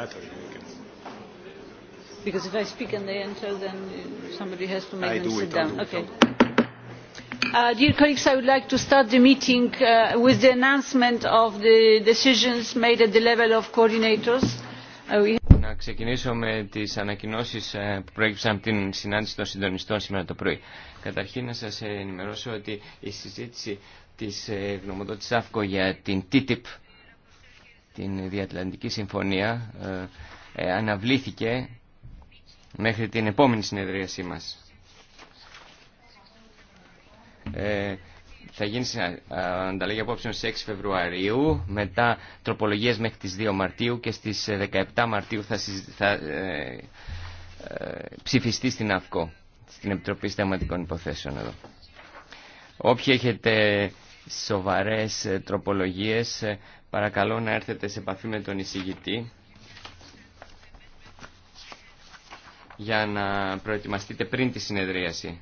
matter. Because if I speak and they enter, then somebody has to make I them do sit it down. Okay. Uh, Dear colleagues, I would like to start the meeting uh, with the announcement of the decisions made at the level of coordinators. Uh, we Να ξεκινήσω με τι ανακοινώσει που προέκυψαν από την συνάντηση των συντονιστών σήμερα το πρωί. Καταρχήν να σα ενημερώσω ότι η συζήτηση τη γνωμοδότησης ΑΦΚΟ για την TTIP την Διατλαντική Συμφωνία ε, ε, αναβλήθηκε μέχρι την επόμενη συνεδρίασή μας. Ε, θα γίνει ε, ανταλλαγή απόψεων στις 6 Φεβρουαρίου, μετά τροπολογίες μέχρι τις 2 Μαρτίου και στις 17 ε, Μαρτίου θα, θα ψηφιστεί στην ΑΦΚΟ, στην Επιτροπή σταματικών Υποθέσεων εδώ. Όποιοι έχετε σοβαρές τροπολογίες Παρακαλώ να έρθετε σε επαφή με τον εισηγητή για να προετοιμαστείτε πριν τη συνεδρίαση.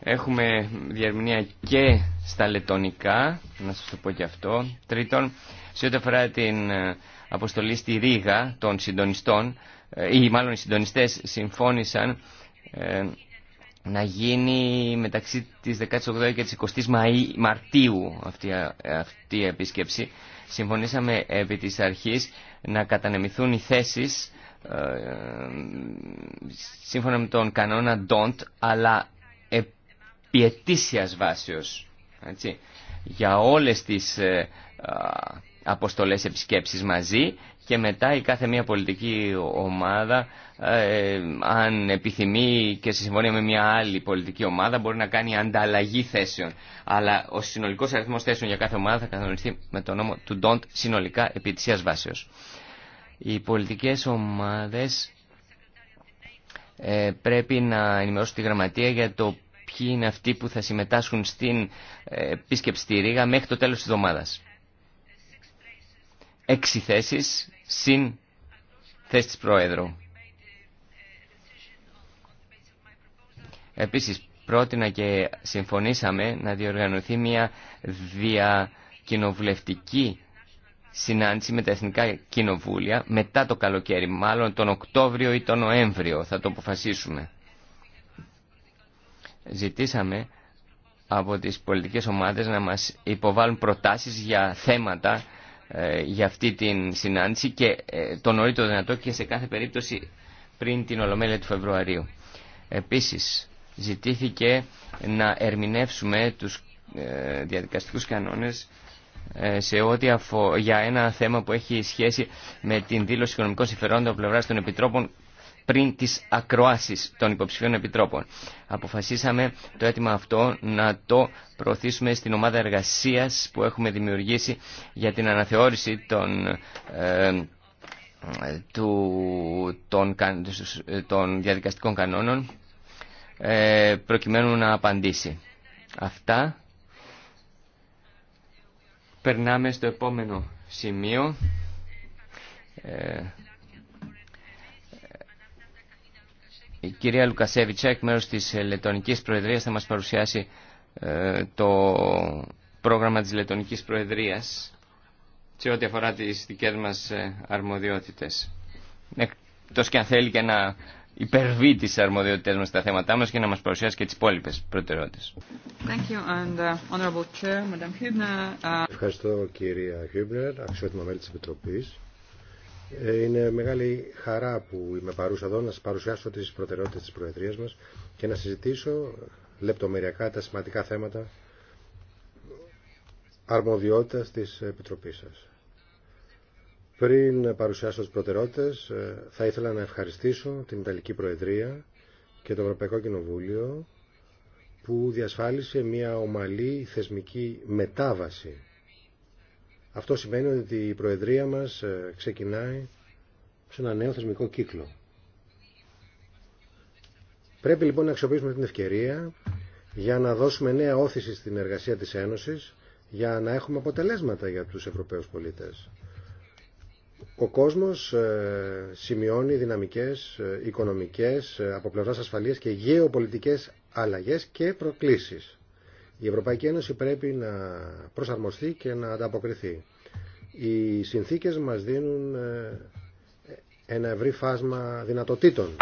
Έχουμε διερμηνία και στα λετωνικά, να σας το πω και αυτό. Τρίτον, σε ό,τι αφορά την ε, αποστολή στη Ρήγα των συντονιστών, ε, ή μάλλον οι συντονιστές συμφώνησαν ε, να γίνει μεταξύ της 18 και της 20 Μαΐ, Μαρτίου αυτή, ε, αυτή η επίσκεψη. Συμφωνήσαμε επί της αρχής να κατανεμηθούν οι θέσεις ε, σύμφωνα με τον κανόνα don't, αλλά επιετήσιας βάσεως. Έτσι, για όλες τις ε, ε αποστολές επισκέψεις μαζί και μετά η κάθε μία πολιτική ομάδα ε, αν επιθυμεί και σε συμφωνία με μια άλλη πολιτική ομάδα μπορεί να κάνει ανταλλαγή θέσεων. Αλλά ο συνολικός αριθμός θέσεων για κάθε ομάδα θα καθοριστεί με τον νόμο του DONT συνολικά επί της βάσεως. Οι πολιτικές ομάδες ε, πρέπει να ενημερώσουν τη γραμματεία για το ποιοι είναι αυτοί που θα συμμετάσχουν στην ε, επίσκεψη στη Ρήγα μέχρι το τέλος της εβδομάδας. Έξι θέσεις ...συν θέση της Πρόεδρου. Επίσης, πρότεινα και συμφωνήσαμε να διοργανωθεί μια διακοινοβουλευτική συνάντηση με τα Εθνικά Κοινοβούλια μετά το καλοκαίρι, μάλλον τον Οκτώβριο ή τον Νοέμβριο, θα το αποφασίσουμε. Ζητήσαμε από τις πολιτικές ομάδες να μας υποβάλουν προτάσεις για θέματα ε, για αυτή την συνάντηση και ε, το νωρίτερο δυνατό και σε κάθε περίπτωση πριν την Ολομέλεια του Φεβρουαρίου. Επίσης, ζητήθηκε να ερμηνεύσουμε τους ε, διαδικαστικούς κανόνες σε ό,τι για ένα θέμα που έχει σχέση με την δήλωση οικονομικών συμφερόντων από πλευρά των Επιτρόπων πριν τις ακροάσεις των υποψηφίων επιτρόπων. Αποφασίσαμε το αίτημα αυτό να το προωθήσουμε στην ομάδα εργασίας που έχουμε δημιουργήσει για την αναθεώρηση των, ε, του, των, διαδικαστικών κανόνων ε, προκειμένου να απαντήσει. Αυτά. Περνάμε στο επόμενο σημείο. Ε, Η κυρία Λουκασέβιτσα, εκ μέρους της Λετωνικής Προεδρίας, θα μας παρουσιάσει ε, το πρόγραμμα της Λετωνικής Προεδρίας σε ό,τι αφορά τις δικές μας ε, αρμοδιότητες. Εκτός και αν θέλει και να υπερβεί τις αρμοδιότητες μας στα θέματά μας και να μας παρουσιάσει και τις υπόλοιπε προτεραιότητες. Uh, uh, Ευχαριστώ κυρία Χίμπνερ, αξιότιμα μέλη της Επιτροπής. Ε, είναι μεγάλη χαρά που είμαι παρούσα εδώ να σας παρουσιάσω τις προτεραιότητες της Προεδρίας μας και να συζητήσω λεπτομεριακά τα σημαντικά θέματα αρμοδιότητας της Επιτροπής σας. Πριν παρουσιάσω τις προτεραιότητες, ε, θα ήθελα να ευχαριστήσω την Ιταλική Προεδρία και το Ευρωπαϊκό Κοινοβούλιο που διασφάλισε μια ομαλή θεσμική μετάβαση αυτό σημαίνει ότι η Προεδρία μας ε, ξεκινάει σε ένα νέο θεσμικό κύκλο. Πρέπει λοιπόν να αξιοποιήσουμε την ευκαιρία για να δώσουμε νέα όθηση στην εργασία της Ένωσης για να έχουμε αποτελέσματα για τους Ευρωπαίους πολίτες. Ο κόσμος ε, σημειώνει δυναμικές ε, οικονομικές από πλευράς ασφαλείας και γεωπολιτικές αλλαγές και προκλήσεις. Η Ευρωπαϊκή Ένωση πρέπει να προσαρμοστεί και να ανταποκριθεί. Οι συνθήκες μας δίνουν ε, ένα ευρύ φάσμα δυνατοτήτων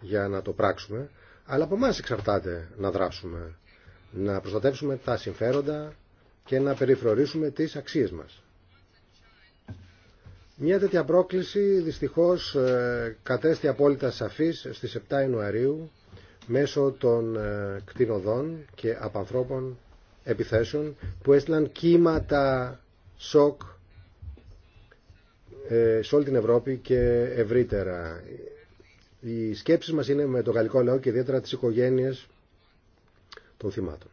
για να το πράξουμε, αλλά από εμά εξαρτάται να δράσουμε, να προστατεύσουμε τα συμφέροντα και να περιφρορίσουμε τις αξίες μας. Μια τέτοια πρόκληση δυστυχώς ε, κατέστη απόλυτα σαφής στις 7 Ιανουαρίου μέσω των ε, κτηνοδών και απανθρώπων επιθέσεων που έστειλαν κύματα σοκ ε, σε όλη την Ευρώπη και ευρύτερα. Οι σκέψεις μας είναι με το γαλλικό λαό και ιδιαίτερα τις οικογένειες των θυμάτων.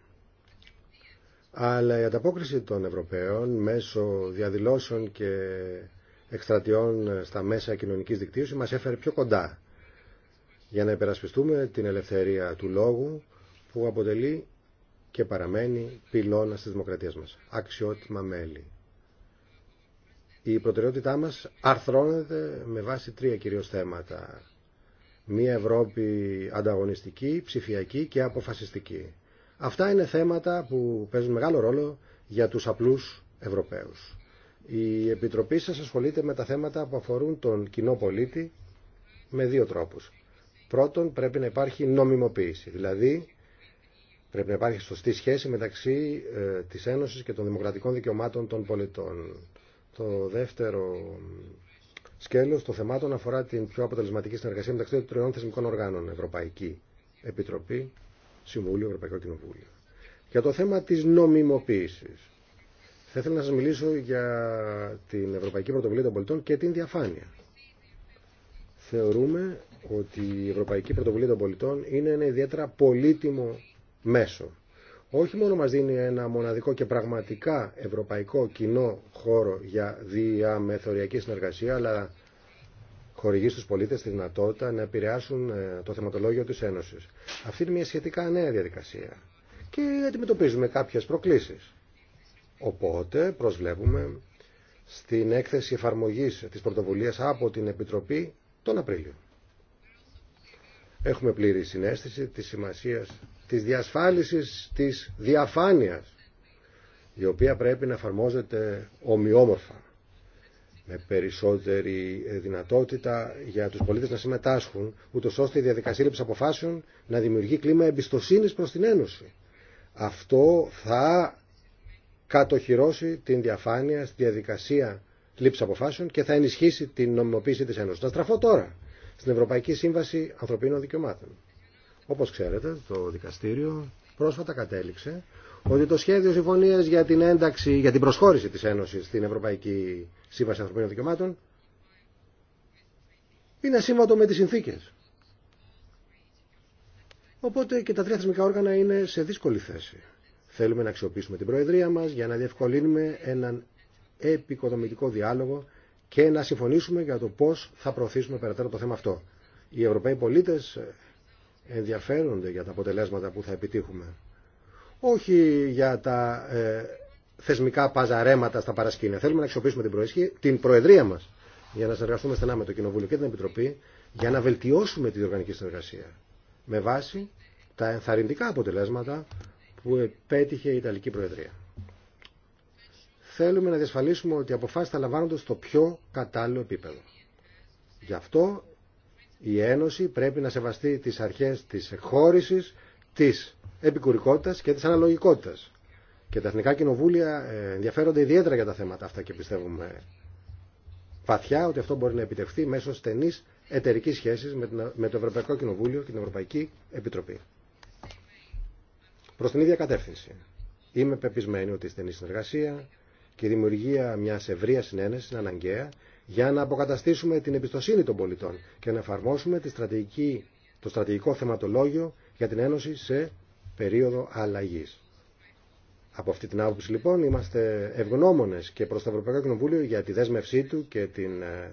Αλλά η ανταπόκριση των Ευρωπαίων μέσω διαδηλώσεων και εκστρατιών στα μέσα κοινωνικής δικτύωσης μας έφερε πιο κοντά για να υπερασπιστούμε την ελευθερία του λόγου που αποτελεί και παραμένει πυλώνα της δημοκρατίας μας. Αξιότιμα μέλη. Η προτεραιότητά μας αρθρώνεται με βάση τρία κυρίως θέματα. Μία Ευρώπη ανταγωνιστική, ψηφιακή και αποφασιστική. Αυτά είναι θέματα που παίζουν μεγάλο ρόλο για τους απλούς Ευρωπαίους. Η Επιτροπή σας ασχολείται με τα θέματα που αφορούν τον κοινό πολίτη με δύο τρόπους. Πρώτον, πρέπει να υπάρχει νομιμοποίηση, δηλαδή πρέπει να υπάρχει σωστή σχέση μεταξύ ε, της Ένωσης και των δημοκρατικών δικαιωμάτων των πολιτών. Το δεύτερο σκέλος των θεμάτων αφορά την πιο αποτελεσματική συνεργασία μεταξύ των τριών θεσμικών οργάνων, Ευρωπαϊκή Επιτροπή, Συμβούλιο, Ευρωπαϊκό Κοινοβούλιο. Για το θέμα της νομιμοποίησης, θα ήθελα να σας μιλήσω για την Ευρωπαϊκή Πρωτοβουλία των Πολιτών και την διαφάνεια θεωρούμε ότι η Ευρωπαϊκή Πρωτοβουλία των Πολιτών είναι ένα ιδιαίτερα πολύτιμο μέσο. Όχι μόνο μας δίνει ένα μοναδικό και πραγματικά ευρωπαϊκό κοινό χώρο για διαμεθοριακή συνεργασία, αλλά χορηγεί στους πολίτες τη δυνατότητα να επηρεάσουν ε, το θεματολόγιο της Ένωσης. Αυτή είναι μια σχετικά νέα διαδικασία και αντιμετωπίζουμε κάποιες προκλήσεις. Οπότε προσβλέπουμε στην έκθεση εφαρμογής της πρωτοβουλίας από την Επιτροπή τον Απρίλιο. Έχουμε πλήρη συνέστηση της σημασίας της διασφάλισης της διαφάνειας η οποία πρέπει να εφαρμόζεται ομοιόμορφα με περισσότερη δυνατότητα για τους πολίτες να συμμετάσχουν ούτω ώστε η διαδικασία λήψης αποφάσεων να δημιουργεί κλίμα εμπιστοσύνης προς την Ένωση. Αυτό θα κατοχυρώσει την διαφάνεια στη διαδικασία λήψη αποφάσεων και θα ενισχύσει την νομιμοποίηση της Ένωσης. Να στραφώ τώρα στην Ευρωπαϊκή Σύμβαση Ανθρωπίνων Δικαιωμάτων. Όπως ξέρετε, το δικαστήριο πρόσφατα κατέληξε ότι το σχέδιο συμφωνία για την ένταξη, για την προσχώρηση της Ένωσης στην Ευρωπαϊκή Σύμβαση Ανθρωπίνων Δικαιωμάτων είναι σύμβατο με τις συνθήκες. Οπότε και τα τρία θεσμικά όργανα είναι σε δύσκολη θέση. Θέλουμε να αξιοποιήσουμε την Προεδρία μας για να διευκολύνουμε έναν επικοδομητικό διάλογο και να συμφωνήσουμε για το πώς θα προωθήσουμε περαιτέρω το θέμα αυτό. Οι Ευρωπαίοι πολίτες ενδιαφέρονται για τα αποτελέσματα που θα επιτύχουμε. Όχι για τα ε, θεσμικά παζαρέματα στα παρασκήνια. Θέλουμε να αξιοποιήσουμε την, την Προεδρία μας για να συνεργαστούμε στενά με το Κοινοβούλιο και την Επιτροπή για να βελτιώσουμε τη διοργανική συνεργασία με βάση τα ενθαρρυντικά αποτελέσματα που επέτυχε η Ιταλική Προεδρία θέλουμε να διασφαλίσουμε ότι οι αποφάσει θα λαμβάνονται στο πιο κατάλληλο επίπεδο. Γι' αυτό η Ένωση πρέπει να σεβαστεί τις αρχές της εκχώρησης, της επικουρικότητας και της αναλογικότητας. Και τα εθνικά κοινοβούλια ε, ενδιαφέρονται ιδιαίτερα για τα θέματα αυτά και πιστεύουμε βαθιά ότι αυτό μπορεί να επιτευχθεί μέσω στενής εταιρική σχέση με το Ευρωπαϊκό Κοινοβούλιο και την Ευρωπαϊκή Επιτροπή. Προς την ίδια κατεύθυνση. Είμαι πεπισμένη ότι η στενή συνεργασία και η δημιουργία μια ευρεία συνένεση αναγκαία για να αποκαταστήσουμε την εμπιστοσύνη των πολιτών και να εφαρμόσουμε τη στρατηγική, το στρατηγικό θεματολόγιο για την Ένωση σε περίοδο αλλαγή. Από αυτή την άποψη λοιπόν είμαστε ευγνώμονε και προ το Ευρωπαϊκό Κοινοβούλιο για τη δέσμευσή του και την ε,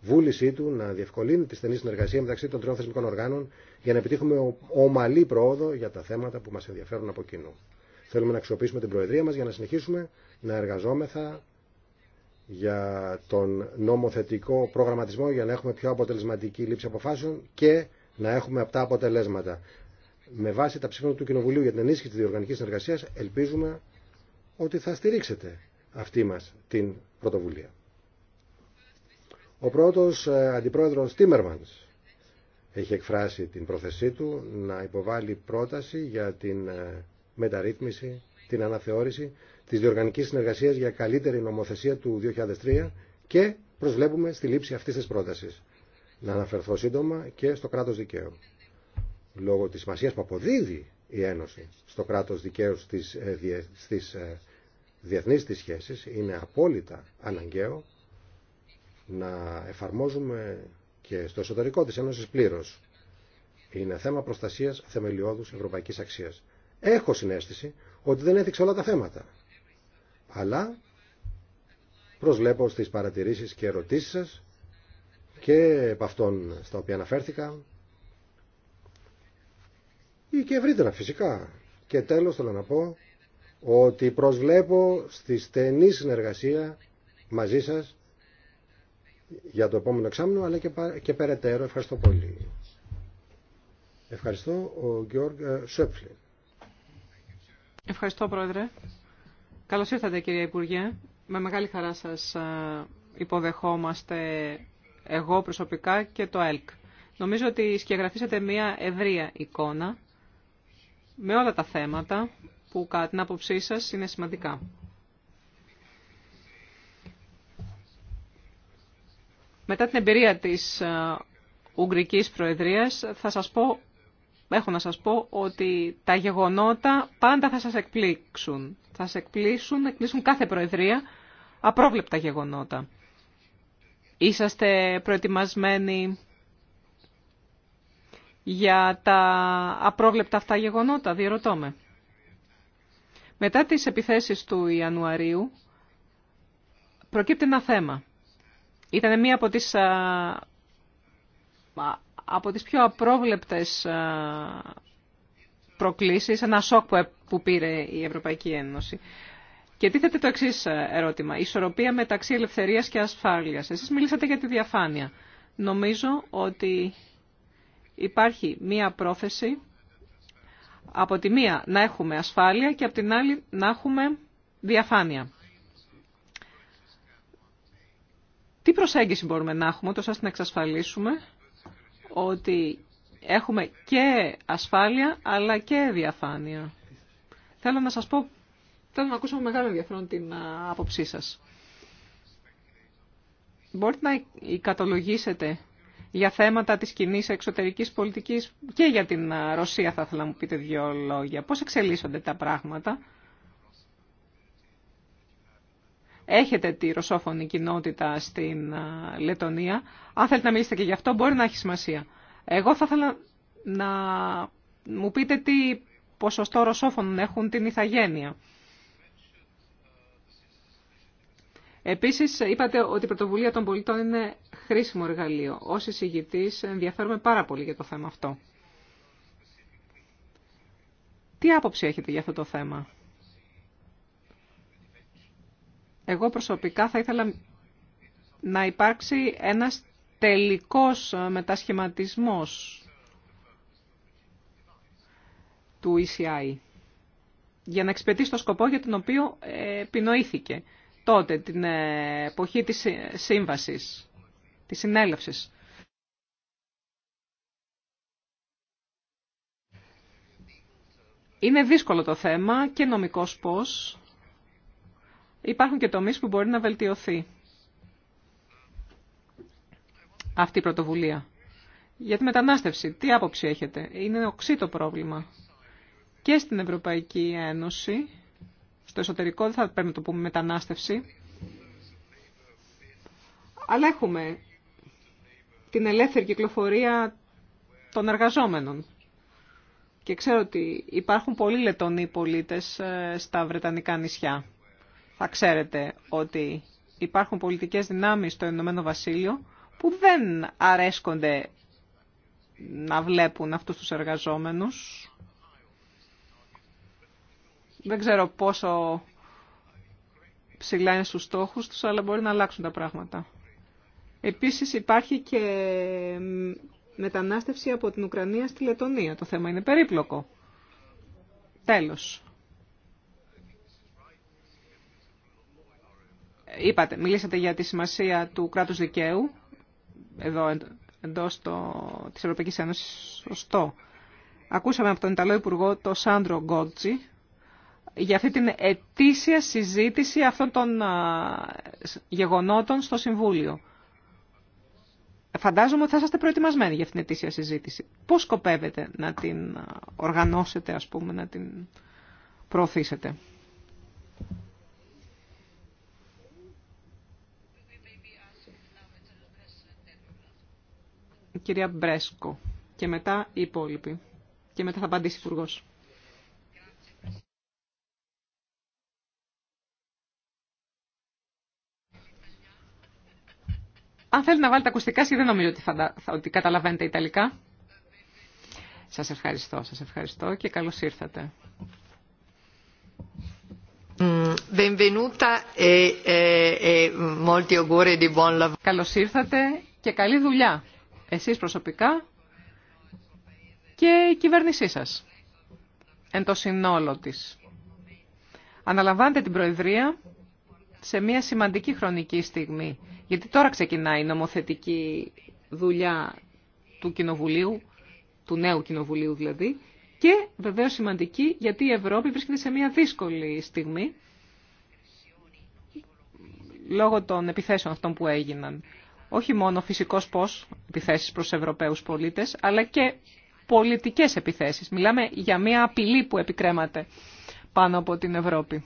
βούλησή του να διευκολύνει τη στενή συνεργασία μεταξύ των τριών θεσμικών οργάνων για να επιτύχουμε ομαλή πρόοδο για τα θέματα που μα ενδιαφέρουν από κοινού. Θέλουμε να αξιοποιήσουμε την Προεδρία μας για να συνεχίσουμε να εργαζόμεθα για τον νομοθετικό προγραμματισμό για να έχουμε πιο αποτελεσματική λήψη αποφάσεων και να έχουμε αυτά αποτελέσματα. Με βάση τα ψήφια του Κοινοβουλίου για την ενίσχυση τη διοργανικής συνεργασίας ελπίζουμε ότι θα στηρίξετε αυτή μας την πρωτοβουλία. Ο πρώτος ε, αντιπρόεδρος Τίμερμανς έχει εκφράσει την πρόθεσή του να υποβάλει πρόταση για την ε, μεταρρύθμιση, την αναθεώρηση τη διοργανική συνεργασία για καλύτερη νομοθεσία του 2003 και προσβλέπουμε στη λήψη αυτή τη πρόταση Να αναφερθώ σύντομα και στο κράτο δικαίου. Λόγω τη σημασία που αποδίδει η Ένωση στο κράτο δικαίου στις, ε, διεθνεί διεθνείς τη σχέσεις είναι απόλυτα αναγκαίο να εφαρμόζουμε και στο εσωτερικό της Ένωσης πλήρως. Είναι θέμα προστασίας θεμελιώδους ευρωπαϊκής Αξία. Έχω συνέστηση ότι δεν έθιξα όλα τα θέματα. Αλλά προσβλέπω στις παρατηρήσεις και ερωτήσεις σας και από αυτών στα οποία αναφέρθηκα ή και ευρύτερα φυσικά. Και τέλος θέλω να πω ότι προσβλέπω στη στενή συνεργασία μαζί σας για το επόμενο εξάμεινο αλλά και, και περαιτέρω. Ευχαριστώ πολύ. Ευχαριστώ ο Γιώργ ε, Σέπφλιν. Ευχαριστώ, Πρόεδρε. Καλώ ήρθατε, κυρία Υπουργέ. Με μεγάλη χαρά σας υποδεχόμαστε εγώ προσωπικά και το ΕΛΚ. Νομίζω ότι σκεγγραφίσατε μια ευρεία εικόνα με όλα τα θέματα που κατά την άποψή σας είναι σημαντικά. Μετά την εμπειρία της Ουγγρικής Προεδρίας θα σας πω έχω να σας πω ότι τα γεγονότα πάντα θα σας εκπλήξουν. Θα σας εκπλήσουν, εκπλήσουν κάθε προεδρία, απρόβλεπτα γεγονότα. Είσαστε προετοιμασμένοι για τα απρόβλεπτα αυτά γεγονότα, διερωτώ με. Μετά τις επιθέσεις του Ιανουαρίου, προκύπτει ένα θέμα. Ήταν μία από τις από τις πιο απρόβλεπτες ε, προκλήσεις, ένα σοκ ε, που πήρε η Ευρωπαϊκή Ένωση. Και τίθεται το εξή ε, ερώτημα. ισορροπία μεταξύ ελευθερίας και ασφάλειας. Εσείς μιλήσατε για τη διαφάνεια. Νομίζω ότι υπάρχει μία πρόθεση από τη μία να έχουμε ασφάλεια και από την άλλη να έχουμε διαφάνεια. Τι προσέγγιση μπορούμε να έχουμε, τόσο ώστε να εξασφαλίσουμε ότι έχουμε και ασφάλεια αλλά και διαφάνεια. Θέλω να σας πω, θέλω να ακούσω μεγάλο ενδιαφέρον την άποψή σας. Μπορείτε να κατολογήσετε για θέματα της κοινή εξωτερικής πολιτικής και για την Ρωσία θα ήθελα να μου πείτε δύο λόγια. Πώς εξελίσσονται τα πράγματα έχετε τη ρωσόφωνη κοινότητα στην Λετωνία. Αν θέλετε να μιλήσετε και γι' αυτό, μπορεί να έχει σημασία. Εγώ θα ήθελα να μου πείτε τι ποσοστό ρωσόφωνων έχουν την ηθαγένεια. Επίσης, είπατε ότι η πρωτοβουλία των πολιτών είναι χρήσιμο εργαλείο. Ως εισηγητής ενδιαφέρουμε πάρα πολύ για το θέμα αυτό. Τι άποψη έχετε για αυτό το θέμα. Εγώ προσωπικά θα ήθελα να υπάρξει ένας τελικός μετασχηματισμός του ECI για να εξυπηρετήσει το σκοπό για τον οποίο ε, επινοήθηκε τότε, την ε, εποχή της σύμβασης, της συνέλευσης. Είναι δύσκολο το θέμα και νομικός πώς υπάρχουν και τομείς που μπορεί να βελτιωθεί αυτή η πρωτοβουλία. Για τη μετανάστευση, τι άποψη έχετε. Είναι οξύ το πρόβλημα. Και στην Ευρωπαϊκή Ένωση, στο εσωτερικό δεν θα πρέπει να το πούμε μετανάστευση, αλλά έχουμε την ελεύθερη κυκλοφορία των εργαζόμενων. Και ξέρω ότι υπάρχουν πολλοί λετονοί πολίτες ε, στα Βρετανικά νησιά. Θα ξέρετε ότι υπάρχουν πολιτικές δυνάμεις στο Ηνωμένο Βασίλειο που δεν αρέσκονται να βλέπουν αυτούς τους εργαζόμενους. Δεν ξέρω πόσο ψηλά είναι στους στόχους τους, αλλά μπορεί να αλλάξουν τα πράγματα. Επίσης υπάρχει και μετανάστευση από την Ουκρανία στη Λετωνία. Το θέμα είναι περίπλοκο. Τέλος. είπατε, μιλήσατε για τη σημασία του κράτους δικαίου, εδώ εντός το, της Ευρωπαϊκής Ένωσης, σωστό. Ακούσαμε από τον Ιταλό Υπουργό, τον Σάντρο Γκότζι, για αυτή την ετήσια συζήτηση αυτών των γεγονότων στο Συμβούλιο. Φαντάζομαι ότι θα είσαστε προετοιμασμένοι για αυτή την ετήσια συζήτηση. Πώς σκοπεύετε να την οργανώσετε, ας πούμε, να την προωθήσετε. κυρία Μπρέσκο και μετά οι υπόλοιποι. Και μετά θα απαντήσει ο Υπουργός. Αν θέλετε να βάλετε ακουστικά, δεν νομίζω ότι, ότι καταλαβαίνετε Ιταλικά. Σας ευχαριστώ, σας ευχαριστώ και καλώς ήρθατε. Καλώς ήρθατε και καλή δουλειά εσείς προσωπικά και η κυβέρνησή σας εν το συνόλο της. Αναλαμβάνετε την Προεδρία σε μια σημαντική χρονική στιγμή, γιατί τώρα ξεκινάει η νομοθετική δουλειά του Κοινοβουλίου, του νέου Κοινοβουλίου δηλαδή, και βεβαίως σημαντική γιατί η Ευρώπη βρίσκεται σε μια δύσκολη στιγμή λόγω των επιθέσεων αυτών που έγιναν όχι μόνο φυσικός πώς, επιθέσεις προς Ευρωπαίους πολίτες, αλλά και πολιτικές επιθέσεις. Μιλάμε για μια απειλή που επικρέμαται πάνω από την Ευρώπη.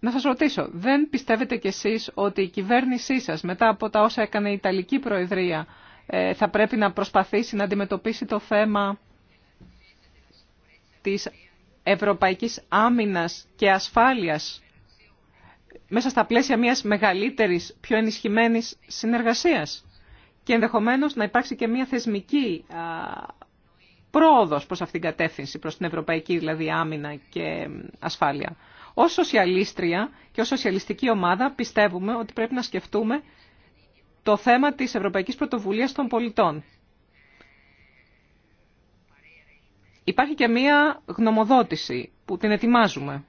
Να σας ρωτήσω, δεν πιστεύετε κι εσείς ότι η κυβέρνησή σας μετά από τα όσα έκανε η Ιταλική Προεδρία ε, θα πρέπει να προσπαθήσει να αντιμετωπίσει το θέμα της ευρωπαϊκής άμυνας και ασφάλειας μέσα στα πλαίσια μιας μεγαλύτερης, πιο ενισχυμένης συνεργασίας και ενδεχομένως να υπάρξει και μια θεσμική α, πρόοδος προς αυτήν την κατεύθυνση, προς την ευρωπαϊκή δηλαδή άμυνα και ασφάλεια. Ως σοσιαλίστρια και ως σοσιαλιστική ομάδα πιστεύουμε ότι πρέπει να σκεφτούμε το θέμα της Ευρωπαϊκής Πρωτοβουλίας των Πολιτών. Υπάρχει και μία γνωμοδότηση που την ετοιμάζουμε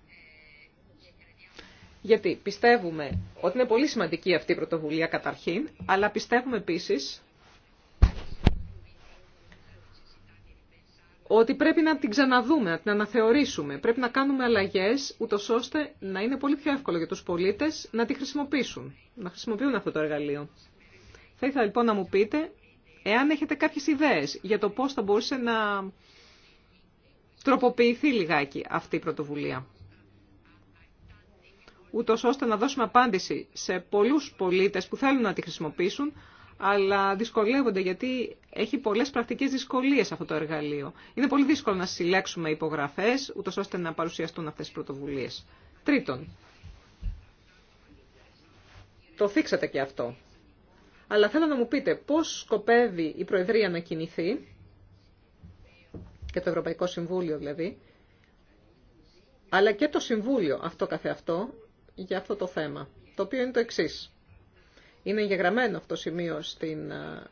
γιατί πιστεύουμε ότι είναι πολύ σημαντική αυτή η πρωτοβουλία καταρχήν, αλλά πιστεύουμε επίσης ότι πρέπει να την ξαναδούμε, να την αναθεωρήσουμε. Πρέπει να κάνουμε αλλαγές, ούτω ώστε να είναι πολύ πιο εύκολο για τους πολίτες να τη χρησιμοποιήσουν, να χρησιμοποιούν αυτό το εργαλείο. Θα ήθελα λοιπόν να μου πείτε, εάν έχετε κάποιες ιδέες για το πώς θα μπορούσε να τροποποιηθεί λιγάκι αυτή η πρωτοβουλία ούτω ώστε να δώσουμε απάντηση σε πολλούς πολίτες που θέλουν να τη χρησιμοποιήσουν, αλλά δυσκολεύονται γιατί έχει πολλές πρακτικές δυσκολίες αυτό το εργαλείο. Είναι πολύ δύσκολο να συλλέξουμε υπογραφές, ούτω ώστε να παρουσιαστούν αυτές οι πρωτοβουλίες. Τρίτον, το θίξατε και αυτό. Αλλά θέλω να μου πείτε πώς σκοπεύει η Προεδρία να κινηθεί, και το Ευρωπαϊκό Συμβούλιο δηλαδή, αλλά και το Συμβούλιο αυτό καθεαυτό, για αυτό το θέμα, το οποίο είναι το εξής. Είναι εγγεγραμμένο αυτό το σημείο στην ε,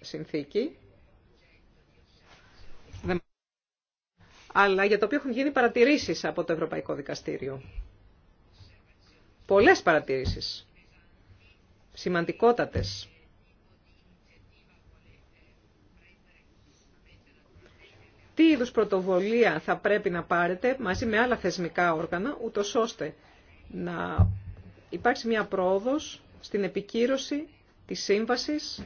συνθήκη, αλλά για το οποίο έχουν γίνει παρατηρήσεις από το Ευρωπαϊκό Δικαστήριο. Πολλές παρατηρήσεις, σημαντικότατες. Τι είδους πρωτοβολία θα πρέπει να πάρετε μαζί με άλλα θεσμικά όργανα, ούτως ώστε να υπάρξει μια πρόοδος στην επικύρωση της σύμβασης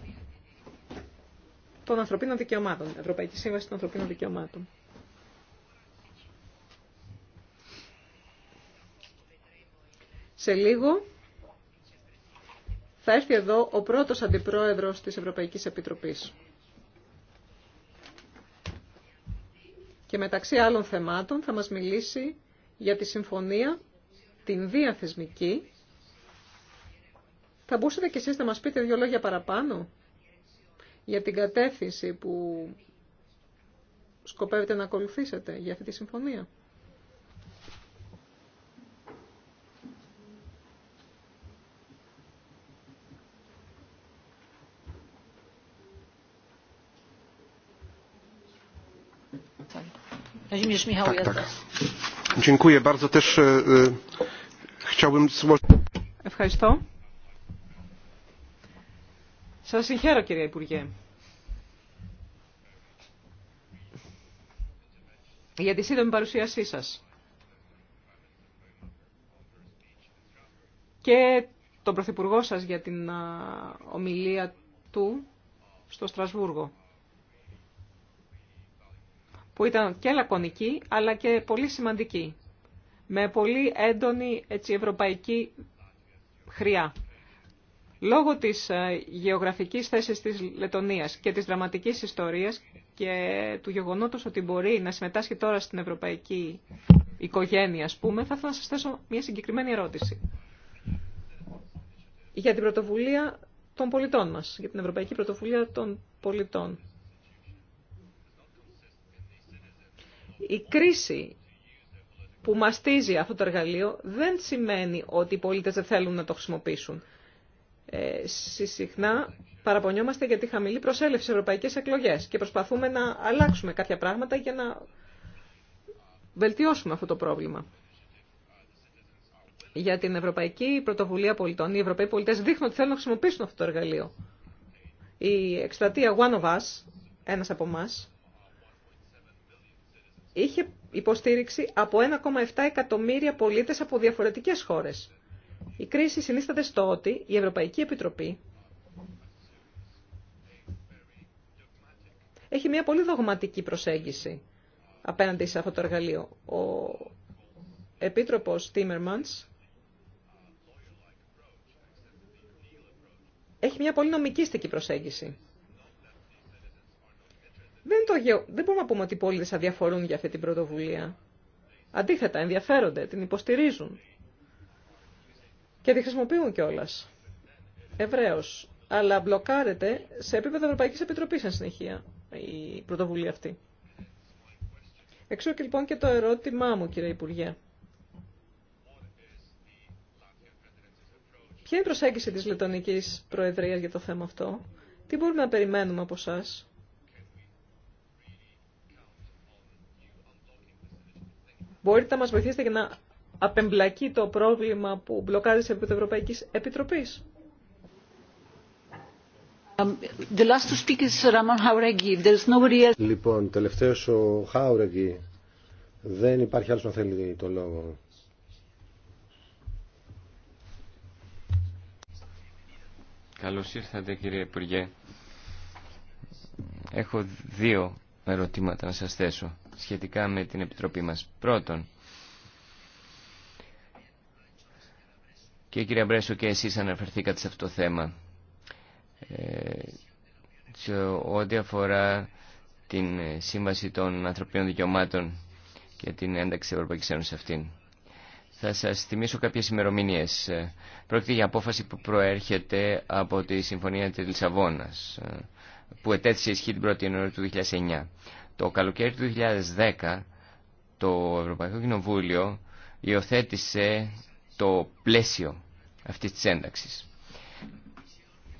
των ανθρωπίνων δικαιωμάτων, Ευρωπαϊκή Σύμβαση των Ανθρωπίνων Δικαιωμάτων. Σε λίγο θα έρθει εδώ ο πρώτος αντιπρόεδρος της Ευρωπαϊκής Επιτροπής. Και μεταξύ άλλων θεμάτων θα μας μιλήσει για τη συμφωνία την διαθεσμική. Θα μπορούσατε κι εσείς να μας πείτε δύο λόγια παραπάνω για την κατεύθυνση που σκοπεύετε να ακολουθήσετε για αυτή τη συμφωνία. Ευχαριστώ. Σας συγχαίρω κύριε Υπουργέ. για τη σύντομη παρουσίασή σας. Και τον Πρωθυπουργό σας για την ομιλία του στο Στρασβούργο, που ήταν και λακωνική, αλλά και πολύ σημαντική με πολύ έντονη έτσι, ευρωπαϊκή χρειά. Λόγω της ε, γεωγραφικής θέσης της Λετωνίας και της δραματικής ιστορίας και του γεγονότος ότι μπορεί να συμμετάσχει τώρα στην ευρωπαϊκή οικογένεια, ας πούμε, θα ήθελα να σας θέσω μια συγκεκριμένη ερώτηση. Για την πρωτοβουλία των πολιτών μας, για την Ευρωπαϊκή Πρωτοβουλία των Πολιτών. Η κρίση που μαστίζει αυτό το εργαλείο δεν σημαίνει ότι οι πολίτες δεν θέλουν να το χρησιμοποιήσουν. Ε, συχνά παραπονιόμαστε για τη χαμηλή προσέλευση σε ευρωπαϊκές εκλογές και προσπαθούμε να αλλάξουμε κάποια πράγματα για να βελτιώσουμε αυτό το πρόβλημα. Για την Ευρωπαϊκή Πρωτοβουλία Πολιτών, οι Ευρωπαίοι πολίτες δείχνουν ότι θέλουν να χρησιμοποιήσουν αυτό το εργαλείο. Η εκστρατεία One of Us, ένας από εμάς, είχε υποστήριξη από 1,7 εκατομμύρια πολίτες από διαφορετικές χώρες. Η κρίση συνίσταται στο ότι η Ευρωπαϊκή Επιτροπή έχει μια πολύ δογματική προσέγγιση απέναντι σε αυτό το εργαλείο. Ο Επίτροπος Τίμερμανς έχει μια πολύ νομικήστική προσέγγιση. Δεν, το, δεν μπορούμε να πούμε ότι οι πολίτες αδιαφορούν για αυτή την πρωτοβουλία. Αντίθετα, ενδιαφέρονται, την υποστηρίζουν. Και τη χρησιμοποιούν κιόλα. Ευρέω. Αλλά μπλοκάρεται σε επίπεδο Ευρωπαϊκή Επιτροπή, εν συνεχεία, η πρωτοβουλία αυτή. Εξού και λοιπόν και το ερώτημά μου, κύριε Υπουργέ. Ποια είναι η προσέγγιση της Λετωνικής Προεδρίας για το θέμα αυτό, τι μπορούμε να περιμένουμε από εσά Μπορείτε να μας βοηθήσετε για να απεμπλακεί το πρόβλημα που μπλοκάζει σε επίπεδο Ευρωπαϊκής Επιτροπής. Um, λοιπόν, τελευταίος ο Χάουρεγγι. Δεν υπάρχει άλλος να θέλει το λόγο. Καλώς ήρθατε κύριε Υπουργέ. Έχω δύο ερωτήματα να σας θέσω σχετικά με την Επιτροπή μας. Πρώτον, και κυρία Μπρέσο και εσείς αναφερθήκατε σε αυτό το θέμα. Ε, σε ό,τι αφορά την Σύμβαση των Ανθρωπίνων Δικαιωμάτων και την ένταξη της Ευρωπαϊκής Ένωσης αυτήν. Θα σας θυμίσω κάποιες ημερομηνίε. Πρόκειται για απόφαση που προέρχεται από τη Συμφωνία της Λισαβόνας, που ετέθησε ισχύ την 1η Ιανουαρίου του 2009. Το καλοκαίρι του 2010 το Ευρωπαϊκό Κοινοβούλιο υιοθέτησε το πλαίσιο αυτής της ένταξης.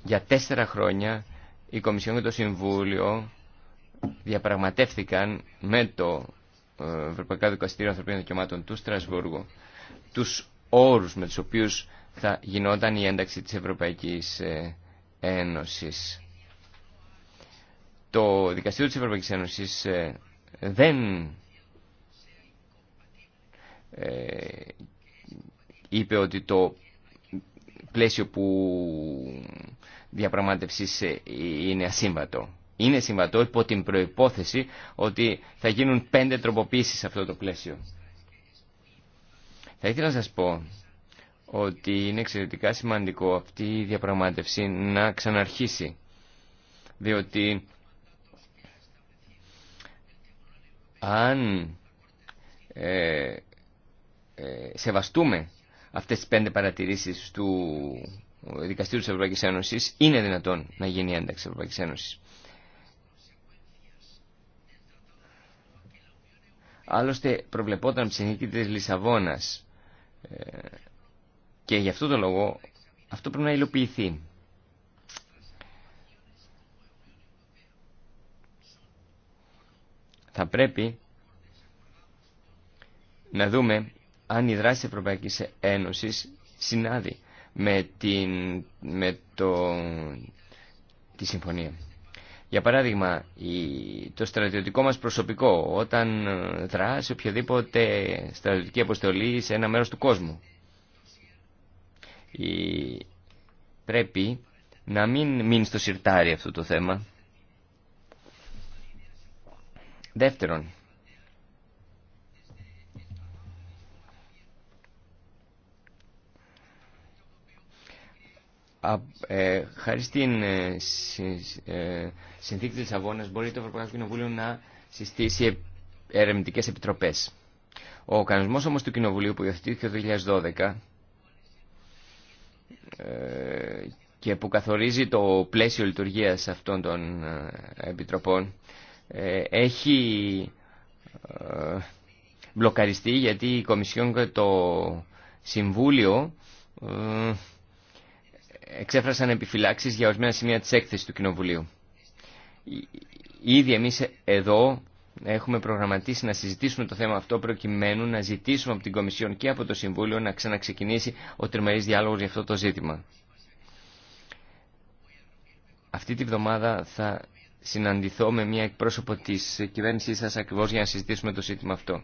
Για τέσσερα χρόνια η Κομισιόν και το Συμβούλιο διαπραγματεύθηκαν με το ε, Ευρωπαϊκό Δικαστήριο Ανθρωπίνων Δικαιωμάτων του Στρασβούργου τους όρους με τους οποίους θα γινόταν η ένταξη της Ευρωπαϊκής ε, Ένωσης το Δικαστήριο της Ευρωπαϊκής Ένωσης ε, δεν ε, είπε ότι το πλαίσιο που διαπραγμάτευσης ε, είναι ασύμβατο. Είναι συμβατό υπό την προϋπόθεση ότι θα γίνουν πέντε τροποποίησεις σε αυτό το πλαίσιο. Θα ήθελα να σας πω ότι είναι εξαιρετικά σημαντικό αυτή η διαπραγμάτευση να ξαναρχίσει. Διότι αν ε, ε, σεβαστούμε αυτές τις πέντε παρατηρήσεις του Δικαστήριου της Ευρωπαϊκής Ένωσης, είναι δυνατόν να γίνει η ένταξη της Ευρωπαϊκής Ένωσης. Άλλωστε προβλεπόταν συνθήκη της Λισαβόνας ε, και γι' αυτό το λόγο αυτό πρέπει να υλοποιηθεί. Θα πρέπει να δούμε αν η δράση της Ευρωπαϊκής Ένωσης συνάδει με, την, με το, τη συμφωνία. Για παράδειγμα, το στρατιωτικό μας προσωπικό όταν δράσει οποιαδήποτε στρατιωτική αποστολή σε ένα μέρος του κόσμου. Πρέπει να μην μείνει στο σιρτάρι αυτό το θέμα. Δεύτερον, ε, χάρη στην ε, ε, συνθήκη της Λισαβόνας μπορεί το Ευρωπαϊκό Κοινοβούλιο να συστήσει ερευνητικές επιτροπές. Ο κανονισμός όμως του Κοινοβουλίου που υιοθετήθηκε το 2012 και που καθορίζει το πλαίσιο λειτουργίας αυτών των επιτροπών ε, έχει ε, μπλοκαριστεί γιατί η Κομισιόν και το Συμβούλιο ε, εξέφρασαν επιφυλάξεις για ορισμένα σημεία της έκθεσης του Κοινοβουλίου. Ήδη εμείς εδώ έχουμε προγραμματίσει να συζητήσουμε το θέμα αυτό προκειμένου να ζητήσουμε από την Κομισιόν και από το Συμβούλιο να ξαναξεκινήσει ο τριμερής διάλογος για αυτό το ζήτημα. Αυτή τη βδομάδα θα συναντηθώ με μια εκπρόσωπο της κυβέρνησής σας ακριβώς για να συζητήσουμε το ζήτημα αυτό.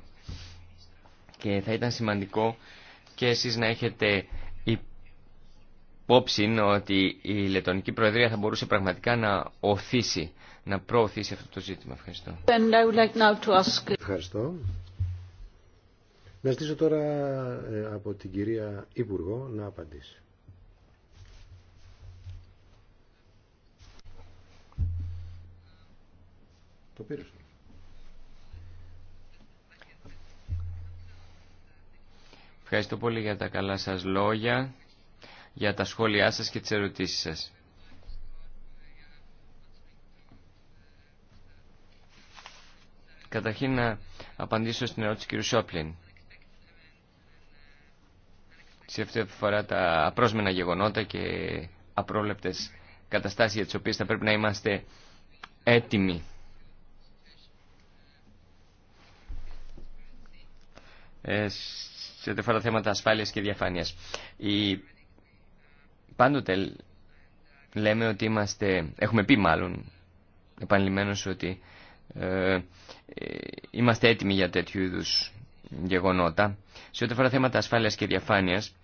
Και θα ήταν σημαντικό και εσείς να έχετε υπόψη ότι η Λετωνική Προεδρία θα μπορούσε πραγματικά να οθήσει, να προωθήσει αυτό το ζήτημα. Ευχαριστώ. Ευχαριστώ. Να ζητήσω τώρα ε, από την κυρία Υπουργό να απαντήσει. Το πήρες. Ευχαριστώ πολύ για τα καλά σας λόγια, για τα σχόλιά σας και τις ερωτήσεις σας. Καταρχήν να απαντήσω στην ερώτηση του κ. Σόπλιν. Σε αυτή τη αφορά τα απρόσμενα γεγονότα και απρόλεπτες καταστάσεις για τις οποίες θα πρέπει να είμαστε έτοιμοι. Ε, σε ό,τι αφορά θέματα ασφάλειας και διαφάνειας. Η... Πάντοτε λέμε ότι είμαστε, έχουμε πει μάλλον επανειλημμένως ότι ε, ε, είμαστε έτοιμοι για τέτοιου είδου γεγονότα. Σε ό,τι αφορά θέματα ασφάλειας και διαφάνειας,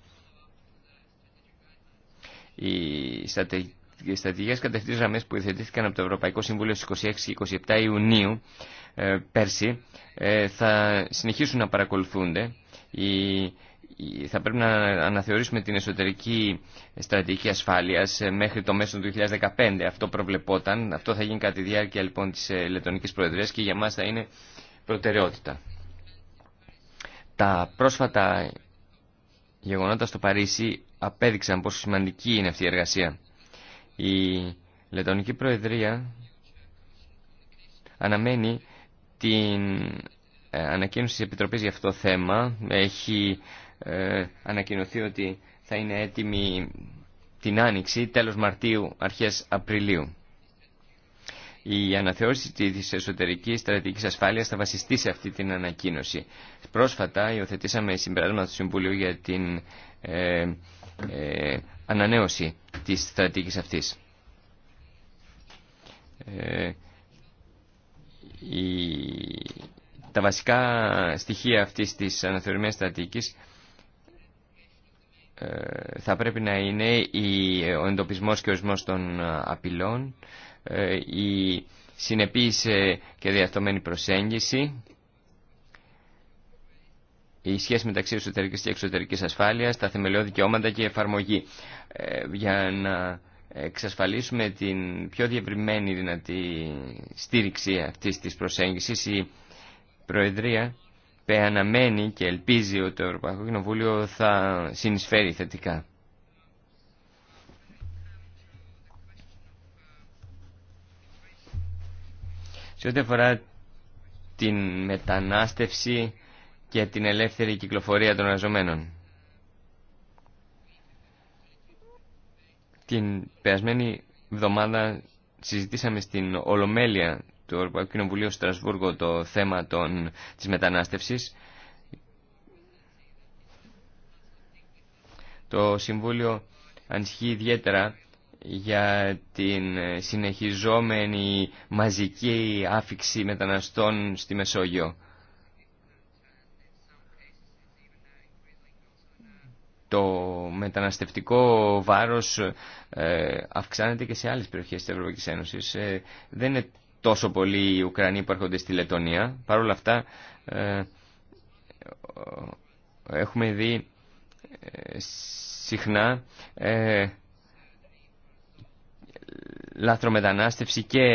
οι στρατηγικέ κατευθύνσεις γραμμές που υιοθετήθηκαν από το Ευρωπαϊκό Συμβούλιο στις 26 και 27 Ιουνίου ε, πέρσι ε, θα συνεχίσουν να παρακολουθούνται. Θα πρέπει να αναθεωρήσουμε την εσωτερική στρατηγική ασφάλειας ε, μέχρι το μέσο του 2015. Αυτό προβλεπόταν. Αυτό θα γίνει κατά τη διάρκεια λοιπόν της Λετωνικής Προεδρίας και για μας θα είναι προτεραιότητα. Τα πρόσφατα γεγονότα στο Παρίσι απέδειξαν πόσο σημαντική είναι αυτή η εργασία. Η Λετωνική Προεδρία αναμένει την ε, ανακοίνωση της Επιτροπής για αυτό το θέμα. Έχει ε, ανακοινωθεί ότι θα είναι έτοιμη την Άνοιξη, τέλος Μαρτίου, αρχές Απριλίου. Η αναθεώρηση της εσωτερικής στρατηγικής ασφάλειας θα βασιστεί σε αυτή την ανακοίνωση. Πρόσφατα υιοθετήσαμε συμπεράσματα του Συμβουλίου για την ε, ανανέωση της στρατηγικής αυτής. Η... Τα βασικά στοιχεία αυτής της αναθεωρημένης στρατηγικής ε, θα πρέπει να είναι ο εντοπισμός και ορισμός των ε, απειλών, ε, η συνεπής και διαστομένη προσέγγιση, η σχέση μεταξύ εσωτερικής και εξωτερικής ασφάλειας, τα θεμελιώδη δικαιώματα και η εφαρμογή. Για να εξασφαλίσουμε την πιο διευρυμένη δυνατή στήριξη αυτής της προσέγγισης. Η Προεδρία αναμένει και ελπίζει ότι το Ευρωπαϊκό Κοινοβούλιο θα συνεισφέρει θετικά. Σε ό,τι αφορά την μετανάστευση και την ελεύθερη κυκλοφορία των εργαζομένων. Την περασμένη εβδομάδα συζητήσαμε στην Ολομέλεια του Ευρωπαϊκού Κοινοβουλίου Στρασβούργο το θέμα των, της μετανάστευσης. Το Συμβούλιο ανησυχεί ιδιαίτερα για την συνεχιζόμενη μαζική άφηξη μεταναστών στη Μεσόγειο. το μεταναστευτικό βάρος ε, αυξάνεται και σε άλλες περιοχές της Ευρωπαϊκής Ένωσης. Ε, δεν είναι τόσο πολλοί οι Ουκρανοί που έρχονται στη Λετωνία. Παρ' όλα αυτά ε, έχουμε δει συχνά ε, λάθρομετανάστευση και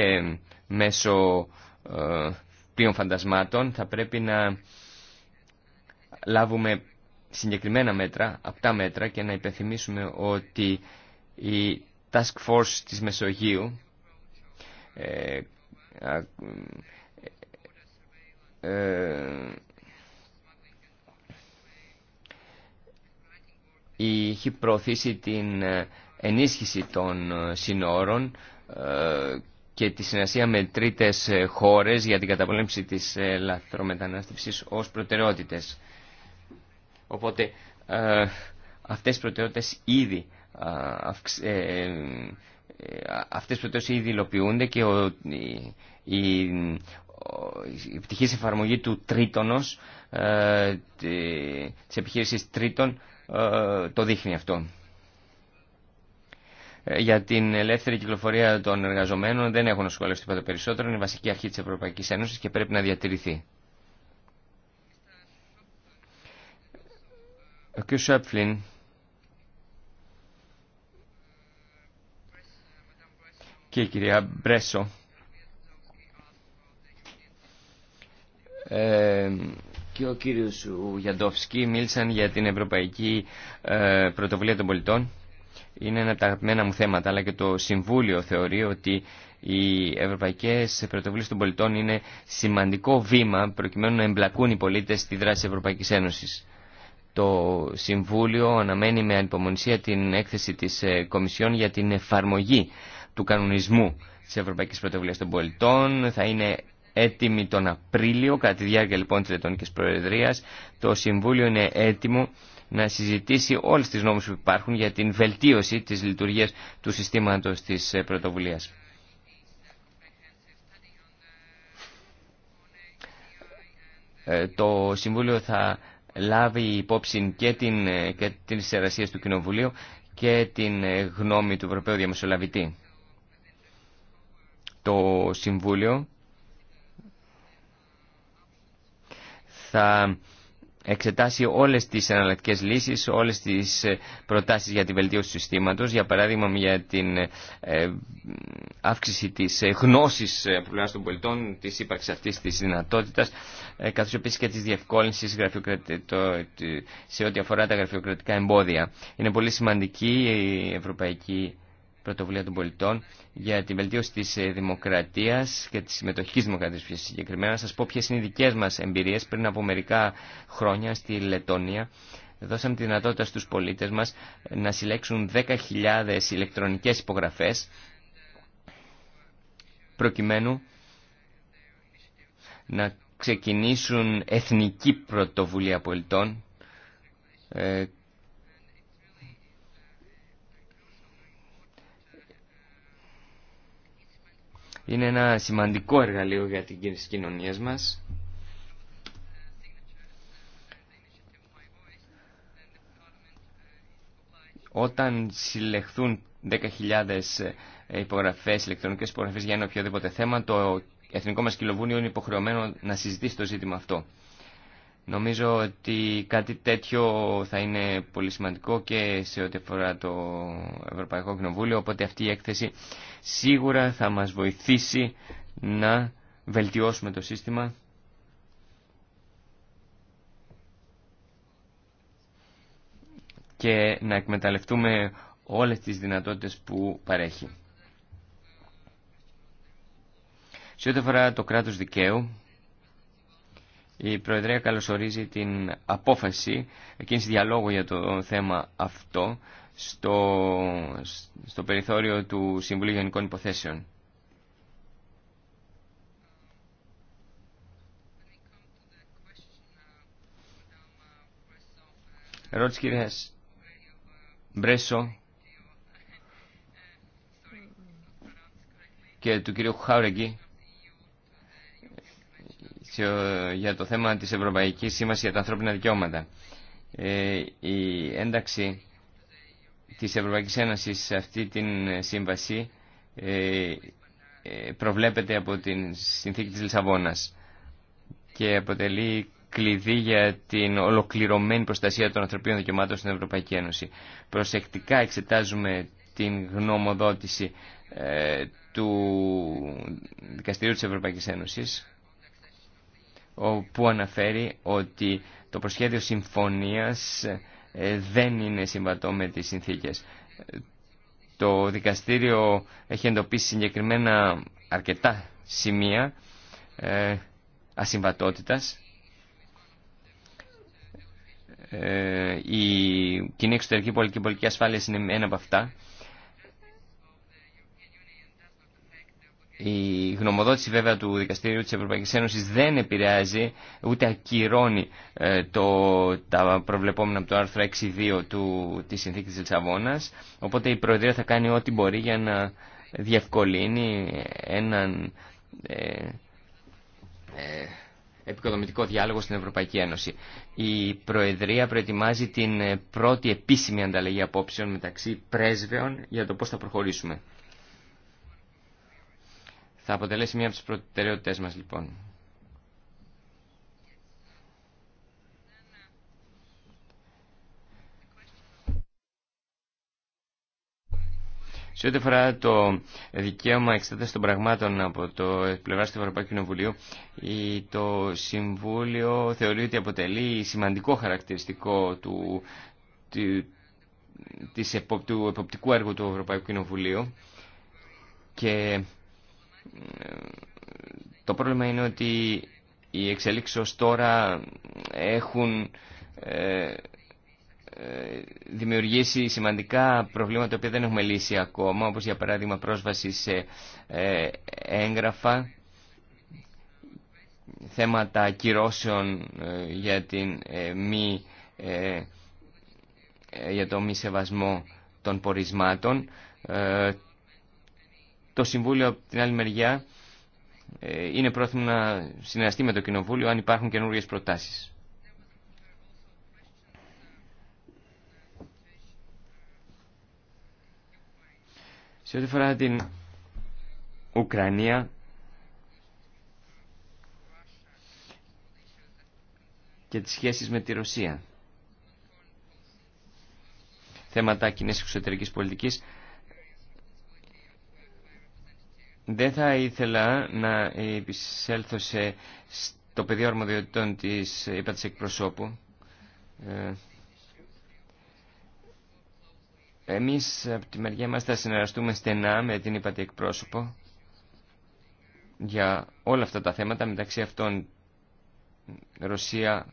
μέσω ε, πλοίων φαντασμάτων. Θα πρέπει να λάβουμε συγκεκριμένα μέτρα, απτά μέτρα και να υπενθυμίσουμε ότι η Task Force της Μεσογείου ε, ε, ε, είχε προωθήσει την ενίσχυση των συνόρων ε, και τη συνεργασία με τρίτες χώρες για την καταπολέμηση της ε, λαθρομετανάστευσης ως προτεραιότητες. Οπότε ε, αυτές οι προτεραιότητες ήδη ε, ε, ε αυτές ήδη υλοποιούνται και ο, η, η, εφαρμογή του τρίτονος ε, της επιχείρησης τρίτων ε, το δείχνει αυτό. Για την ελεύθερη κυκλοφορία των εργαζομένων δεν έχουν ασχοληθεί τίποτα περισσότερο. Είναι η βασική αρχή της Ευρωπαϊκής Ένωσης και πρέπει να διατηρηθεί. κ. Σουεπφλίν και η κυρία Μπρέσο και ο κύριος Γιάντοφσκι μίλησαν για την Ευρωπαϊκή ε, Πρωτοβουλία των Πολιτών. Είναι ένα από τα αγαπημένα μου θέματα, αλλά και το Συμβούλιο θεωρεί ότι οι Ευρωπαϊκές Πρωτοβουλίες των Πολιτών είναι σημαντικό βήμα προκειμένου να εμπλακούν οι πολίτες στη δράση της Ευρωπαϊκής Ένωσης. Το Συμβούλιο αναμένει με ανυπομονησία την έκθεση της ε, Κομισιόν για την εφαρμογή του κανονισμού της Ευρωπαϊκής Πρωτοβουλίας των Πολιτών. Θα είναι έτοιμη τον Απρίλιο, κατά τη διάρκεια λοιπόν της Λετωνικής Προεδρίας. Το Συμβούλιο είναι έτοιμο να συζητήσει όλες τις νόμους που υπάρχουν για την βελτίωση της λειτουργίας του συστήματος της ε, πρωτοβουλίας. Ε, το Συμβούλιο θα λάβει υπόψη και, την, ε, και του Κοινοβουλίου και την ε, γνώμη του Ευρωπαίου Διαμεσολαβητή. Το Συμβούλιο θα εξετάσει όλες τις εναλλακτικές λύσεις, όλες τις ε, προτάσεις για τη βελτίωση του συστήματος, για παράδειγμα για την αύξηση της γνώσης πλευράς των πολιτών, της ύπαρξης αυτής της δυνατότητας, ε, Καθώ επίση και τη διευκόλυνση σε ό,τι αφορά τα γραφειοκρατικά εμπόδια. Είναι πολύ σημαντική η Ευρωπαϊκή Πρωτοβουλία των Πολιτών για την βελτίωση τη ε, δημοκρατία και της συμμετοχή δημοκρατία πιο συγκεκριμένα. Να σας πω ποιε είναι οι δικέ μα εμπειρίε πριν από μερικά χρόνια στη Λετωνία δώσαμε τη δυνατότητα στους πολίτες μας ε, να συλλέξουν 10.000 ηλεκτρονικές υπογραφές προκειμένου να ξεκινήσουν εθνική πρωτοβουλία πολιτών ε, είναι ένα σημαντικό εργαλείο για την κίνηση κοινωνίας μας. Όταν συλλεχθούν 10.000 ε, υπογραφές, ηλεκτρονικές υπογραφές για ένα οποιοδήποτε θέμα, το Εθνικό μας Κοινοβούλιο είναι υποχρεωμένο να συζητήσει το ζήτημα αυτό. Νομίζω ότι κάτι τέτοιο θα είναι πολύ σημαντικό και σε ό,τι αφορά το Ευρωπαϊκό Κοινοβούλιο, οπότε αυτή η έκθεση σίγουρα θα μας βοηθήσει να βελτιώσουμε το σύστημα. και να εκμεταλλευτούμε όλες τις δυνατότητες που παρέχει. Σε ό,τι αφορά το κράτος δικαίου, η Προεδρία καλωσορίζει την απόφαση εκείνης διαλόγου για το θέμα αυτό στο, στο περιθώριο του Συμβουλίου Γενικών Υποθέσεων. Ερώτηση κυρία Μπρέσο και του κυρίου Χαουρεγκή. Ε, για το θέμα της Ευρωπαϊκής Σύμβασης για τα ανθρώπινα δικαιώματα. Ε, η ένταξη της Ευρωπαϊκής Ένωσης σε αυτή την σύμβαση ε, προβλέπεται από την συνθήκη της Λισαβόνας και αποτελεί κλειδί για την ολοκληρωμένη προστασία των ανθρωπίνων δικαιωμάτων στην Ευρωπαϊκή Ένωση. Προσεκτικά εξετάζουμε την γνωμοδότηση του Δικαστηρίου της Ευρωπαϊκής Ένωσης που αναφέρει ότι το προσχέδιο συμφωνίας ε, δεν είναι συμβατό με τις συνθήκες. Το δικαστήριο έχει εντοπίσει συγκεκριμένα αρκετά σημεία ε, ασυμβατότητας. Ε, η κοινή εξωτερική πολιτική, πολιτική ασφάλεια είναι ένα από αυτά. Η γνωμοδότηση βέβαια του Δικαστήριου της Ευρωπαϊκής Ένωσης δεν επηρεάζει ούτε ακυρώνει ε, το, τα προβλεπόμενα από το άρθρο 6.2 του, της Συνθήκης της Λισαβόνας. Οπότε η Προεδρία θα κάνει ό,τι μπορεί για να διευκολύνει έναν ε, ε, επικοδομητικό διάλογο στην Ευρωπαϊκή Ένωση. Η Προεδρία προετοιμάζει την ε, πρώτη επίσημη ανταλλαγή απόψεων μεταξύ πρέσβεων για το πώς θα προχωρήσουμε. Θα αποτελέσει μία από τι προτεραιότητε μας λοιπόν. Σε ό,τι αφορά το δικαίωμα εξέταση των πραγμάτων από το πλευρά του Ευρωπαϊκού Κοινοβουλίου, το Συμβούλιο θεωρεί ότι αποτελεί σημαντικό χαρακτηριστικό του, της, του εποπτικού έργου του Ευρωπαϊκού Κοινοβουλίου και το πρόβλημα είναι ότι οι εξελίξεις τώρα έχουν ε, ε, δημιουργήσει σημαντικά προβλήματα οποία δεν έχουμε λύσει ακόμα, όπως για παράδειγμα πρόσβαση σε ε, έγγραφα, θέματα κυρώσεων για, την, μη, για το μη σεβασμό των πορισμάτων, το Συμβούλιο από την άλλη μεριά ε, είναι πρόθυμο να συνεργαστεί με το Κοινοβούλιο αν υπάρχουν καινούριε προτάσεις. Σε ό,τι φορά την Ουκρανία και τις σχέσεις με τη Ρωσία. Θέματα κοινής εξωτερικής πολιτικής δεν θα ήθελα να επισέλθω σε, στο πεδίο αρμοδιοτήτων της ύπατης εκπροσώπου. Ε, εμείς από τη μεριά μας θα συνεργαστούμε στενά με την ύπατη εκπρόσωπο για όλα αυτά τα θέματα μεταξύ αυτών Ρωσία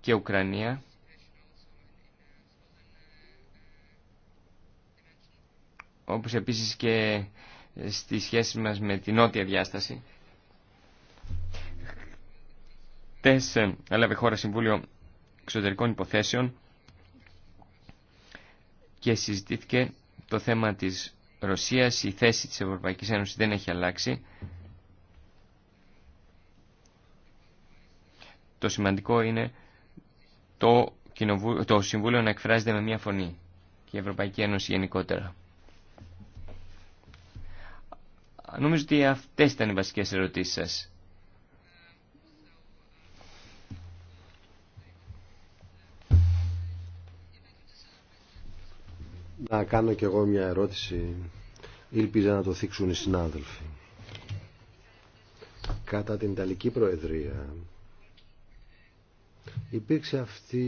και Ουκρανία. Όπως επίσης και στη σχέση μας με την νότια διάσταση. Χτες ε, έλαβε χώρα Συμβούλιο Εξωτερικών Υποθέσεων και συζητήθηκε το θέμα της Ρωσίας. Η θέση της Ευρωπαϊκής Ένωσης δεν έχει αλλάξει. Το σημαντικό είναι το, το Συμβούλιο να εκφράζεται με μια φωνή και η Ευρωπαϊκή Ένωση γενικότερα. Νομίζω ότι αυτές ήταν οι βασικές ερωτήσεις σας. Να κάνω κι εγώ μια ερώτηση. Ήλπιζα να το θίξουν οι συνάδελφοι. Κατά την Ιταλική Προεδρία υπήρξε αυτή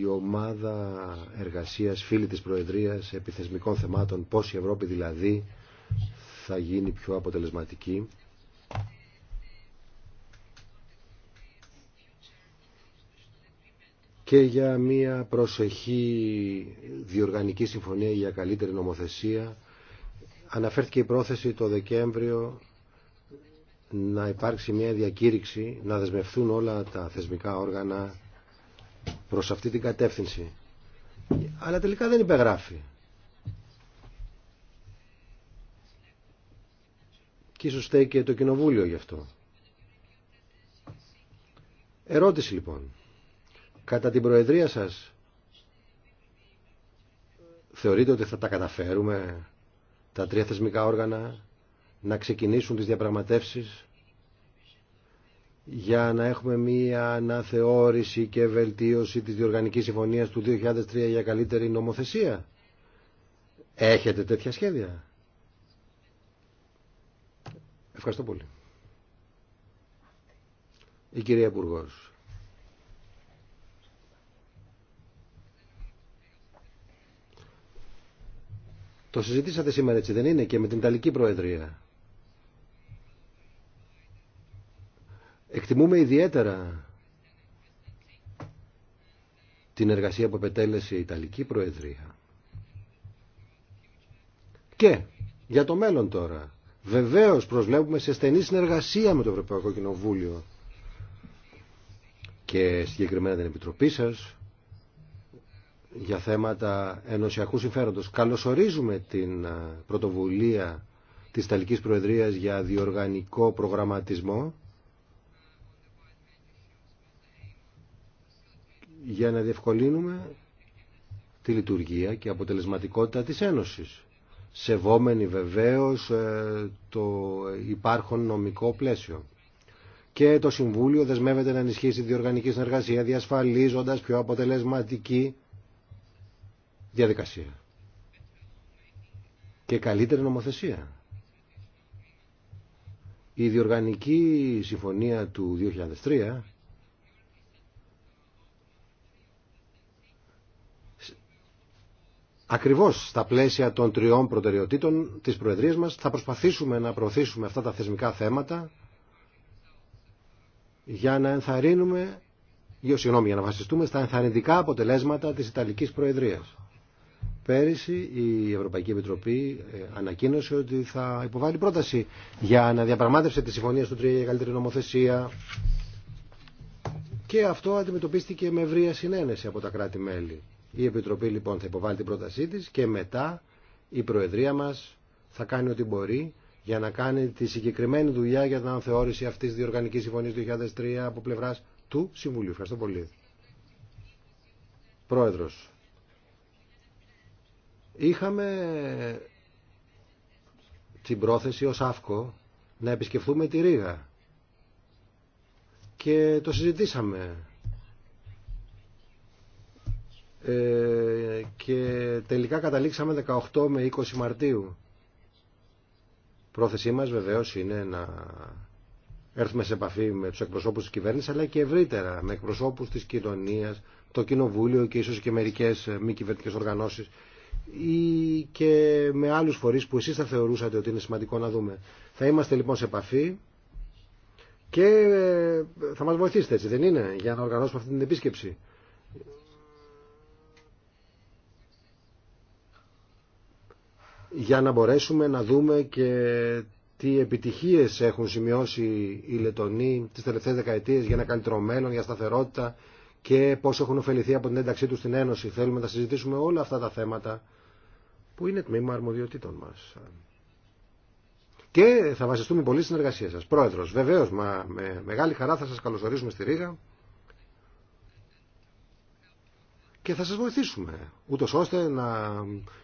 η ομάδα εργασίας φίλη της Προεδρίας επιθεσμικών θεμάτων πώς η Ευρώπη δηλαδή θα γίνει πιο αποτελεσματική και για μια προσεχή διοργανική συμφωνία για καλύτερη νομοθεσία. Αναφέρθηκε η πρόθεση το Δεκέμβριο να υπάρξει μια διακήρυξη, να δεσμευθούν όλα τα θεσμικά όργανα προς αυτή την κατεύθυνση. Αλλά τελικά δεν υπεγράφει. και ίσως και το Κοινοβούλιο γι' αυτό. Ερώτηση λοιπόν. Κατά την Προεδρία σας θεωρείτε ότι θα τα καταφέρουμε τα τρία θεσμικά όργανα να ξεκινήσουν τις διαπραγματεύσεις για να έχουμε μία αναθεώρηση και βελτίωση της διοργανικής συμφωνίας του 2003 για καλύτερη νομοθεσία. Έχετε τέτοια σχέδια. Ευχαριστώ πολύ. Η κυρία Υπουργός. Το συζητήσατε σήμερα έτσι δεν είναι και με την Ιταλική Προεδρία. Εκτιμούμε ιδιαίτερα την εργασία που επετέλεσε η Ιταλική Προεδρία. Και για το μέλλον τώρα. Βεβαίως προσβλέπουμε σε στενή συνεργασία με το Ευρωπαϊκό Κοινοβούλιο και συγκεκριμένα την Επιτροπή σας για θέματα ενωσιακού συμφέροντος. Καλωσορίζουμε την πρωτοβουλία της Ταλικής Προεδρίας για διοργανικό προγραμματισμό για να διευκολύνουμε τη λειτουργία και αποτελεσματικότητα της Ένωσης σεβόμενοι βεβαίως ε, το υπάρχον νομικό πλαίσιο. Και το Συμβούλιο δεσμεύεται να ενισχύσει τη διοργανική συνεργασία διασφαλίζοντας πιο αποτελεσματική διαδικασία και καλύτερη νομοθεσία. Η διοργανική συμφωνία του 2003 Ακριβώς στα πλαίσια των τριών προτεραιοτήτων της Προεδρίας μας θα προσπαθήσουμε να προωθήσουμε αυτά τα θεσμικά θέματα για να ενθαρρύνουμε, ή συγγνώμη, για να βασιστούμε στα ενθαρρυντικά αποτελέσματα της Ιταλικής Προεδρίας. Πέρυσι η Ευρωπαϊκή Επιτροπή ε, ανακοίνωσε ότι θα υποβάλει πρόταση για να διαπραγμάτευσε τη συμφωνία του 3 για καλύτερη νομοθεσία και αυτό αντιμετωπίστηκε με ευρεία συνένεση από τα κράτη-μέλη. Η Επιτροπή λοιπόν θα υποβάλει την πρότασή της και μετά η Προεδρία μας θα κάνει ό,τι μπορεί για να κάνει τη συγκεκριμένη δουλειά για την αναθεώρηση αυτής της διοργανικής συμφωνίας του 2003 από πλευράς του Συμβουλίου. Ευχαριστώ πολύ. Πρόεδρος, είχαμε την πρόθεση ως ΑΦΚΟ να επισκεφθούμε τη Ρήγα και το συζητήσαμε ε, και τελικά καταλήξαμε 18 με 20 Μαρτίου. Πρόθεσή μας βεβαίως είναι να έρθουμε σε επαφή με τους εκπροσώπους της κυβέρνησης αλλά και ευρύτερα με εκπροσώπους της κοινωνίας, το κοινοβούλιο και ίσως και μερικές μη κυβερνητικές οργανώσεις ή και με άλλους φορείς που εσείς θα θεωρούσατε ότι είναι σημαντικό να δούμε. Θα είμαστε λοιπόν σε επαφή και θα μας βοηθήσετε έτσι δεν είναι για να οργανώσουμε αυτή την επίσκεψη. για να μπορέσουμε να δούμε και τι επιτυχίες έχουν σημειώσει οι Λετονοί τις τελευταίες δεκαετίες για ένα καλύτερο μέλλον, για σταθερότητα και πώς έχουν ωφεληθεί από την ένταξή τους στην Ένωση. Θέλουμε να συζητήσουμε όλα αυτά τα θέματα που είναι τμήμα αρμοδιοτήτων μας. Και θα βασιστούμε πολύ στην εργασία σας. Πρόεδρος, βεβαίως, μα με μεγάλη χαρά θα σας καλωσορίσουμε στη Ρήγα. και θα σας βοηθήσουμε, ούτω ώστε να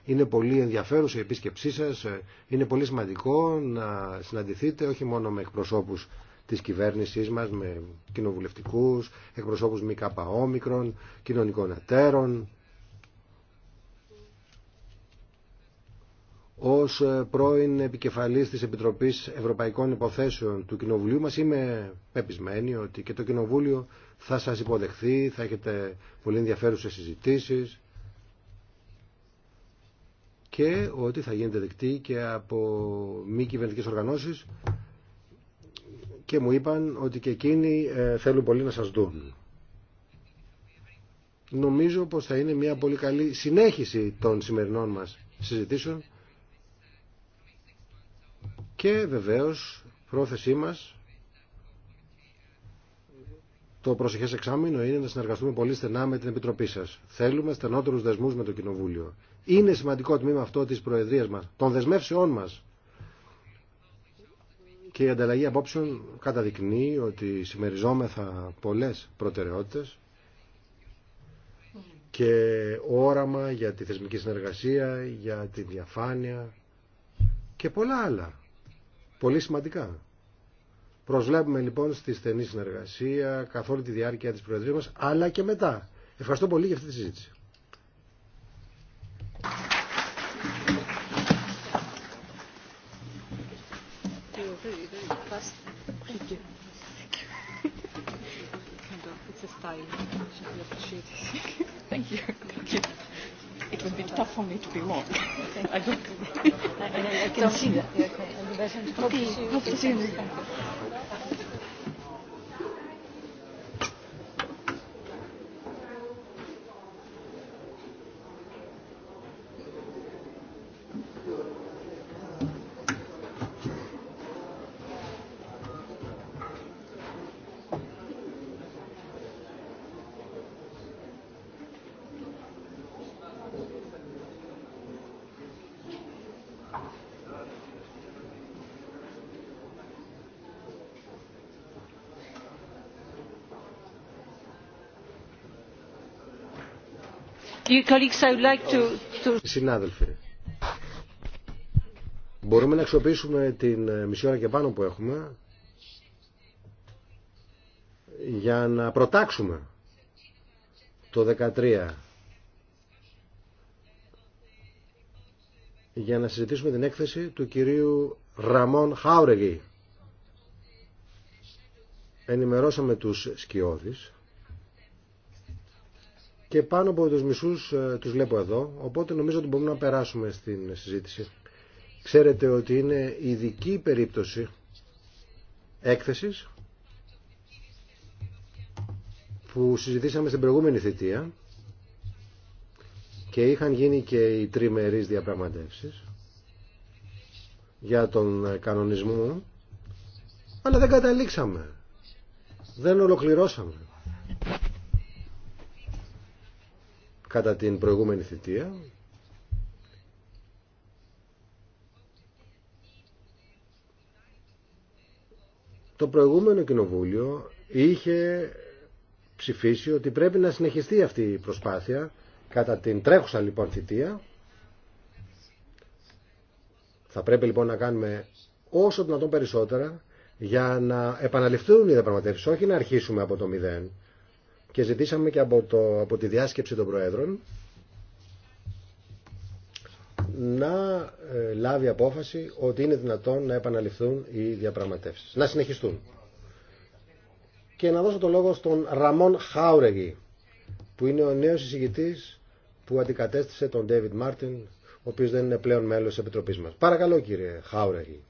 είναι πολύ ενδιαφέρουσα η επίσκεψή σας, ε, είναι πολύ σημαντικό να συναντηθείτε όχι μόνο με εκπροσώπους της κυβέρνησής μας, με κοινοβουλευτικούς, εκπροσώπους μη όμικρον κοινωνικών εταίρων, ως ε, πρώην επικεφαλής της Επιτροπής Ευρωπαϊκών Υποθέσεων του Κοινοβουλίου μας είμαι πεπισμένη ότι και το Κοινοβούλιο θα σας υποδεχθεί, θα έχετε πολύ ενδιαφέρουσες συζητήσεις και ότι θα γίνετε δεκτή και από μη κυβερνητικέ οργανώσεις και μου είπαν ότι και εκείνοι ε, θέλουν πολύ να σας δουν. Νομίζω πως θα είναι μια πολύ καλή συνέχιση των σημερινών μας συζητήσεων και βεβαίως πρόθεσή μας το προσεχές εξάμεινο είναι να συνεργαστούμε πολύ στενά με την Επιτροπή σας. Θέλουμε στενότερους δεσμούς με το Κοινοβούλιο. Είναι σημαντικό τμήμα αυτό της Προεδρίας μας, των δεσμεύσεών μας. Και η ανταλλαγή απόψεων καταδεικνύει ότι συμμεριζόμεθα πολλές προτεραιότητες και όραμα για τη θεσμική συνεργασία, για τη διαφάνεια και πολλά άλλα. Πολύ σημαντικά. Προσβλέπουμε λοιπόν στη στενή συνεργασία καθ' όλη τη διάρκεια της Προεδρίας μας, αλλά και μετά. Ευχαριστώ πολύ για αυτή τη συζήτηση. Συνάδελφοι, μπορούμε να αξιοποιήσουμε την ε, μισή ώρα και πάνω που έχουμε για να προτάξουμε το 13 για να συζητήσουμε την έκθεση του κυρίου Ραμόν Χάουρεγγι. Ενημερώσαμε τους σκιώδεις και πάνω από τους μισούς ε, τους βλέπω εδώ, οπότε νομίζω ότι μπορούμε να περάσουμε στην συζήτηση. Ξέρετε ότι είναι ειδική περίπτωση έκθεσης που συζητήσαμε στην προηγούμενη θητεία και είχαν γίνει και οι τριμερείς διαπραγματεύσεις για τον κανονισμό αλλά δεν καταλήξαμε δεν ολοκληρώσαμε κατά την προηγούμενη θητεία το προηγούμενο κοινοβούλιο είχε ψηφίσει ότι πρέπει να συνεχιστεί αυτή η προσπάθεια κατά την τρέχουσα λοιπόν θητεία θα πρέπει λοιπόν να κάνουμε όσο δυνατόν περισσότερα για να επαναληφθούν οι διαπραγματεύσει, όχι να αρχίσουμε από το μηδέν και ζητήσαμε και από, το, από τη διάσκεψη των Προέδρων να ε, λάβει απόφαση ότι είναι δυνατόν να επαναληφθούν οι διαπραγματεύσεις, να συνεχιστούν. Και να δώσω το λόγο στον Ραμόν Χάουρεγγι, που είναι ο νέος εισηγητής που αντικατέστησε τον Ντέιβιτ Μάρτιν, ο οποίος δεν είναι πλέον μέλος της Επιτροπής μας. Παρακαλώ κύριε Χάουρεγγι.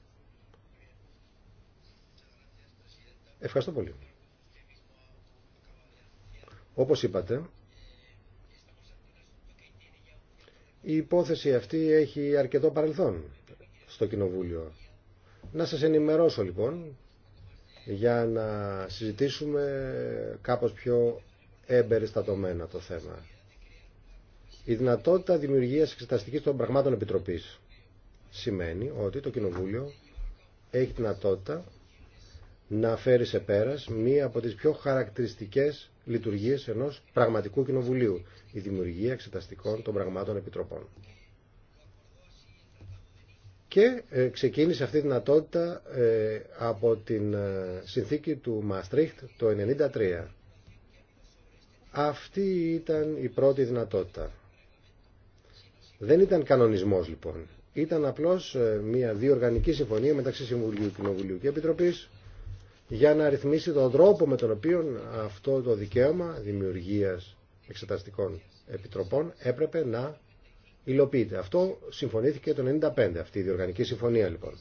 Ευχαριστώ πολύ. Όπως είπατε, η υπόθεση αυτή έχει αρκετό παρελθόν στο Κοινοβούλιο. Να σας ενημερώσω λοιπόν για να συζητήσουμε κάπως πιο εμπεριστατωμένα το θέμα. Η δυνατότητα δημιουργίας εξεταστικής των πραγμάτων επιτροπής σημαίνει ότι το Κοινοβούλιο έχει δυνατότητα να φέρει σε πέρας μία από τις πιο χαρακτηριστικές λειτουργίες ενός πραγματικού κοινοβουλίου, η δημιουργία εξεταστικών των πραγμάτων επιτροπών. Και ε, ξεκίνησε αυτή η δυνατότητα ε, από την ε, συνθήκη του Μαστρίχτ το 1993. Αυτή ήταν η πρώτη δυνατότητα. Δεν ήταν κανονισμός λοιπόν. Ήταν απλώς μια διοργανική συμφωνία μεταξύ Συμβουλίου, Κοινοβουλίου και Επιτροπής για να ρυθμίσει τον τρόπο με τον οποίο αυτό το δικαίωμα δημιουργίας εξεταστικών επιτροπών έπρεπε να υλοποιείται. Αυτό συμφωνήθηκε το 1995, αυτή η διοργανική συμφωνία λοιπόν.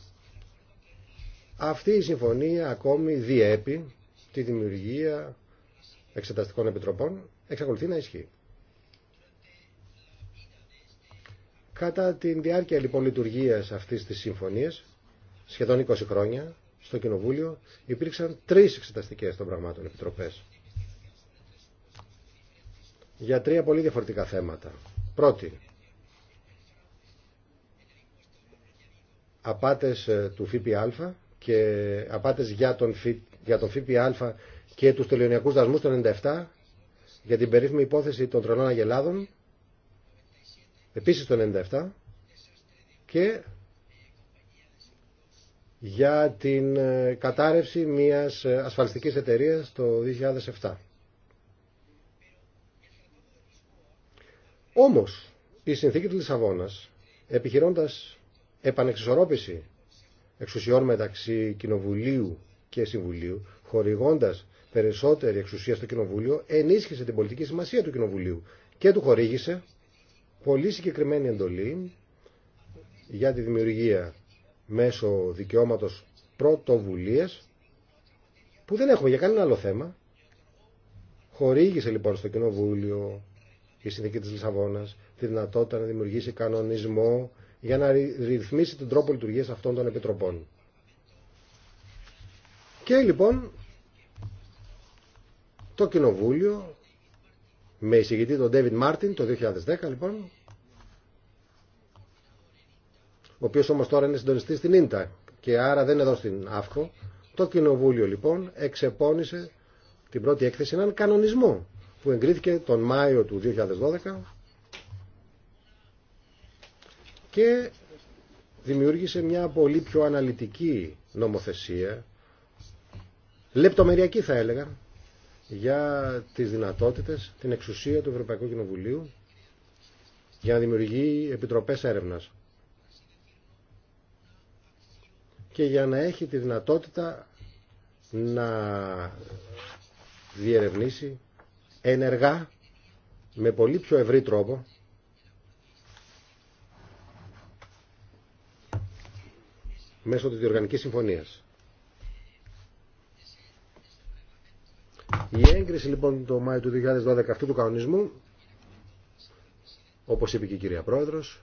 Αυτή η συμφωνία ακόμη διέπει τη δημιουργία εξεταστικών επιτροπών, εξακολουθεί να ισχύει. Κατά την διάρκεια λοιπόν λειτουργίας αυτής της συμφωνίας, σχεδόν 20 χρόνια, στο Κοινοβούλιο υπήρξαν τρεις εξεταστικές των πραγμάτων επιτροπές για τρία πολύ διαφορετικά θέματα. Πρώτη, απάτες ε, του ΦΠΑ και απάτες για τον, ΦΠΑ και τους τελειωνιακούς δασμούς το 97 για την περίφημη υπόθεση των τρελών αγελάδων επίσης το 97 και για την ε, κατάρρευση μιας ε, ασφαλιστικής εταιρείας το 2007. Όμως, η συνθήκη του Λισαβόνας, επιχειρώντας επανεξισορρόπηση εξουσιών μεταξύ Κοινοβουλίου και Συμβουλίου, χορηγώντας περισσότερη εξουσία στο Κοινοβούλιο, ενίσχυσε την πολιτική σημασία του Κοινοβουλίου και του χορήγησε πολύ συγκεκριμένη εντολή για τη δημιουργία μέσω δικαιώματος πρωτοβουλίες που δεν έχουμε για κανένα άλλο θέμα. Χορήγησε λοιπόν στο Κοινοβούλιο η συνθήκη της Λισαβόνας τη δυνατότητα να δημιουργήσει κανονισμό για να ρυθμίσει τον τρόπο λειτουργίας αυτών των επιτροπών. Και λοιπόν το Κοινοβούλιο με εισηγητή τον David Μάρτιν το 2010 λοιπόν ο οποίο όμως τώρα είναι συντονιστή στην Ίντα και άρα δεν είναι εδώ στην ΑΦΚΟ. Το Κοινοβούλιο λοιπόν εξεπώνησε την πρώτη έκθεση έναν κανονισμό που εγκρίθηκε τον Μάιο του 2012 και δημιούργησε μια πολύ πιο αναλυτική νομοθεσία, λεπτομεριακή θα έλεγα, για τις δυνατότητες, την εξουσία του Ευρωπαϊκού Κοινοβουλίου για να δημιουργεί επιτροπές έρευνας. και για να έχει τη δυνατότητα να διερευνήσει ενεργά με πολύ πιο ευρύ τρόπο μέσω της διοργανικής συμφωνίας. Η έγκριση λοιπόν το Μάιο του 2012 αυτού του κανονισμού όπως είπε και η κυρία Πρόεδρος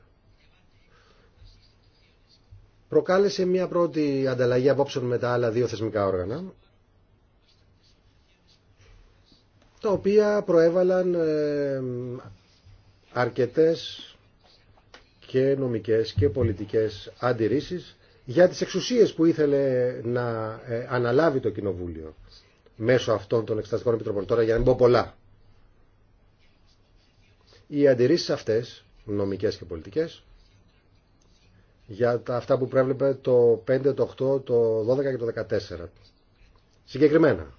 προκάλεσε μια πρώτη ανταλλαγή απόψεων με τα άλλα δύο θεσμικά όργανα τα οποία προέβαλαν ε, αρκετές και νομικές και πολιτικές αντιρρήσεις για τις εξουσίες που ήθελε να ε, αναλάβει το Κοινοβούλιο μέσω αυτών των εξεταστικών επιτροπών. Τώρα για να μην πω πολλά. Οι αντιρρήσεις αυτές, νομικές και πολιτικές, για τα, αυτά που πρέβλεπε το 5, το 8, το 12 και το 14. Συγκεκριμένα.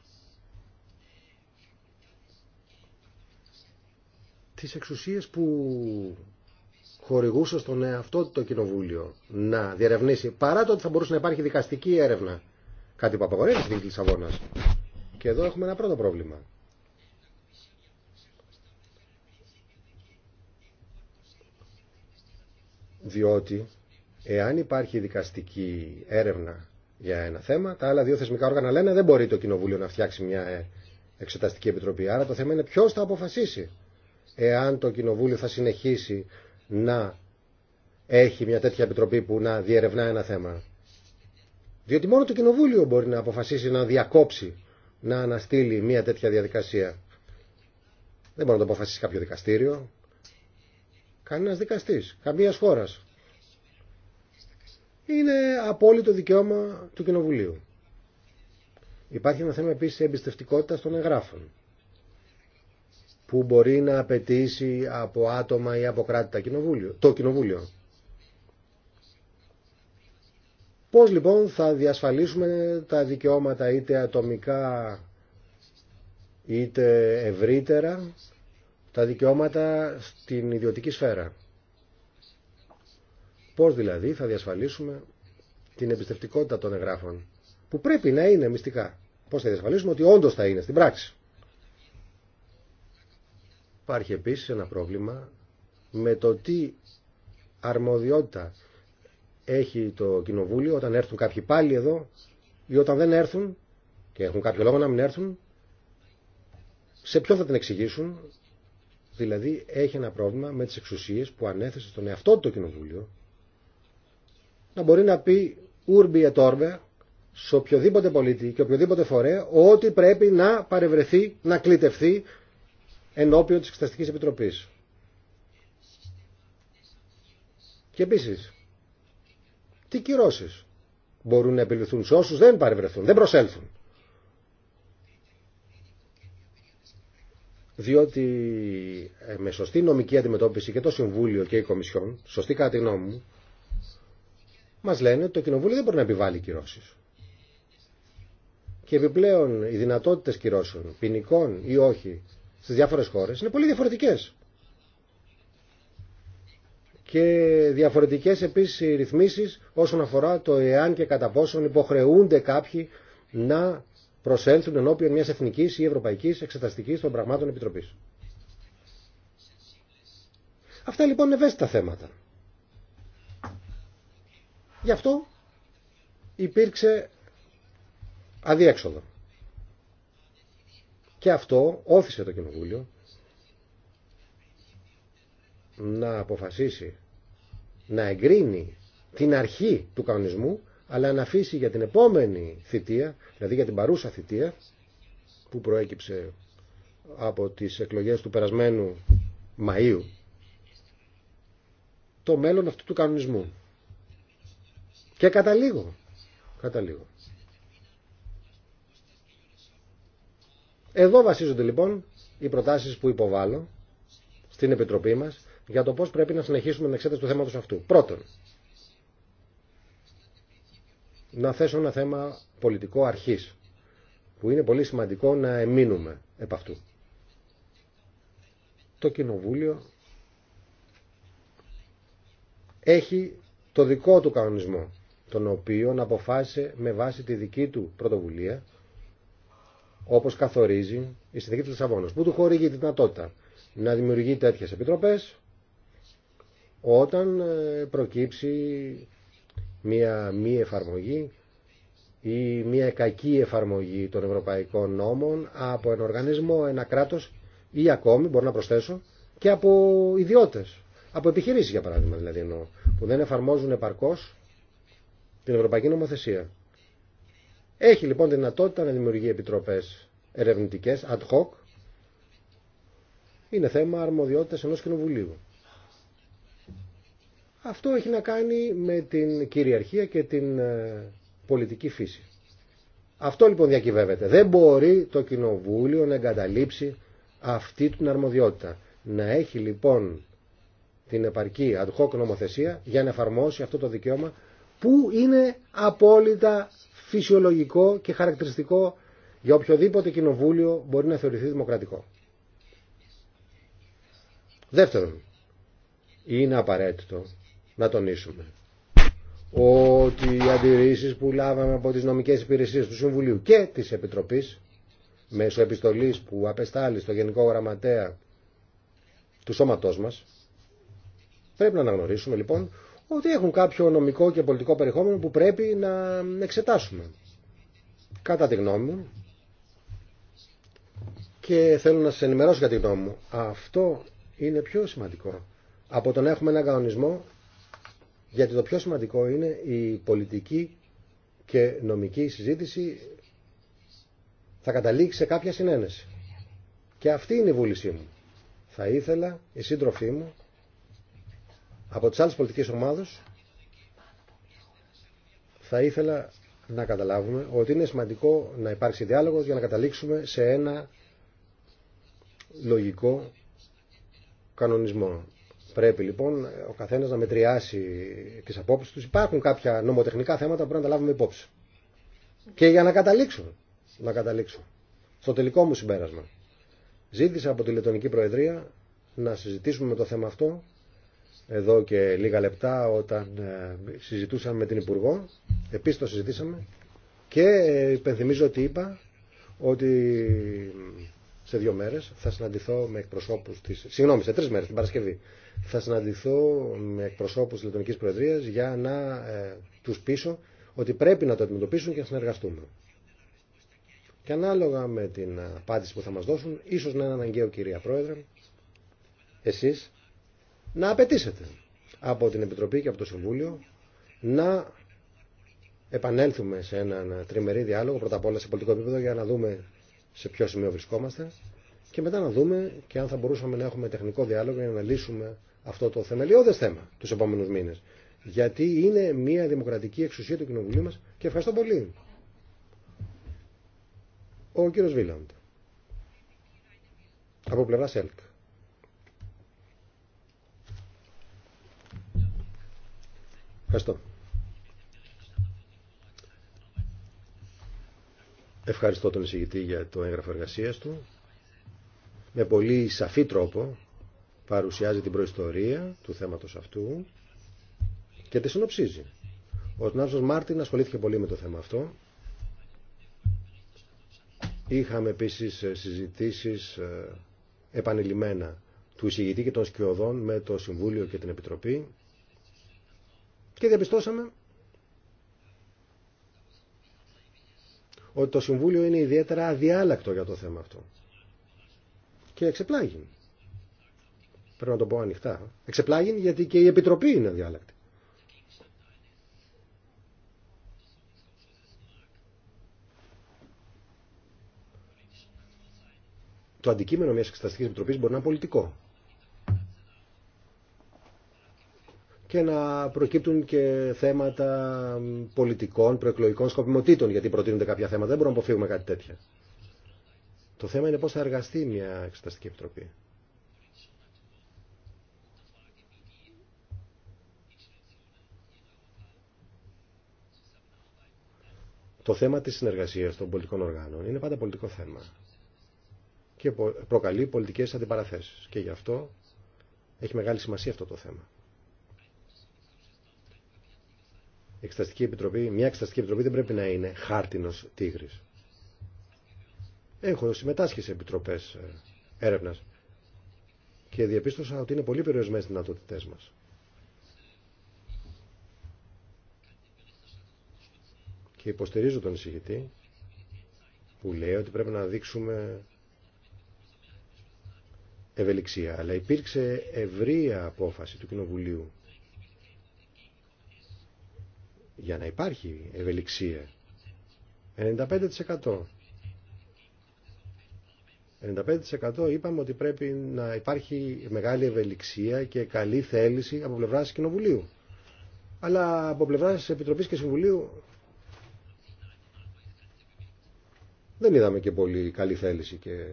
Τις εξουσίες που χορηγούσε στον εαυτό το κοινοβούλιο να διερευνήσει, παρά το ότι θα μπορούσε να υπάρχει δικαστική έρευνα, κάτι που απαγορεύει στην Λισαβόνα. Και εδώ έχουμε ένα πρώτο πρόβλημα. Διότι Εάν υπάρχει δικαστική έρευνα για ένα θέμα, τα άλλα δύο θεσμικά όργανα λένε δεν μπορεί το Κοινοβούλιο να φτιάξει μια ε, εξεταστική επιτροπή. Άρα το θέμα είναι ποιο θα αποφασίσει. Εάν το Κοινοβούλιο θα συνεχίσει να έχει μια τέτοια επιτροπή που να διερευνά ένα θέμα. Διότι μόνο το Κοινοβούλιο μπορεί να αποφασίσει να διακόψει, να αναστείλει μια τέτοια διαδικασία. Δεν μπορεί να το αποφασίσει κάποιο δικαστήριο. Κανένα δικαστή, καμία χώρα είναι απόλυτο δικαίωμα του Κοινοβουλίου. Υπάρχει ένα θέμα επίσης εμπιστευτικότητα των εγγράφων που μπορεί να απαιτήσει από άτομα ή από κράτη το Κοινοβούλιο. Πώς λοιπόν θα διασφαλίσουμε τα δικαιώματα είτε ατομικά είτε ευρύτερα τα δικαιώματα στην ιδιωτική σφαίρα. Πώς δηλαδή θα διασφαλίσουμε την εμπιστευτικότητα των εγγράφων που πρέπει να είναι μυστικά. Πώς θα διασφαλίσουμε ότι όντως θα είναι στην πράξη. Υπάρχει επίσης ένα πρόβλημα με το τι αρμοδιότητα έχει το Κοινοβούλιο όταν έρθουν κάποιοι πάλι εδώ ή όταν δεν έρθουν και έχουν κάποιο λόγο να μην έρθουν σε ποιο θα την εξηγήσουν δηλαδή έχει ένα πρόβλημα με τις εξουσίες που ανέθεσε στον εαυτό του το Κοινοβούλιο να μπορεί να πει ούρμπι ετόρβε σε οποιοδήποτε πολίτη και οποιοδήποτε φορέα ότι πρέπει να παρευρεθεί, να κλητευθεί ενώπιον της Εξεταστικής Επιτροπής. Και επίσης, τι κυρώσεις μπορούν να επιληθούν σε όσους δεν παρευρεθούν, δεν προσέλθουν. Διότι ε, με σωστή νομική αντιμετώπιση και το Συμβούλιο και η Κομισιόν, σωστή κατά τη γνώμη μου, Μα λένε ότι το Κοινοβούλιο δεν μπορεί να επιβάλλει κυρώσει. Και επιπλέον οι δυνατότητες κυρώσεων, ποινικών ή όχι, στι διάφορες χώρες είναι πολύ διαφορετικές. Και διαφορετικές επίσης ρυθμίσεις όσον αφορά το εάν και κατά πόσον υποχρεούνται κάποιοι να προσέλθουν ενώπιον μιας εθνικής ή ευρωπαϊκής εξεταστική των πραγμάτων επιτροπή. Αυτά λοιπόν είναι ευαίσθητα θέματα. Γι' αυτό υπήρξε αδίέξοδο. Και αυτό όθησε το Κοινοβούλιο να αποφασίσει να εγκρίνει την αρχή του κανονισμού αλλά να αφήσει για την επόμενη θητεία, δηλαδή για την παρούσα θητεία που προέκυψε από τις εκλογές του περασμένου Μαΐου το μέλλον αυτού του κανονισμού. Και καταλήγω. Καταλήγω. Εδώ βασίζονται λοιπόν οι προτάσεις που υποβάλλω στην Επιτροπή μας για το πώς πρέπει να συνεχίσουμε την εξέταση του θέματο αυτού. Πρώτον, να θέσω ένα θέμα πολιτικό αρχής, που είναι πολύ σημαντικό να εμείνουμε επ' αυτού. Το Κοινοβούλιο έχει το δικό του κανονισμό τον οποίο να αποφάσισε με βάση τη δική του πρωτοβουλία, όπως καθορίζει η συνθήκη του Λισαβόνα, που του χορηγεί τη δυνατότητα να δημιουργεί τέτοιε επίτροπε όταν ε, προκύψει μία μη εφαρμογή ή μία κακή εφαρμογή των ευρωπαϊκών νόμων από ένα οργανισμό, ένα κράτος ή ακόμη, μπορώ να προσθέσω, και από ιδιώτες, από επιχειρήσεις για παράδειγμα δηλαδή εννοώ, που δεν εφαρμόζουν επαρκώς την Ευρωπαϊκή Νομοθεσία. Έχει λοιπόν δυνατότητα να δημιουργεί επιτροπές ερευνητικές, ad hoc. Είναι θέμα αρμοδιότητας ενός κοινοβουλίου. Αυτό έχει να κάνει με την κυριαρχία και την ε, πολιτική φύση. Αυτό λοιπόν διακυβεύεται. Δεν μπορεί το κοινοβούλιο να εγκαταλείψει αυτή την αρμοδιότητα. Να έχει λοιπόν την επαρκή ad hoc νομοθεσία για να εφαρμόσει αυτό το δικαίωμα που είναι απόλυτα φυσιολογικό και χαρακτηριστικό για οποιοδήποτε κοινοβούλιο μπορεί να θεωρηθεί δημοκρατικό. Δεύτερον, είναι απαραίτητο να τονίσουμε ότι οι αντιρρήσεις που λάβαμε από τις νομικές υπηρεσίες του Συμβουλίου και της Επιτροπής μέσω επιστολής που απεστάλλει στο Γενικό Γραμματέα του σώματός μας πρέπει να αναγνωρίσουμε λοιπόν ότι έχουν κάποιο νομικό και πολιτικό περιεχόμενο που πρέπει να εξετάσουμε. Κατά τη γνώμη μου, και θέλω να σα ενημερώσω για τη γνώμη μου, αυτό είναι πιο σημαντικό από το να έχουμε έναν κανονισμό, γιατί το πιο σημαντικό είναι η πολιτική και νομική συζήτηση θα καταλήξει σε κάποια συνένεση. Και αυτή είναι η βούλησή μου. Θα ήθελα οι σύντροφοί μου από τις άλλες πολιτικές ομάδες θα ήθελα να καταλάβουμε ότι είναι σημαντικό να υπάρξει διάλογος για να καταλήξουμε σε ένα λογικό κανονισμό. Πρέπει λοιπόν ο καθένας να μετριάσει τις απόψεις τους. Υπάρχουν κάποια νομοτεχνικά θέματα που πρέπει να τα λάβουμε υπόψη. Και για να καταλήξω, να καταλήξω στο τελικό μου συμπέρασμα. Ζήτησα από τη Λετωνική Προεδρία να συζητήσουμε με το θέμα αυτό εδώ και λίγα λεπτά όταν ε, συζητούσαμε με την Υπουργό, επίσης το συζητήσαμε και ε, υπενθυμίζω ότι είπα ότι σε δύο μέρες θα συναντηθώ με εκπροσώπους της... Συγγνώμη, σε τρεις μέρες, την Παρασκευή. Θα συναντηθώ με εκπροσώπους της Λετωνικής Προεδρίας για να ε, τους πείσω ότι πρέπει να το αντιμετωπίσουν και να συνεργαστούμε. Και ανάλογα με την απάντηση που θα μας δώσουν, ίσως να είναι αναγκαίο κυρία Πρόεδρε, εσείς να απαιτήσετε από την Επιτροπή και από το Συμβούλιο να επανέλθουμε σε έναν τριμερή διάλογο, πρώτα απ' όλα σε πολιτικό επίπεδο, για να δούμε σε ποιο σημείο βρισκόμαστε και μετά να δούμε και αν θα μπορούσαμε να έχουμε τεχνικό διάλογο για να λύσουμε αυτό το θεμελιώδε θέμα του επόμενου μήνε. Γιατί είναι μια δημοκρατική εξουσία του Κοινοβουλίου μα και ευχαριστώ πολύ. Ο κύριο Βίλαντ. Από πλευρά ΣΕΛΚ. Ευχαριστώ. τον εισηγητή για το έγγραφο εργασία του. Με πολύ σαφή τρόπο παρουσιάζει την προϊστορία του θέματος αυτού και τη συνοψίζει. Ο Νάρσος Μάρτιν ασχολήθηκε πολύ με το θέμα αυτό. Είχαμε επίσης ε, συζητήσεις ε, επανειλημμένα του εισηγητή και των σκιωδών με το Συμβούλιο και την Επιτροπή και διαπιστώσαμε ότι το Συμβούλιο είναι ιδιαίτερα αδιάλακτο για το θέμα αυτό. Και εξεπλάγει. Πρέπει να το πω ανοιχτά. Εξεπλάγει γιατί και η Επιτροπή είναι αδιάλακτη. Το αντικείμενο μιας εξεταστικής επιτροπής μπορεί να είναι πολιτικό. και να προκύπτουν και θέματα πολιτικών, προεκλογικών σκοπιμοτήτων, γιατί προτείνονται κάποια θέματα. Δεν μπορούμε να αποφύγουμε κάτι τέτοια. Το θέμα είναι πώς θα εργαστεί μια εξεταστική επιτροπή. Το θέμα της συνεργασίας των πολιτικών οργάνων είναι πάντα πολιτικό θέμα και προκαλεί πολιτικές αντιπαραθέσεις. Και γι' αυτό έχει μεγάλη σημασία αυτό το θέμα. εξεταστική επιτροπή, μια εξεταστική επιτροπή δεν πρέπει να είναι χάρτινος τίγρης. Έχω συμμετάσχει σε επιτροπές ε, έρευνας και διαπίστωσα ότι είναι πολύ περιορισμένες δυνατότητές μας. Και υποστηρίζω τον εισηγητή που λέει ότι πρέπει να δείξουμε ευελιξία. Αλλά υπήρξε ευρία απόφαση του Κοινοβουλίου για να υπάρχει ευελιξία. 95%. 95% είπαμε ότι πρέπει να υπάρχει μεγάλη ευελιξία και καλή θέληση από πλευρά Κοινοβουλίου. Αλλά από πλευρά Επιτροπή και Συμβουλίου δεν είδαμε και πολύ καλή θέληση και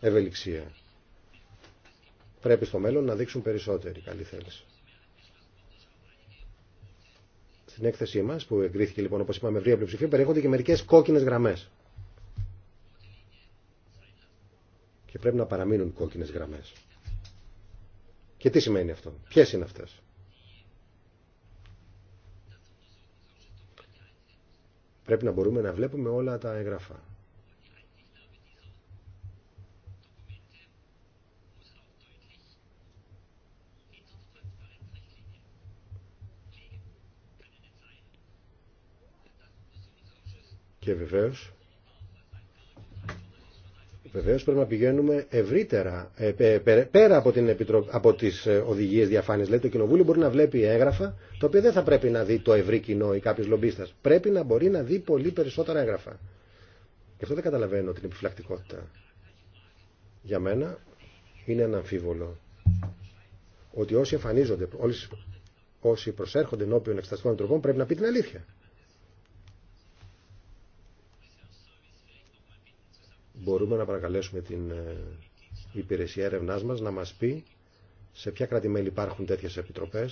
ευελιξία. Πρέπει στο μέλλον να δείξουν περισσότερη καλή θέληση. Στην έκθεσή μα που εγκρίθηκε λοιπόν όπως είπαμε ευρεία πλειοψηφία, περιέχονται και μερικέ κόκκινε γραμμέ. Και πρέπει να παραμείνουν κόκκινε γραμμέ. Και τι σημαίνει αυτό, ποιε είναι αυτέ. Πρέπει να μπορούμε να βλέπουμε όλα τα έγγραφα. Και βεβαίως, βεβαίως πρέπει να πηγαίνουμε ευρύτερα, ε, πέρα από, την επιτρο... από τις ε, οδηγίες διαφάνειας. Δηλαδή το κοινοβούλιο μπορεί να βλέπει έγγραφα, το οποίο δεν θα πρέπει να δει το ευρύ κοινό ή κάποιος λομπίστας. Πρέπει να μπορεί να δει πολύ περισσότερα έγγραφα. Και αυτό δεν καταλαβαίνω την επιφυλακτικότητα. Για μένα είναι αναμφίβολο ότι όσοι εμφανίζονται, όσοι προσέρχονται ενώπιον εξεταστικών τροπών πρέπει να πει την αλήθεια. μπορούμε να παρακαλέσουμε την ε, υπηρεσία έρευνά μα να μα πει σε ποια κράτη-μέλη υπάρχουν τέτοιε επιτροπέ,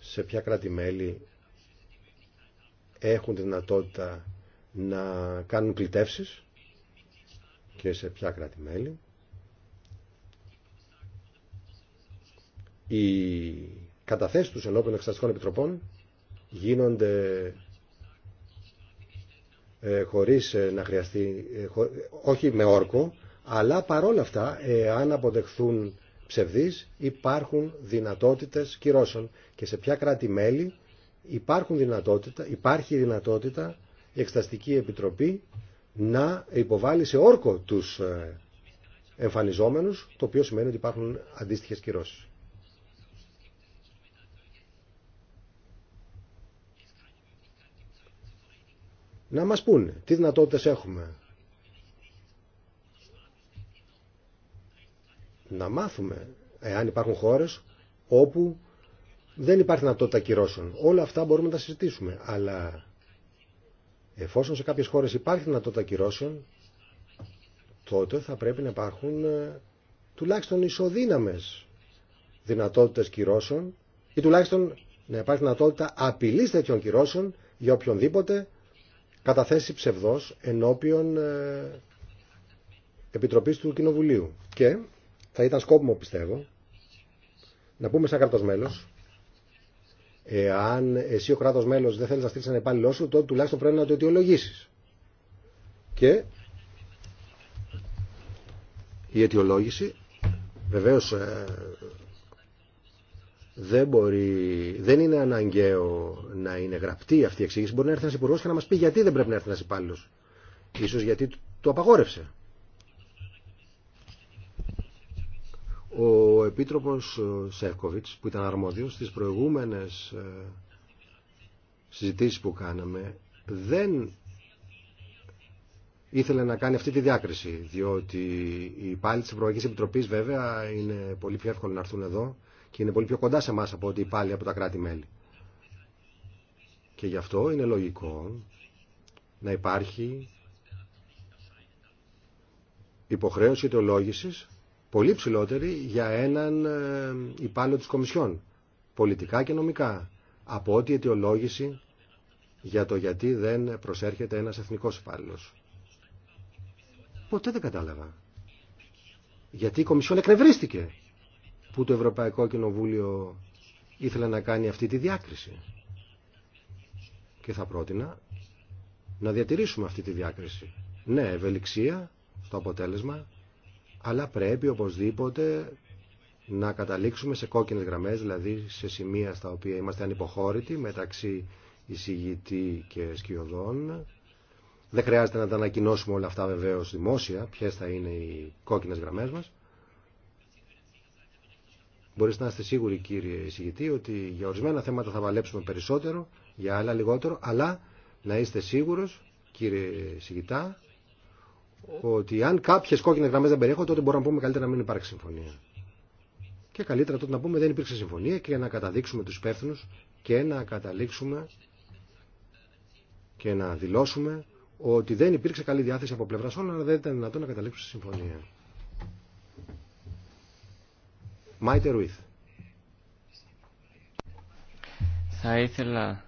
σε ποια κράτη-μέλη έχουν τη δυνατότητα να κάνουν κλητεύσει και σε ποια κράτη-μέλη. Οι καταθέσεις τους ενώπιον εξεταστικών επιτροπών γίνονται ε, χωρίς ε, να χρειαστεί, ε, όχι με όρκο, αλλά παρόλα αυτά, αν αποδεχθούν ψευδείς, υπάρχουν δυνατότητες κυρώσεων. Και σε ποια κράτη-μέλη υπάρχουν δυνατότητα, υπάρχει δυνατότητα η Επιτροπή να υποβάλει σε όρκο τους εμφανιζόμενους, το οποίο σημαίνει ότι υπάρχουν αντίστοιχες κυρώσεις. να μας πούνε τι δυνατότητες έχουμε. Να μάθουμε εάν υπάρχουν χώρες όπου δεν υπάρχει δυνατότητα κυρώσεων. Όλα αυτά μπορούμε να τα συζητήσουμε. Αλλά εφόσον σε κάποιες χώρες υπάρχει δυνατότητα κυρώσεων, τότε θα πρέπει να υπάρχουν ε, τουλάχιστον ισοδύναμες δυνατότητες κυρώσεων ή τουλάχιστον να υπάρχει δυνατότητα απειλής τέτοιων κυρώσεων για οποιονδήποτε καταθέσει ψευδός ενώπιον ε, Επιτροπής του Κοινοβουλίου. Και θα ήταν σκόπιμο πιστεύω να πούμε σαν κράτος μέλος εάν εσύ ο κράτος μέλος δεν θέλεις να στείλεις ένα υπάλληλό σου τότε τουλάχιστον πρέπει να το αιτιολογήσει. Και η αιτιολόγηση βεβαίως ε, δεν, μπορεί, δεν είναι αναγκαίο να είναι γραπτή αυτή η εξήγηση. Μπορεί να έρθει ένα υπουργό και να μα πει γιατί δεν πρέπει να έρθει ένα υπάλληλο. σω γιατί το απαγόρευσε. Ο επίτροπος Σεύκοβιτ, που ήταν αρμόδιος στι προηγούμενες ε, συζητήσεις που κάναμε δεν ήθελε να κάνει αυτή τη διάκριση διότι οι υπάλληλοι τη Ευρωπαϊκή επιτροπή βέβαια είναι πολύ πιο εύκολο να έρθουν εδώ και είναι πολύ πιο κοντά σε εμά από ότι πάλι από τα κράτη-μέλη. Και γι' αυτό είναι λογικό να υπάρχει υποχρέωση ιδεολόγησης πολύ ψηλότερη για έναν ε, υπάλληλο τη Κομισιόν, πολιτικά και νομικά, από ό,τι αιτιολόγηση για το γιατί δεν προσέρχεται ένας εθνικός υπάλληλο. Ποτέ δεν κατάλαβα. Γιατί η Κομισιόν εκνευρίστηκε που το Ευρωπαϊκό Κοινοβούλιο ήθελε να κάνει αυτή τη διάκριση. Και θα πρότεινα να διατηρήσουμε αυτή τη διάκριση. Ναι, ευελιξία στο αποτέλεσμα, αλλά πρέπει οπωσδήποτε να καταλήξουμε σε κόκκινες γραμμές, δηλαδή σε σημεία στα οποία είμαστε ανυποχώρητοι μεταξύ εισηγητή και σκιωδών. Δεν χρειάζεται να τα ανακοινώσουμε όλα αυτά βεβαίως δημόσια, ποιες θα είναι οι κόκκινες γραμμές μας. Μπορείτε να είστε σίγουροι κύριε εισηγητή ότι για ορισμένα θέματα θα βαλέψουμε περισσότερο, για άλλα λιγότερο, αλλά να είστε σίγουρος κύριε εισηγητά ότι αν κάποιε κόκκινε γραμμέ δεν περιέχονται, τότε μπορούμε να πούμε καλύτερα να μην υπάρξει συμφωνία. Και καλύτερα τότε να πούμε δεν υπήρξε συμφωνία και να καταδείξουμε του υπεύθυνου και να καταλήξουμε και να δηλώσουμε ότι δεν υπήρξε καλή διάθεση από πλευρά όλων, αλλά δεν ήταν δυνατόν να καταλήξουμε συμφωνία. Μάιτε Ρουίθ. Θα ήθελα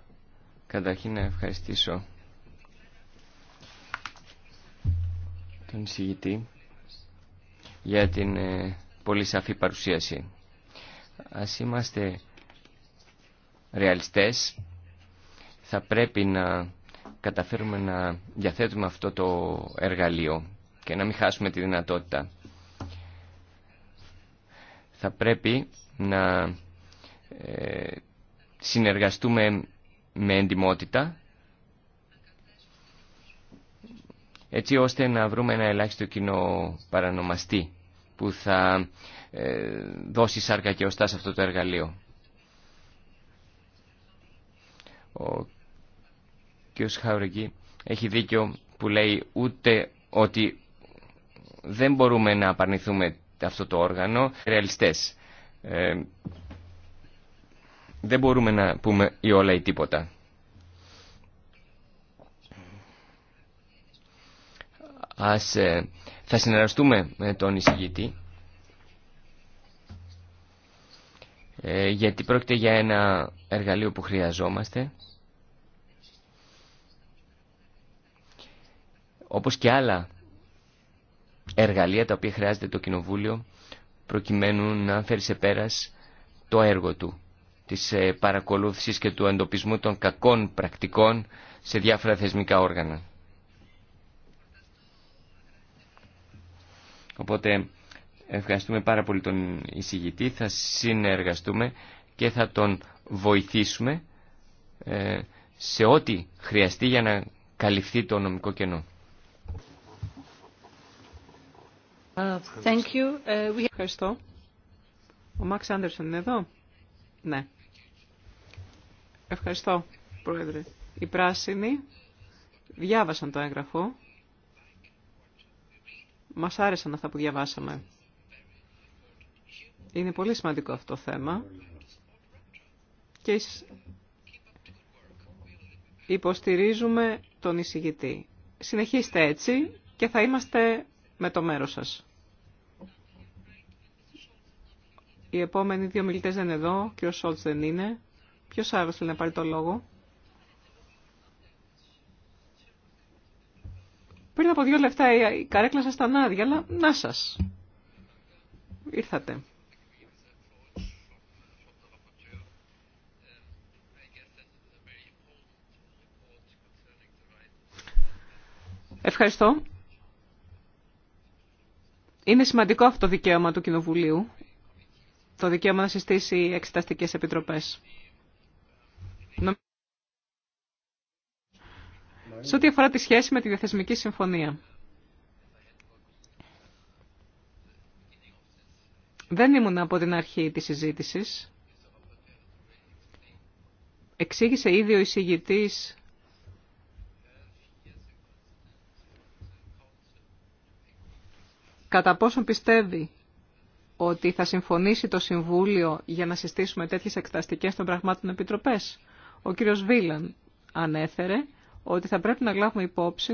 καταρχήν να ευχαριστήσω τον εισηγητή για την ε, πολύ σαφή παρουσίαση. Ας είμαστε ρεαλιστές, θα πρέπει να καταφέρουμε να διαθέτουμε αυτό το εργαλείο και να μην χάσουμε τη δυνατότητα θα πρέπει να ε, συνεργαστούμε με εντιμότητα έτσι ώστε να βρούμε ένα ελάχιστο κοινό παρανομαστή που θα ε, δώσει σάρκα και οστά σε αυτό το εργαλείο. Ο κ. Χαουρική έχει δίκιο που λέει ούτε ότι δεν μπορούμε να απαρνηθούμε αυτό το όργανο ρεαλιστές. Ε, δεν μπορούμε να πούμε ή όλα ή τίποτα. Ας, ε, θα συνεργαστούμε με τον εισηγητή ε, γιατί πρόκειται για ένα εργαλείο που χρειαζόμαστε όπως και άλλα εργαλεία τα οποία χρειάζεται το Κοινοβούλιο προκειμένου να φέρει σε πέρας το έργο του της ε, παρακολούθησης και του εντοπισμού των κακών πρακτικών σε διάφορα θεσμικά όργανα. Οπότε ευχαριστούμε πάρα πολύ τον εισηγητή, θα συνεργαστούμε και θα τον βοηθήσουμε ε, σε ό,τι χρειαστεί για να καλυφθεί το νομικό κενό. Uh, uh, Ευχαριστώ. Ο Μαξ Άντερσον είναι εδώ. Ναι. Ευχαριστώ, Πρόεδρε. Οι πράσινοι διάβασαν το έγγραφο. Μας άρεσαν αυτά που διαβάσαμε. Είναι πολύ σημαντικό αυτό το θέμα. Και υποστηρίζουμε τον εισηγητή. Συνεχίστε έτσι και θα είμαστε με το μέρος σας. Οι επόμενοι δύο μιλητέ δεν είναι εδώ και ο Σόλτς δεν είναι. Ποιος άλλος θέλει να πάρει το λόγο. Πριν από δύο λεφτά η καρέκλα σας ήταν άδεια, αλλά να σας. Ήρθατε. Ευχαριστώ. Είναι σημαντικό αυτό το δικαίωμα του Κοινοβουλίου, το δικαίωμα να συστήσει εξεταστικές επιτροπές. Σε ό,τι αφορά τη σχέση με τη Διαθεσμική Συμφωνία. Δεν ήμουν από την αρχή της συζήτησης. Εξήγησε ήδη ο εισηγητής κατά πόσο πιστεύει ότι θα συμφωνήσει το Συμβούλιο για να συστήσουμε τέτοιες εκταστικές των πραγμάτων επιτροπές. Ο κύριος Βίλαν ανέφερε ότι θα πρέπει να λάβουμε υπόψη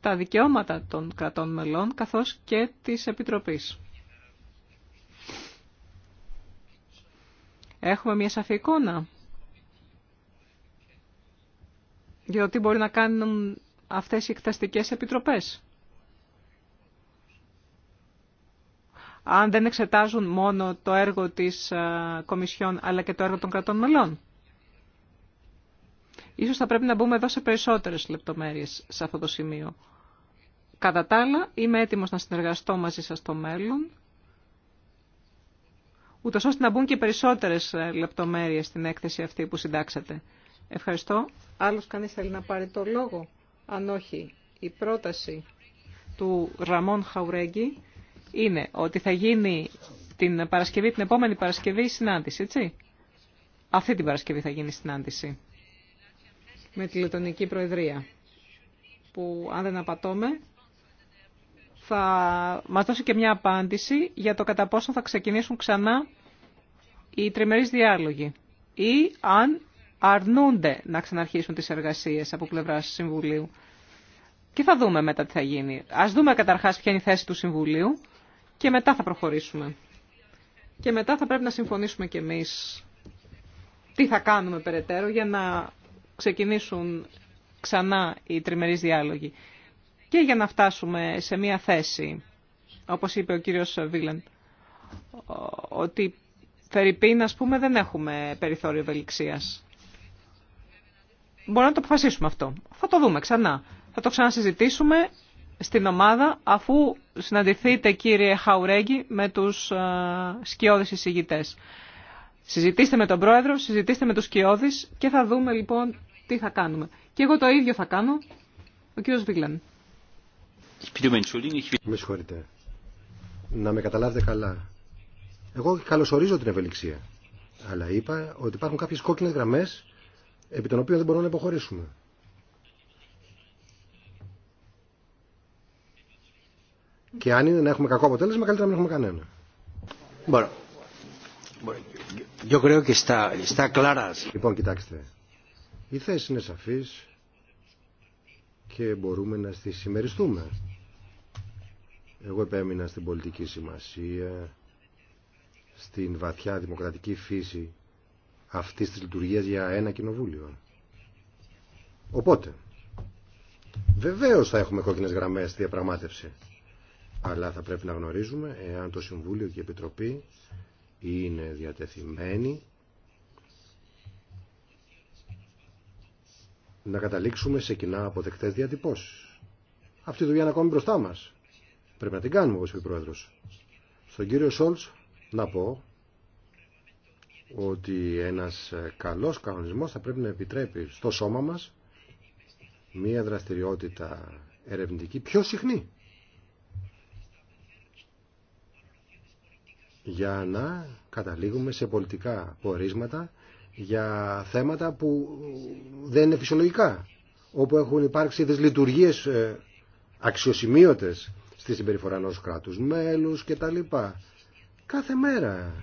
τα δικαιώματα των κρατών μελών καθώς και της Επιτροπής. Έχουμε μια σαφή εικόνα για το τι μπορεί να κάνουν αυτές οι εκταστικές επιτροπές. αν δεν εξετάζουν μόνο το έργο της ε, Κομισιόν αλλά και το έργο των κρατών μελών. Ίσως θα πρέπει να μπούμε εδώ σε περισσότερες λεπτομέρειες σε αυτό το σημείο. Κατά τα άλλα, είμαι έτοιμος να συνεργαστώ μαζί σας στο μέλλον, ούτως ώστε να μπουν και περισσότερες ε, λεπτομέρειες στην έκθεση αυτή που συντάξατε. Ευχαριστώ. Άλλος κανείς θέλει να πάρει το λόγο. Αν όχι, η πρόταση του Ραμόν Χαουρέγγι είναι ότι θα γίνει την, Παρασκευή, την επόμενη Παρασκευή η συνάντηση, έτσι. Αυτή την Παρασκευή θα γίνει η συνάντηση με τη Λετωνική Προεδρία που αν δεν απατώμε θα μας δώσει και μια απάντηση για το κατά πόσο θα ξεκινήσουν ξανά οι τριμερείς διάλογοι ή αν αρνούνται να ξαναρχίσουν τις εργασίες από πλευράς Συμβουλίου. Και θα δούμε μετά τι θα γίνει. Ας δούμε καταρχάς ποια είναι η θέση του Συμβουλίου και μετά θα προχωρήσουμε. Και μετά θα πρέπει να συμφωνήσουμε κι εμείς τι θα κάνουμε περαιτέρω για να ξεκινήσουν ξανά οι τριμερείς διάλογοι. Και για να φτάσουμε σε μία θέση, όπως είπε ο κύριος Βίλεν, ότι Φερρυπίν, ας πούμε, δεν έχουμε περιθώριο ευελιξίας. Μπορούμε να το αποφασίσουμε αυτό. Θα το δούμε ξανά. Θα το ξανασυζητήσουμε στην ομάδα αφού συναντηθείτε κύριε Χαουρέγγι με τους ε, σκιώδεις εισηγητές. Συζητήστε με τον πρόεδρο, συζητήστε με τους σκιώδεις και θα δούμε λοιπόν τι θα κάνουμε. Και εγώ το ίδιο θα κάνω, ο κύριος Βίγλαν. Um με συγχωρείτε. Να με καταλάβετε καλά. Εγώ καλωσορίζω την ευελιξία. Αλλά είπα ότι υπάρχουν κάποιες κόκκινες γραμμές επί των οποίων δεν μπορούμε να υποχωρήσουμε. Και αν είναι να έχουμε κακό αποτέλεσμα, καλύτερα να μην έχουμε κανένα. Λοιπόν, κοιτάξτε. Η θέση είναι σαφής και μπορούμε να στη συμμεριστούμε. Εγώ επέμεινα στην πολιτική σημασία, στην βαθιά δημοκρατική φύση αυτής της λειτουργίας για ένα κοινοβούλιο. Οπότε, βεβαίως θα έχουμε κόκκινες γραμμές στη διαπραγμάτευση αλλά θα πρέπει να γνωρίζουμε εάν το Συμβούλιο και η Επιτροπή είναι διατεθειμένοι να καταλήξουμε σε κοινά αποδεκτές διατυπώσεις. Αυτή η δουλειά είναι ακόμη μπροστά μας. Πρέπει να την κάνουμε, όπως είπε ο Πρόεδρος. Στον κύριο Σόλτς να πω ότι ένας καλός κανονισμός θα πρέπει να επιτρέπει στο σώμα μας μία δραστηριότητα ερευνητική πιο συχνή. για να καταλήγουμε σε πολιτικά πορίσματα για θέματα που δεν είναι φυσιολογικά, όπου έχουν υπάρξει δυσλειτουργίες ε, αξιοσημείωτες στη συμπεριφορά ενός κράτους, μέλους και κτλ. Κάθε μέρα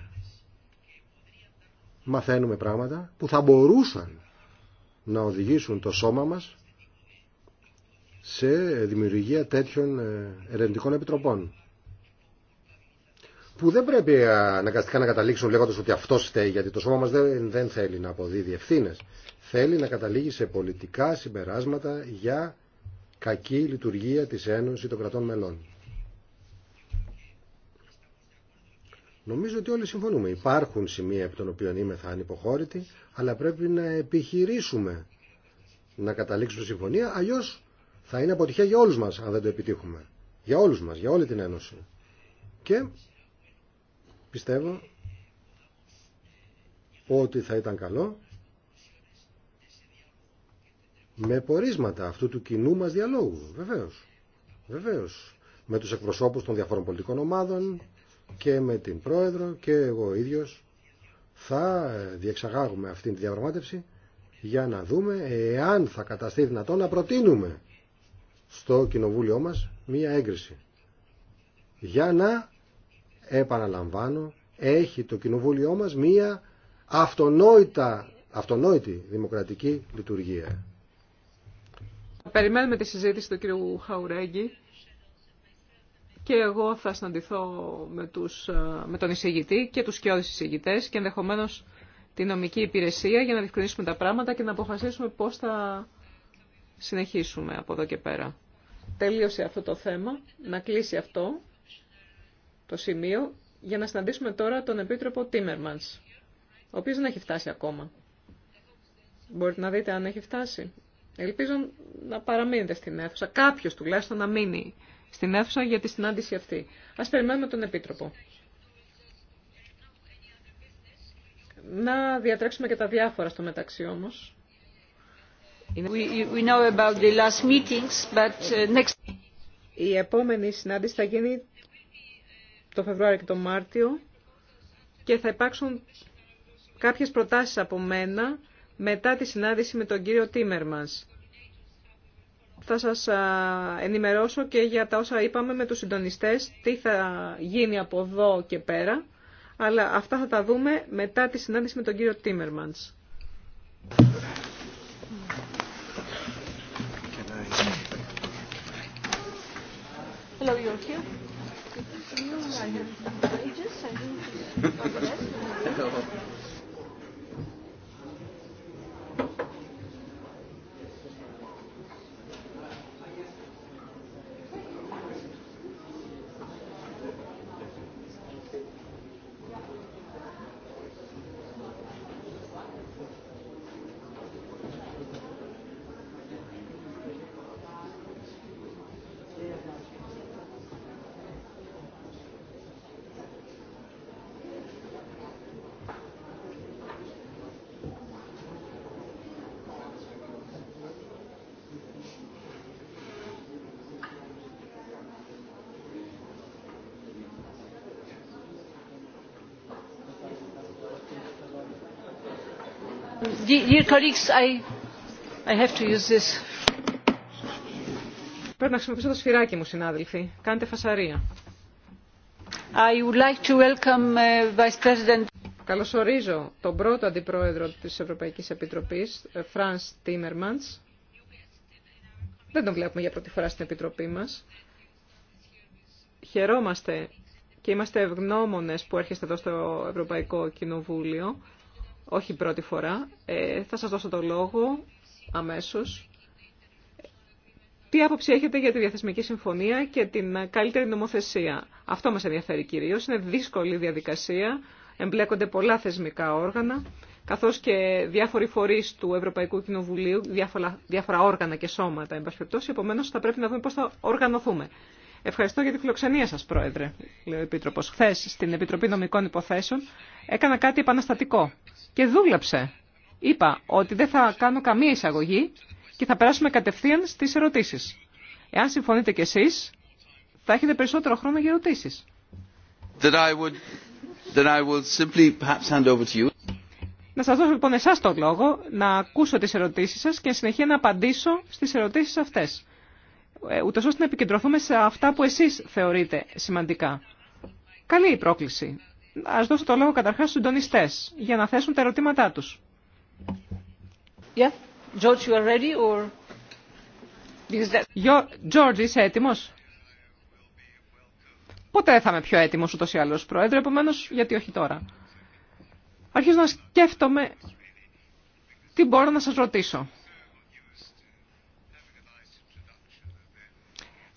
μαθαίνουμε πράγματα που θα μπορούσαν να οδηγήσουν το σώμα μας σε δημιουργία τέτοιων ε, ερευνητικών επιτροπών που δεν πρέπει αναγκαστικά να καταλήξουν λέγοντα ότι αυτό φταίει, γιατί το σώμα μα δεν, δεν θέλει να αποδίδει ευθύνε. Θέλει να καταλήγει σε πολιτικά συμπεράσματα για κακή λειτουργία τη Ένωση των κρατών μελών. Νομίζω ότι όλοι συμφωνούμε. Υπάρχουν σημεία από τον οποίο είμαι θα ανυποχώρητη, αλλά πρέπει να επιχειρήσουμε να καταλήξουμε συμφωνία, Αλλιώ θα είναι αποτυχία για όλου μα αν δεν το επιτύχουμε. Για όλου μα, για όλη την Ένωση. Και Πιστεύω ότι θα ήταν καλό με πορίσματα αυτού του κοινού μας διαλόγου, βεβαίως. Βεβαίως. Με τους εκπροσώπους των διαφόρων πολιτικών ομάδων και με την πρόεδρο και εγώ ίδιος θα διεξαγάγουμε αυτή τη διαπραγμάτευση για να δούμε εάν θα καταστεί δυνατόν να προτείνουμε στο κοινοβούλιο μας μία έγκριση για να επαναλαμβάνω, έχει το κοινοβούλιο μας μία αυτονόητα, αυτονόητη δημοκρατική λειτουργία. Περιμένουμε τη συζήτηση του κύριου Χαουρέγγι και εγώ θα συναντηθώ με, τους, ε, με τον εισηγητή και τους σκιώδεις εισηγητές και ενδεχομένως τη νομική υπηρεσία για να διευκρινίσουμε τα πράγματα και να αποφασίσουμε πώς θα συνεχίσουμε από εδώ και πέρα. Τελείωσε αυτό το θέμα, να κλείσει αυτό το σημείο για να συναντήσουμε τώρα τον Επίτροπο Τίμερμανς, ο οποίος δεν έχει φτάσει ακόμα. Μπορείτε να δείτε αν έχει φτάσει. Ελπίζω να παραμείνετε στην αίθουσα, κάποιος τουλάχιστον να μείνει στην αίθουσα για τη συνάντηση αυτή. Ας περιμένουμε τον Επίτροπο. Να διατρέξουμε και τα διάφορα στο μεταξύ όμως. Η επόμενη συνάντηση θα γίνει το Φεβρουάριο και το Μάρτιο και θα υπάρξουν κάποιες προτάσεις από μένα μετά τη συνάντηση με τον κύριο Τίμερμανς. Θα σας ενημερώσω και για τα όσα είπαμε με τους συντονιστές, τι θα γίνει από εδώ και πέρα, αλλά αυτά θα τα δούμε μετά τη συνάντηση με τον κύριο Τίμερμαντς. I have Πρέπει να χρησιμοποιήσω το σφυράκι μου, συνάδελφοι. Κάντε φασαρία. I would like to welcome uh, Vice President. Καλωσορίζω τον πρώτο αντιπρόεδρο της Ευρωπαϊκής Επιτροπής, Φρανς ε, Τίμερμαντς. Δεν τον βλέπουμε για πρώτη φορά στην Επιτροπή μας. Χαιρόμαστε και είμαστε ευγνώμονες που έρχεστε εδώ στο Ευρωπαϊκό Κοινοβούλιο όχι πρώτη φορά. Ε, θα σας δώσω το λόγο αμέσως. Τι άποψη έχετε για τη διαθεσμική συμφωνία και την καλύτερη νομοθεσία. Αυτό μας ενδιαφέρει κυρίως. Είναι δύσκολη διαδικασία. Εμπλέκονται πολλά θεσμικά όργανα, καθώς και διάφοροι φορείς του Ευρωπαϊκού Κοινοβουλίου, διάφορα, όργανα και σώματα, εν θα πρέπει να δούμε πώς θα οργανωθούμε. Ευχαριστώ για τη φιλοξενία σα, Πρόεδρε, λέει ο επίτροπο, Χθε στην Επιτροπή Νομικών Υποθέσεων έκανα κάτι επαναστατικό και δούλεψε. Είπα ότι δεν θα κάνω καμία εισαγωγή και θα περάσουμε κατευθείαν στις ερωτήσεις. Εάν συμφωνείτε κι εσείς, θα έχετε περισσότερο χρόνο για ερωτήσεις. Να σας δώσω λοιπόν εσάς το λόγο, να ακούσω τις ερωτήσεις σας και συνεχεία να απαντήσω στις ερωτήσεις αυτές. Ε, ούτως ώστε να επικεντρωθούμε σε αυτά που εσεί θεωρείτε σημαντικά. Καλή η πρόκληση. Α δώσω το λόγο καταρχά στου συντονιστέ για να θέσουν τα ερωτήματά τους. Yeah. είσαι έτοιμο. Ποτέ θα είμαι πιο έτοιμο ούτω ή άλλω, Πρόεδρε, επομένω, γιατί όχι τώρα. Αρχίζω να σκέφτομαι τι μπορώ να σας ρωτήσω.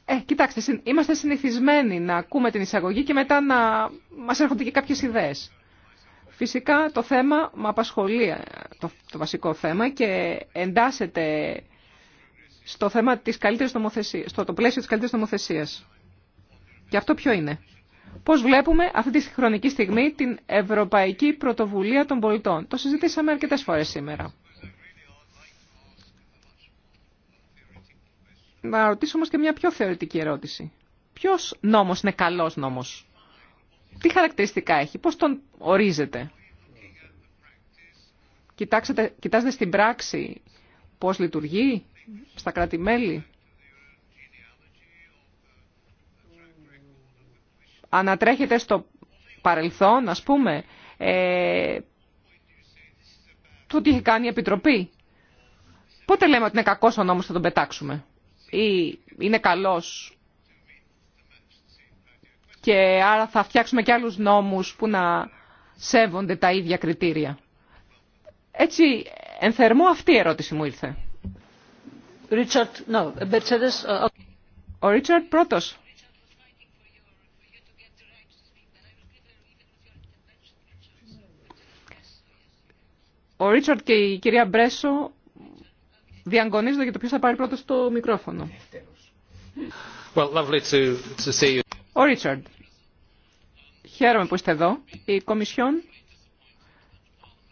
Ε, κοιτάξτε, είμαστε συνηθισμένοι να ακούμε την εισαγωγή και μετά να μας έρχονται και κάποιες ιδέες. Φυσικά το θέμα με απασχολεί, ε, το, βασικό θέμα και εντάσσεται στο θέμα της καλύτερης νομοθεσίας, στο το πλαίσιο της καλύτερης νομοθεσίας. Και αυτό ποιο είναι. Πώς βλέπουμε αυτή τη χρονική στιγμή την Ευρωπαϊκή Πρωτοβουλία των Πολιτών. Το συζητήσαμε αρκετές φορές σήμερα. να ρωτήσω όμως και μια πιο θεωρητική ερώτηση. Ποιος νόμος είναι καλός νόμος. Τι χαρακτηριστικά έχει, πώς τον ορίζετε. Κοιτάξτε, κοιτάζετε στην πράξη πώς λειτουργεί στα κράτη-μέλη. Ανατρέχετε στο παρελθόν, ας πούμε, ε, το τι έχει κάνει η Επιτροπή. Πότε λέμε ότι είναι κακός ο νόμος θα τον πετάξουμε ή είναι καλός και άρα θα φτιάξουμε και άλλους νόμους που να σέβονται τα ίδια κριτήρια. Έτσι, εν θερμό αυτή η ερώτηση μου ήρθε. Richard, no, uh, Ο Ρίτσαρτ πρώτος. Ο Ρίτσαρτ και η κυρία Μπρέσο διαγωνίζονται για το ποιος θα πάρει πρώτο το μικρόφωνο. Ο Ρίτσαρντ, χαίρομαι που είστε εδώ. Η Κομισιόν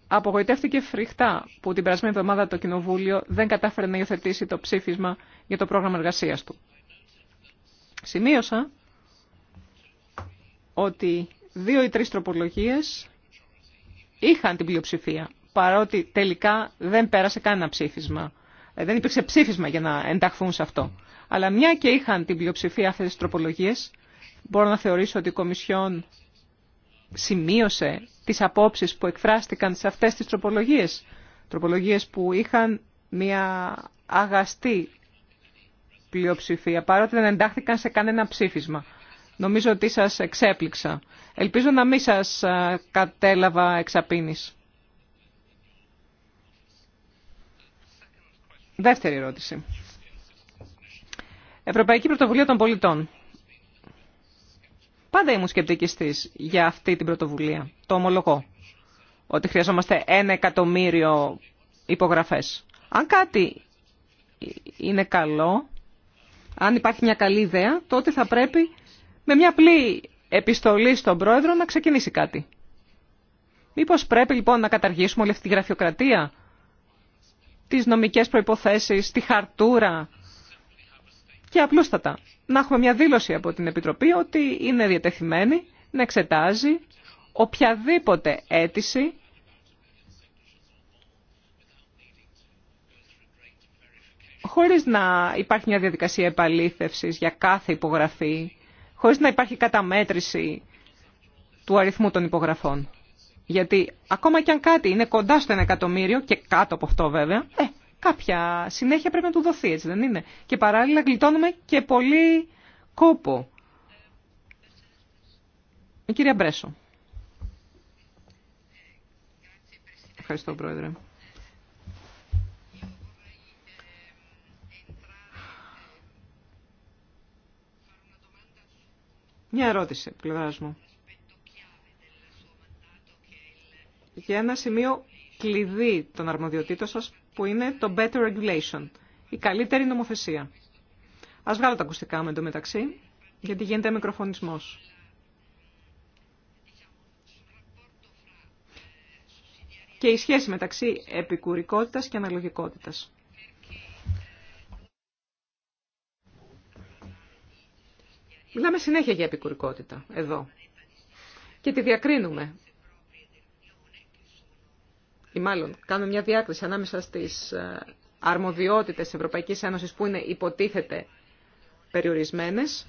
απογοητεύτηκε φρικτά που την περασμένη εβδομάδα το Κοινοβούλιο δεν κατάφερε να υιοθετήσει το ψήφισμα για το πρόγραμμα εργασίας του. Σημείωσα ότι δύο ή τρεις τροπολογίες είχαν την πλειοψηφία, παρότι τελικά δεν πέρασε κανένα ψήφισμα ε, δεν υπήρξε ψήφισμα για να ενταχθούν σε αυτό. Αλλά μια και είχαν την πλειοψηφία αυτές τις τροπολογίες, μπορώ να θεωρήσω ότι η Κομισιόν σημείωσε τις απόψεις που εκφράστηκαν σε αυτές τις τροπολογίες. Τροπολογίες που είχαν μια αγαστή πλειοψηφία, παρότι δεν εντάχθηκαν σε κανένα ψήφισμα. Νομίζω ότι σας εξέπληξα. Ελπίζω να μην σας ε, κατέλαβα εξαπίνης. Δεύτερη ερώτηση. Ευρωπαϊκή Πρωτοβουλία των Πολιτών. Πάντα ήμουν σκεπτικιστή για αυτή την πρωτοβουλία. Το ομολογώ. Ότι χρειαζόμαστε ένα εκατομμύριο υπογραφές. Αν κάτι είναι καλό, αν υπάρχει μια καλή ιδέα, τότε θα πρέπει με μια απλή επιστολή στον πρόεδρο να ξεκινήσει κάτι. Μήπως πρέπει λοιπόν να καταργήσουμε όλη αυτή τη γραφειοκρατία τις νομικές προϋποθέσεις, τη χαρτούρα και απλούστατα. Να έχουμε μια δήλωση από την Επιτροπή ότι είναι διατεθειμένη να εξετάζει οποιαδήποτε αίτηση χωρίς να υπάρχει μια διαδικασία επαλήθευσης για κάθε υπογραφή, χωρίς να υπάρχει καταμέτρηση του αριθμού των υπογραφών. Γιατί ακόμα κι αν κάτι είναι κοντά στο ένα εκατομμύριο και κάτω από αυτό βέβαια, ε, κάποια συνέχεια πρέπει να του δοθεί, έτσι δεν είναι. Και παράλληλα γλιτώνουμε και πολύ κόπο. Η κυρία Μπρέσο. Ευχαριστώ, Πρόεδρε. Μια ερώτηση, πλευράς μου. για ένα σημείο κλειδί των αρμοδιοτήτων σας που είναι το better regulation, η καλύτερη νομοθεσία. Ας βγάλω τα ακουστικά με το μεταξύ, γιατί γίνεται μικροφωνισμός. Και η σχέση μεταξύ επικουρικότητας και αναλογικότητας. Μιλάμε συνέχεια για επικουρικότητα εδώ. Και τη διακρίνουμε ή μάλλον κάνουμε μια διάκριση ανάμεσα στις ε, αρμοδιότητες της Ευρωπαϊκής Ένωσης που είναι υποτίθεται περιορισμένες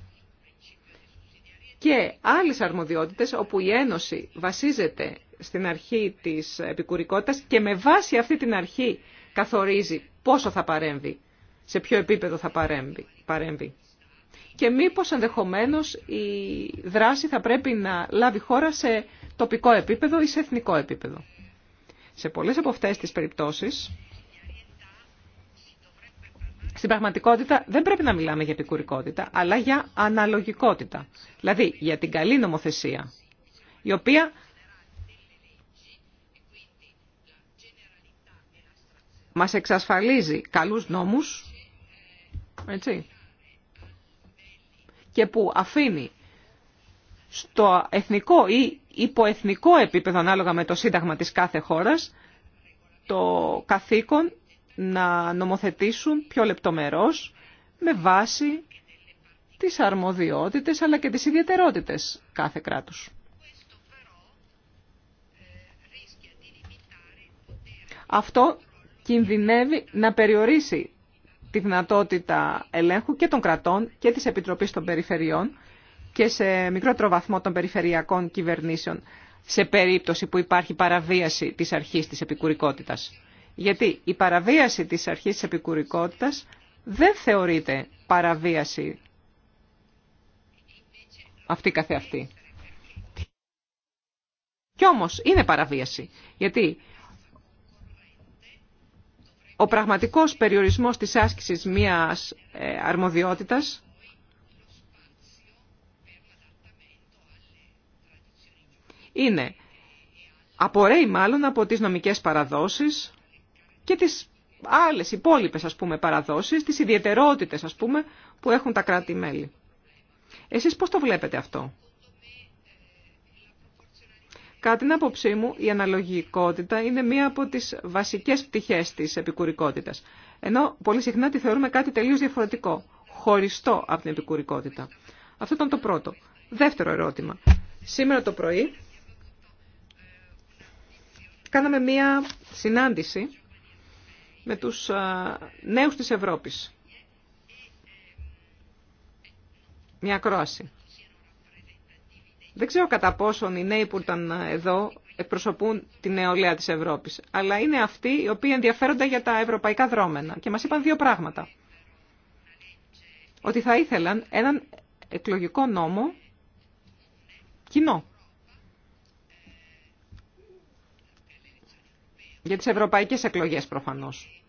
και άλλες αρμοδιότητες όπου η Ένωση βασίζεται στην αρχή της επικουρικότητας και με βάση αυτή την αρχή καθορίζει πόσο θα παρέμβει, σε ποιο επίπεδο θα παρέμβει. παρέμβει. Και μήπως ενδεχομένως η δράση θα πρέπει να λάβει χώρα σε τοπικό επίπεδο ή σε εθνικό επίπεδο. Σε πολλές από αυτές τις περιπτώσεις, στην πραγματικότητα δεν πρέπει να μιλάμε για επικουρικότητα, αλλά για αναλογικότητα. Δηλαδή για την καλή νομοθεσία, η οποία μας εξασφαλίζει καλούς νόμους, έτσι, και που αφήνει στο εθνικό ή υποεθνικό επίπεδο ανάλογα με το σύνταγμα της κάθε χώρας το καθήκον να νομοθετήσουν πιο λεπτομερώς με βάση τις αρμοδιότητες αλλά και τις ιδιαιτερότητες κάθε κράτους. Αυτό κινδυνεύει να περιορίσει τη δυνατότητα ελέγχου και των κρατών και της Επιτροπής των Περιφερειών και σε μικρότερο βαθμό των περιφερειακών κυβερνήσεων σε περίπτωση που υπάρχει παραβίαση της αρχής της επικουρικότητας. Γιατί η παραβίαση της αρχής της επικουρικότητας δεν θεωρείται παραβίαση αυτή καθεαυτή. Κι όμως είναι παραβίαση. Γιατί ο πραγματικός περιορισμός της άσκησης μιας ε, αρμοδιότητας είναι απορρέει μάλλον από τις νομικές παραδόσεις και τις άλλες υπόλοιπες ας πούμε παραδόσεις, τις ιδιαιτερότητες ας πούμε που έχουν τα κράτη-μέλη. Εσείς πώς το βλέπετε αυτό. Κάτι την άποψή μου, η αναλογικότητα είναι μία από τις βασικές πτυχές της επικουρικότητας. Ενώ πολύ συχνά τη θεωρούμε κάτι τελείως διαφορετικό, χωριστό από την επικουρικότητα. Αυτό ήταν το πρώτο. Δεύτερο ερώτημα. Σήμερα το πρωί κάναμε μία συνάντηση με τους νέους της Ευρώπης. Μια ακρόαση. Δεν ξέρω κατά πόσον οι νέοι που ήταν εδώ εκπροσωπούν τη νεολαία της Ευρώπης, αλλά είναι αυτοί οι οποίοι ενδιαφέρονται για τα ευρωπαϊκά δρόμενα. Και μας είπαν δύο πράγματα. Ότι θα ήθελαν έναν εκλογικό νόμο κοινό. Για τις ευρωπαϊκές εκλογές προφανώς.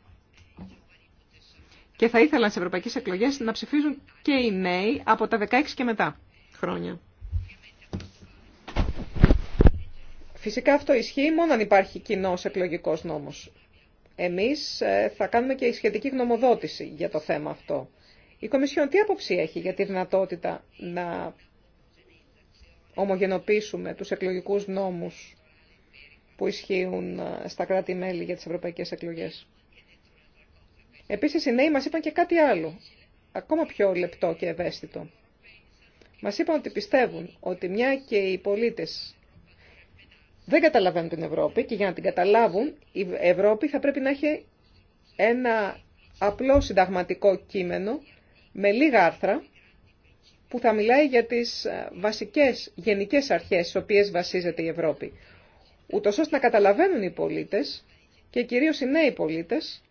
Και θα ήθελαν στις ευρωπαϊκές εκλογές να ψηφίζουν και οι νέοι από τα 16 και μετά χρόνια. Φυσικά αυτό ισχύει μόνο αν υπάρχει κοινό εκλογικό νόμο. Εμεί ε, θα κάνουμε και σχετική γνωμοδότηση για το θέμα αυτό. Η Κομισιόν τι άποψη έχει για τη δυνατότητα να ομογενοποιήσουμε τους εκλογικούς νόμους που ισχύουν ε, στα κράτη-μέλη για τις ευρωπαϊκές εκλογές. Επίσης οι νέοι μας είπαν και κάτι άλλο, ακόμα πιο λεπτό και ευαίσθητο. Μας είπαν ότι πιστεύουν ότι μια και οι πολίτες δεν καταλαβαίνουν την Ευρώπη και για να την καταλάβουν η Ευρώπη θα πρέπει να έχει ένα απλό συνταγματικό κείμενο με λίγα άρθρα που θα μιλάει για τις ε, βασικές γενικές αρχές στις οποίες βασίζεται η Ευρώπη ούτως ώστε να καταλαβαίνουν οι πολίτε και κυρίως οι νέοι πολίτες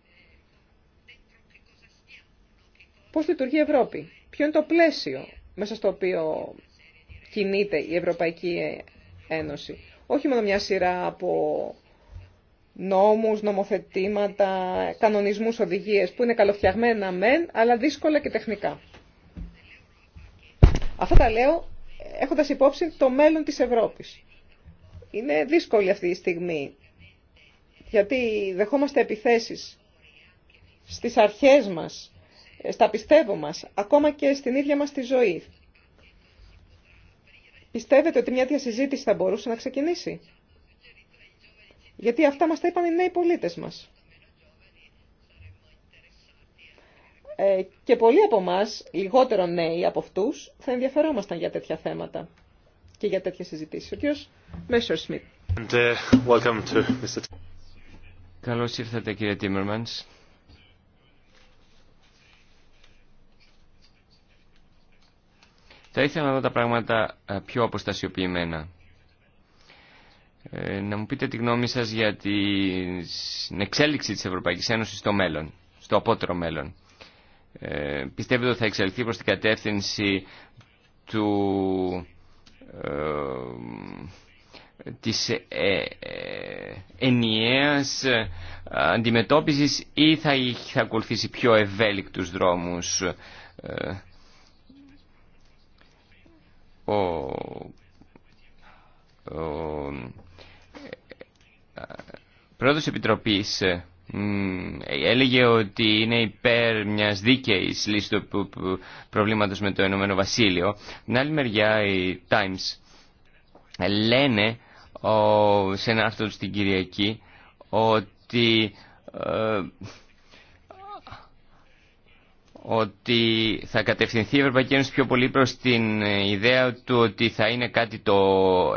πώς λειτουργεί η Ευρώπη, ποιο είναι το πλαίσιο μέσα στο οποίο κινείται η Ευρωπαϊκή Ένωση. Όχι μόνο μια σειρά από νόμους, νομοθετήματα, κανονισμούς, οδηγίες που είναι καλοφτιαγμένα μεν, αλλά δύσκολα και τεχνικά. Αυτά τα λέω έχοντας υπόψη το μέλλον της Ευρώπης. Είναι δύσκολη αυτή η στιγμή, γιατί δεχόμαστε επιθέσεις στις αρχές μας, στα πιστεύω μας, ακόμα και στην ίδια μας τη ζωή. Πιστεύετε ότι μια τέτοια συζήτηση θα μπορούσε να ξεκινήσει. Γιατί αυτά μας τα είπαν οι νέοι πολίτες μας. Ε, και πολλοί από εμά, λιγότερο νέοι από αυτούς, θα ενδιαφερόμασταν για τέτοια θέματα και για τέτοια συζητήσεις. Ο Καλώ uh, Καλώς ήρθατε κύριε Τίμερμανς. Θα ήθελα να δω τα πράγματα ε, πιο αποστασιοποιημένα. Ε, να μου πείτε τη γνώμη σας για την εξέλιξη της Ευρωπαϊκής Ένωσης στο μέλλον, στο απότερο μέλλον. Ε, πιστεύετε ότι θα εξελιχθεί προς την κατεύθυνση του της ε, ε, ενιαίας ε, αντιμετώπισης ή θα, θα ακολουθήσει πιο ευέλικτους δρόμους. Ο, ο πρόεδρος Επιτροπής έλεγε ότι είναι υπέρ μιας δίκαιης λύσης του προβλήματος με το Ηνωμένο Βασίλειο. Την άλλη μεριά οι Times λένε ο, σε ένα άρθρο στην Κυριακή ότι, ε, ότι θα κατευθυνθεί η Ευρωπαϊκή Ένωση πιο πολύ προς την ιδέα του ότι θα είναι κάτι το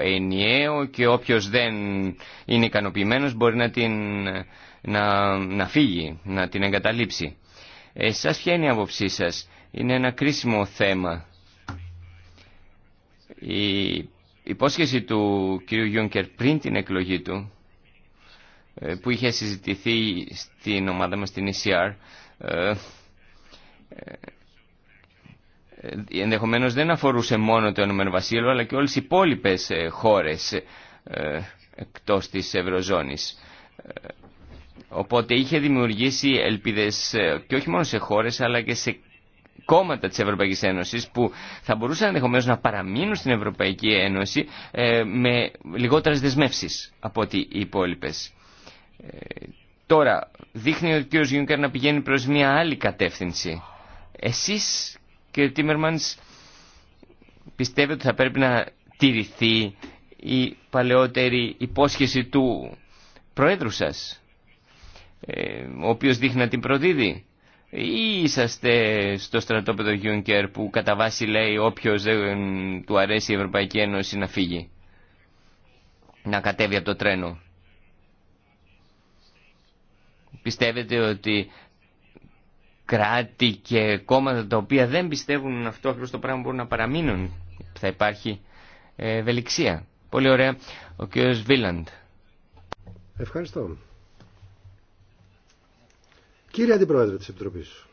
ενιαίο και όποιος δεν είναι ικανοποιημένος μπορεί να, την, να, να φύγει, να την εγκαταλείψει. Εσάς ποια είναι η άποψή σας. Είναι ένα κρίσιμο θέμα η υπόσχεση του κύριου Γιούνκερ πριν την εκλογή του ε, που είχε συζητηθεί στην ομάδα μας στην ECR ε, ε, ενδεχομένως δεν αφορούσε μόνο το Ηνωμένο Βασίλειο αλλά και όλες οι υπόλοιπες χώρες εκτός της Ευρωζώνης. Οπότε είχε δημιουργήσει ελπίδες και όχι μόνο σε χώρες αλλά και σε κόμματα της Ευρωπαϊκής Ένωσης που θα μπορούσαν ενδεχομένω να παραμείνουν στην Ευρωπαϊκή Ένωση ε, με λιγότερες δεσμεύσεις από ό,τι οι υπόλοιπε. Ε, τώρα, δείχνει ο κ. Γιούνκερ να πηγαίνει προς μια άλλη κατεύθυνση. Εσείς, κ. Τίμερμανς, πιστεύετε ότι θα πρέπει να τηρηθεί η παλαιότερη υπόσχεση του Προέδρου σας, ε, ο οποίος δείχνει να την προδίδει ή είσαστε στο στρατόπεδο Γιούνκερ που κατά βάση λέει όποιος του αρέσει η Ευρωπαϊκή Ένωση να φύγει, να κατέβει από το τρένο. Πιστεύετε ότι κράτη και κόμματα τα οποία δεν πιστεύουν αυτό ακριβώς το πράγμα μπορούν να παραμείνουν. Θα υπάρχει ε, ευελιξία. Πολύ ωραία. Ο κ. Βίλαντ. Ευχαριστώ. Κύριε Αντιπρόεδρε της Επιτροπής,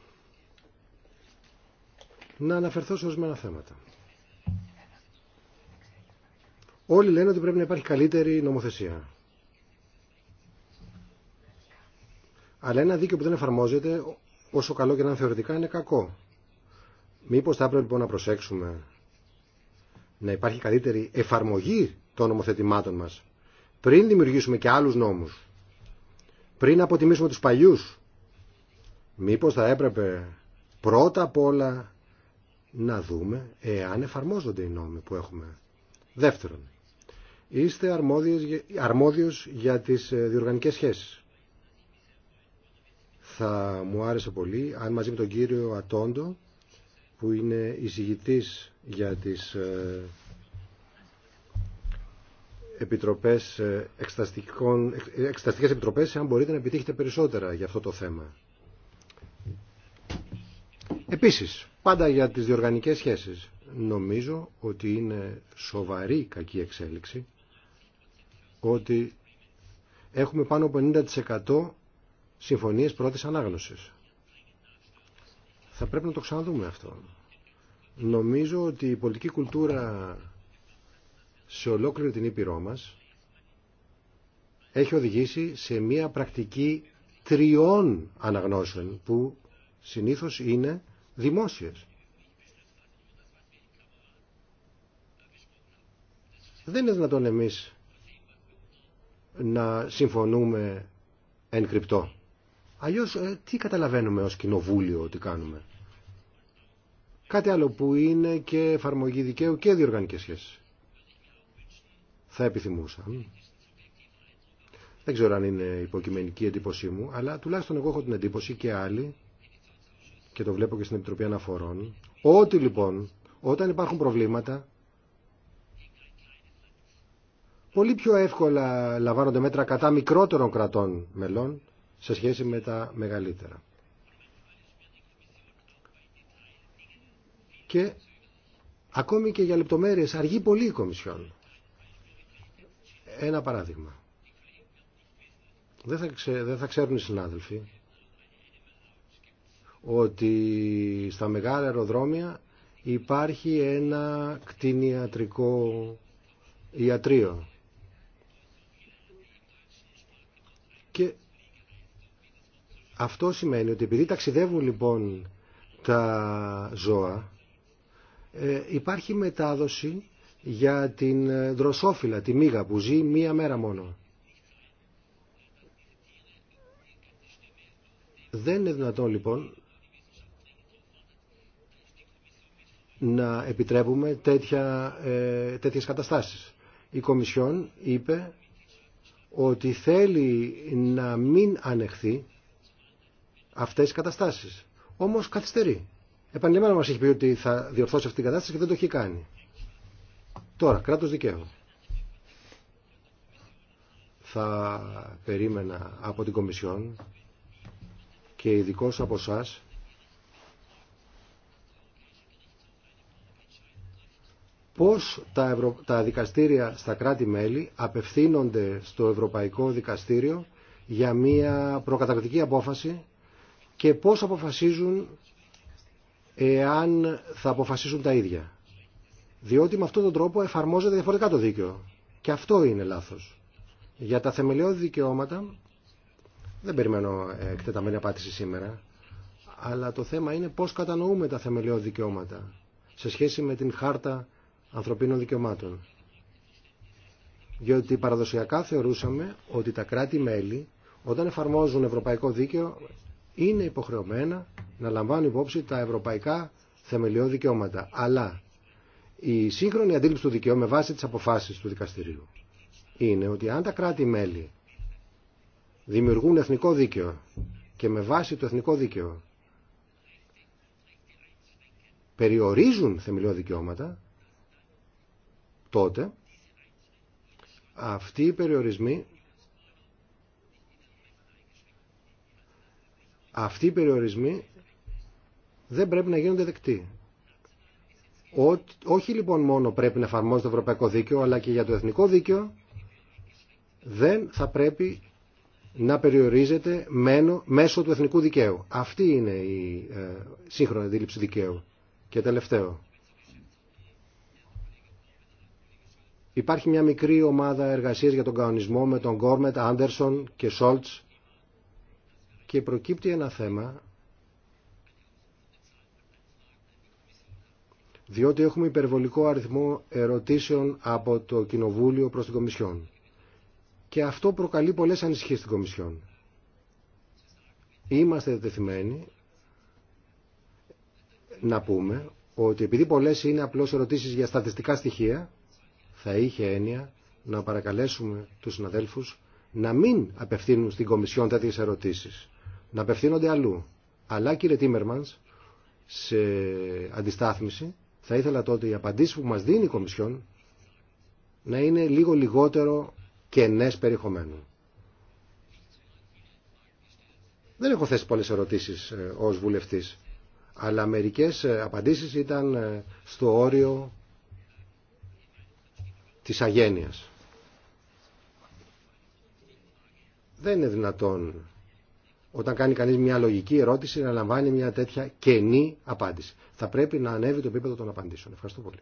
να αναφερθώ σε ορισμένα θέματα. Όλοι λένε ότι πρέπει να υπάρχει καλύτερη νομοθεσία. Αλλά ένα δίκαιο που δεν εφαρμόζεται, όσο καλό και να είναι θεωρητικά, είναι κακό. Μήπως θα έπρεπε λοιπόν να προσέξουμε να υπάρχει καλύτερη εφαρμογή των νομοθετημάτων μας πριν δημιουργήσουμε και άλλους νόμους, πριν αποτιμήσουμε τους παλιούς Μήπως θα έπρεπε πρώτα απ' όλα να δούμε εάν εφαρμόζονται οι νόμοι που έχουμε. Δεύτερον, είστε αρμόδιος, αρμόδιος για τις ε, διοργανικές σχέσεις. Θα μου άρεσε πολύ αν μαζί με τον κύριο Ατόντο που είναι εισηγητής για τις ε, επιτροπές, ε, εξεταστικές επιτροπές, αν μπορείτε να επιτύχετε περισσότερα για αυτό το θέμα. Επίσης, πάντα για τις διοργανικές σχέσεις, νομίζω ότι είναι σοβαρή κακή εξέλιξη ότι έχουμε πάνω από 90% συμφωνίες πρώτης ανάγνωσης. Θα πρέπει να το ξαναδούμε αυτό. Νομίζω ότι η πολιτική κουλτούρα σε ολόκληρη την Ήπειρό μας έχει οδηγήσει σε μια πρακτική τριών αναγνώσεων που συνήθως είναι δημόσιες. Δεν είναι δυνατόν εμείς να συμφωνούμε εν κρυπτό. Αλλιώς ε, τι καταλαβαίνουμε ως κοινοβούλιο ότι κάνουμε. Κάτι άλλο που είναι και εφαρμογή δικαίου και διοργανικές σχέσεις. Θα επιθυμούσα. Δεν ξέρω αν είναι υποκειμενική εντύπωσή μου, αλλά τουλάχιστον εγώ έχω την εντύπωση και άλλοι και το βλέπω και στην Επιτροπή Αναφορών, ότι λοιπόν όταν υπάρχουν προβλήματα πολύ πιο εύκολα λαμβάνονται μέτρα κατά μικρότερων κρατών μελών σε σχέση με τα μεγαλύτερα. Και ακόμη και για λεπτομέρειες αργεί πολύ η Κομισιόν. Ένα παράδειγμα. Δεν θα, δεν θα ξέρουν οι συνάδελφοι ότι στα μεγάλα αεροδρόμια υπάρχει ένα κτηνιατρικό ιατρείο. Και αυτό σημαίνει ότι επειδή ταξιδεύουν λοιπόν τα ζώα, ε, υπάρχει μετάδοση για την δροσόφυλα, τη μίγα που ζει μία μέρα μόνο. Δεν είναι δυνατόν λοιπόν να επιτρέπουμε τέτοια, ε, τέτοιες καταστάσεις. Η Κομισιόν είπε ότι θέλει να μην ανεχθεί αυτές οι καταστάσεις. Όμως καθυστερεί. Επανειλημμένα μας έχει πει ότι θα διορθώσει αυτή την κατάσταση και δεν το έχει κάνει. Τώρα, κράτος δικαίου. Θα περίμενα από την Κομισιόν και ειδικώς από εσά πώς τα, δικαστήρια στα κράτη-μέλη απευθύνονται στο Ευρωπαϊκό Δικαστήριο για μια προκαταρκτική απόφαση και πώς αποφασίζουν εάν θα αποφασίσουν τα ίδια. Διότι με αυτόν τον τρόπο εφαρμόζεται διαφορετικά το δίκαιο. Και αυτό είναι λάθος. Για τα θεμελιώδη δικαιώματα, δεν περιμένω ε, εκτεταμένη απάντηση σήμερα, αλλά το θέμα είναι πώς κατανοούμε τα θεμελιώδη δικαιώματα σε σχέση με την χάρτα ανθρωπίνων δικαιωμάτων. Διότι παραδοσιακά θεωρούσαμε ότι τα κράτη-μέλη όταν εφαρμόζουν ευρωπαϊκό δίκαιο είναι υποχρεωμένα να λαμβάνουν υπόψη τα ευρωπαϊκά θεμελιώδη δικαιώματα. Αλλά η σύγχρονη αντίληψη του δικαίου με βάση τι αποφάσει του δικαστηρίου είναι ότι αν τα κράτη-μέλη δημιουργούν εθνικό δίκαιο και με βάση το εθνικό δίκαιο περιορίζουν θεμελιώδη δικαιώματα, τότε αυτοί οι περιορισμοί αυτοί οι περιορισμοί δεν πρέπει να γίνονται δεκτοί. όχι λοιπόν μόνο πρέπει να εφαρμόζεται το ευρωπαϊκό δίκαιο, αλλά και για το εθνικό δίκαιο δεν θα πρέπει να περιορίζεται μέσω του εθνικού δικαίου. Αυτή είναι η ε, σύγχρονη αντίληψη δικαίου. Και τελευταίο. Υπάρχει μια μικρή ομάδα εργασίας για τον κανονισμό με τον Γκόρμετ, Άντερσον και Σόλτς και προκύπτει ένα θέμα διότι έχουμε υπερβολικό αριθμό ερωτήσεων από το Κοινοβούλιο προς την Κομισιόν. Και αυτό προκαλεί πολλές ανησυχίες στην Κομισιόν. Είμαστε δεδεθειμένοι να πούμε ότι επειδή πολλές είναι απλώς ερωτήσεις για στατιστικά στοιχεία, θα είχε έννοια να παρακαλέσουμε τους συναδέλφους να μην απευθύνουν στην Κομισιόν τέτοιε ερωτήσεις, να απευθύνονται αλλού. Αλλά κύριε Τίμερμανς, σε αντιστάθμιση, θα ήθελα τότε οι απαντήσεις που μας δίνει η Κομισιόν να είναι λίγο λιγότερο κενές περιεχομένου. Δεν έχω θέσει πολλές ερωτήσεις ε, ως βουλευτής, αλλά μερικές ε, απαντήσεις ήταν ε, στο όριο της αγένειας. Δεν είναι δυνατόν όταν κάνει κανείς μια λογική ερώτηση να λαμβάνει μια τέτοια κενή απάντηση. Θα πρέπει να ανέβει το επίπεδο των απαντήσεων. Ευχαριστώ πολύ.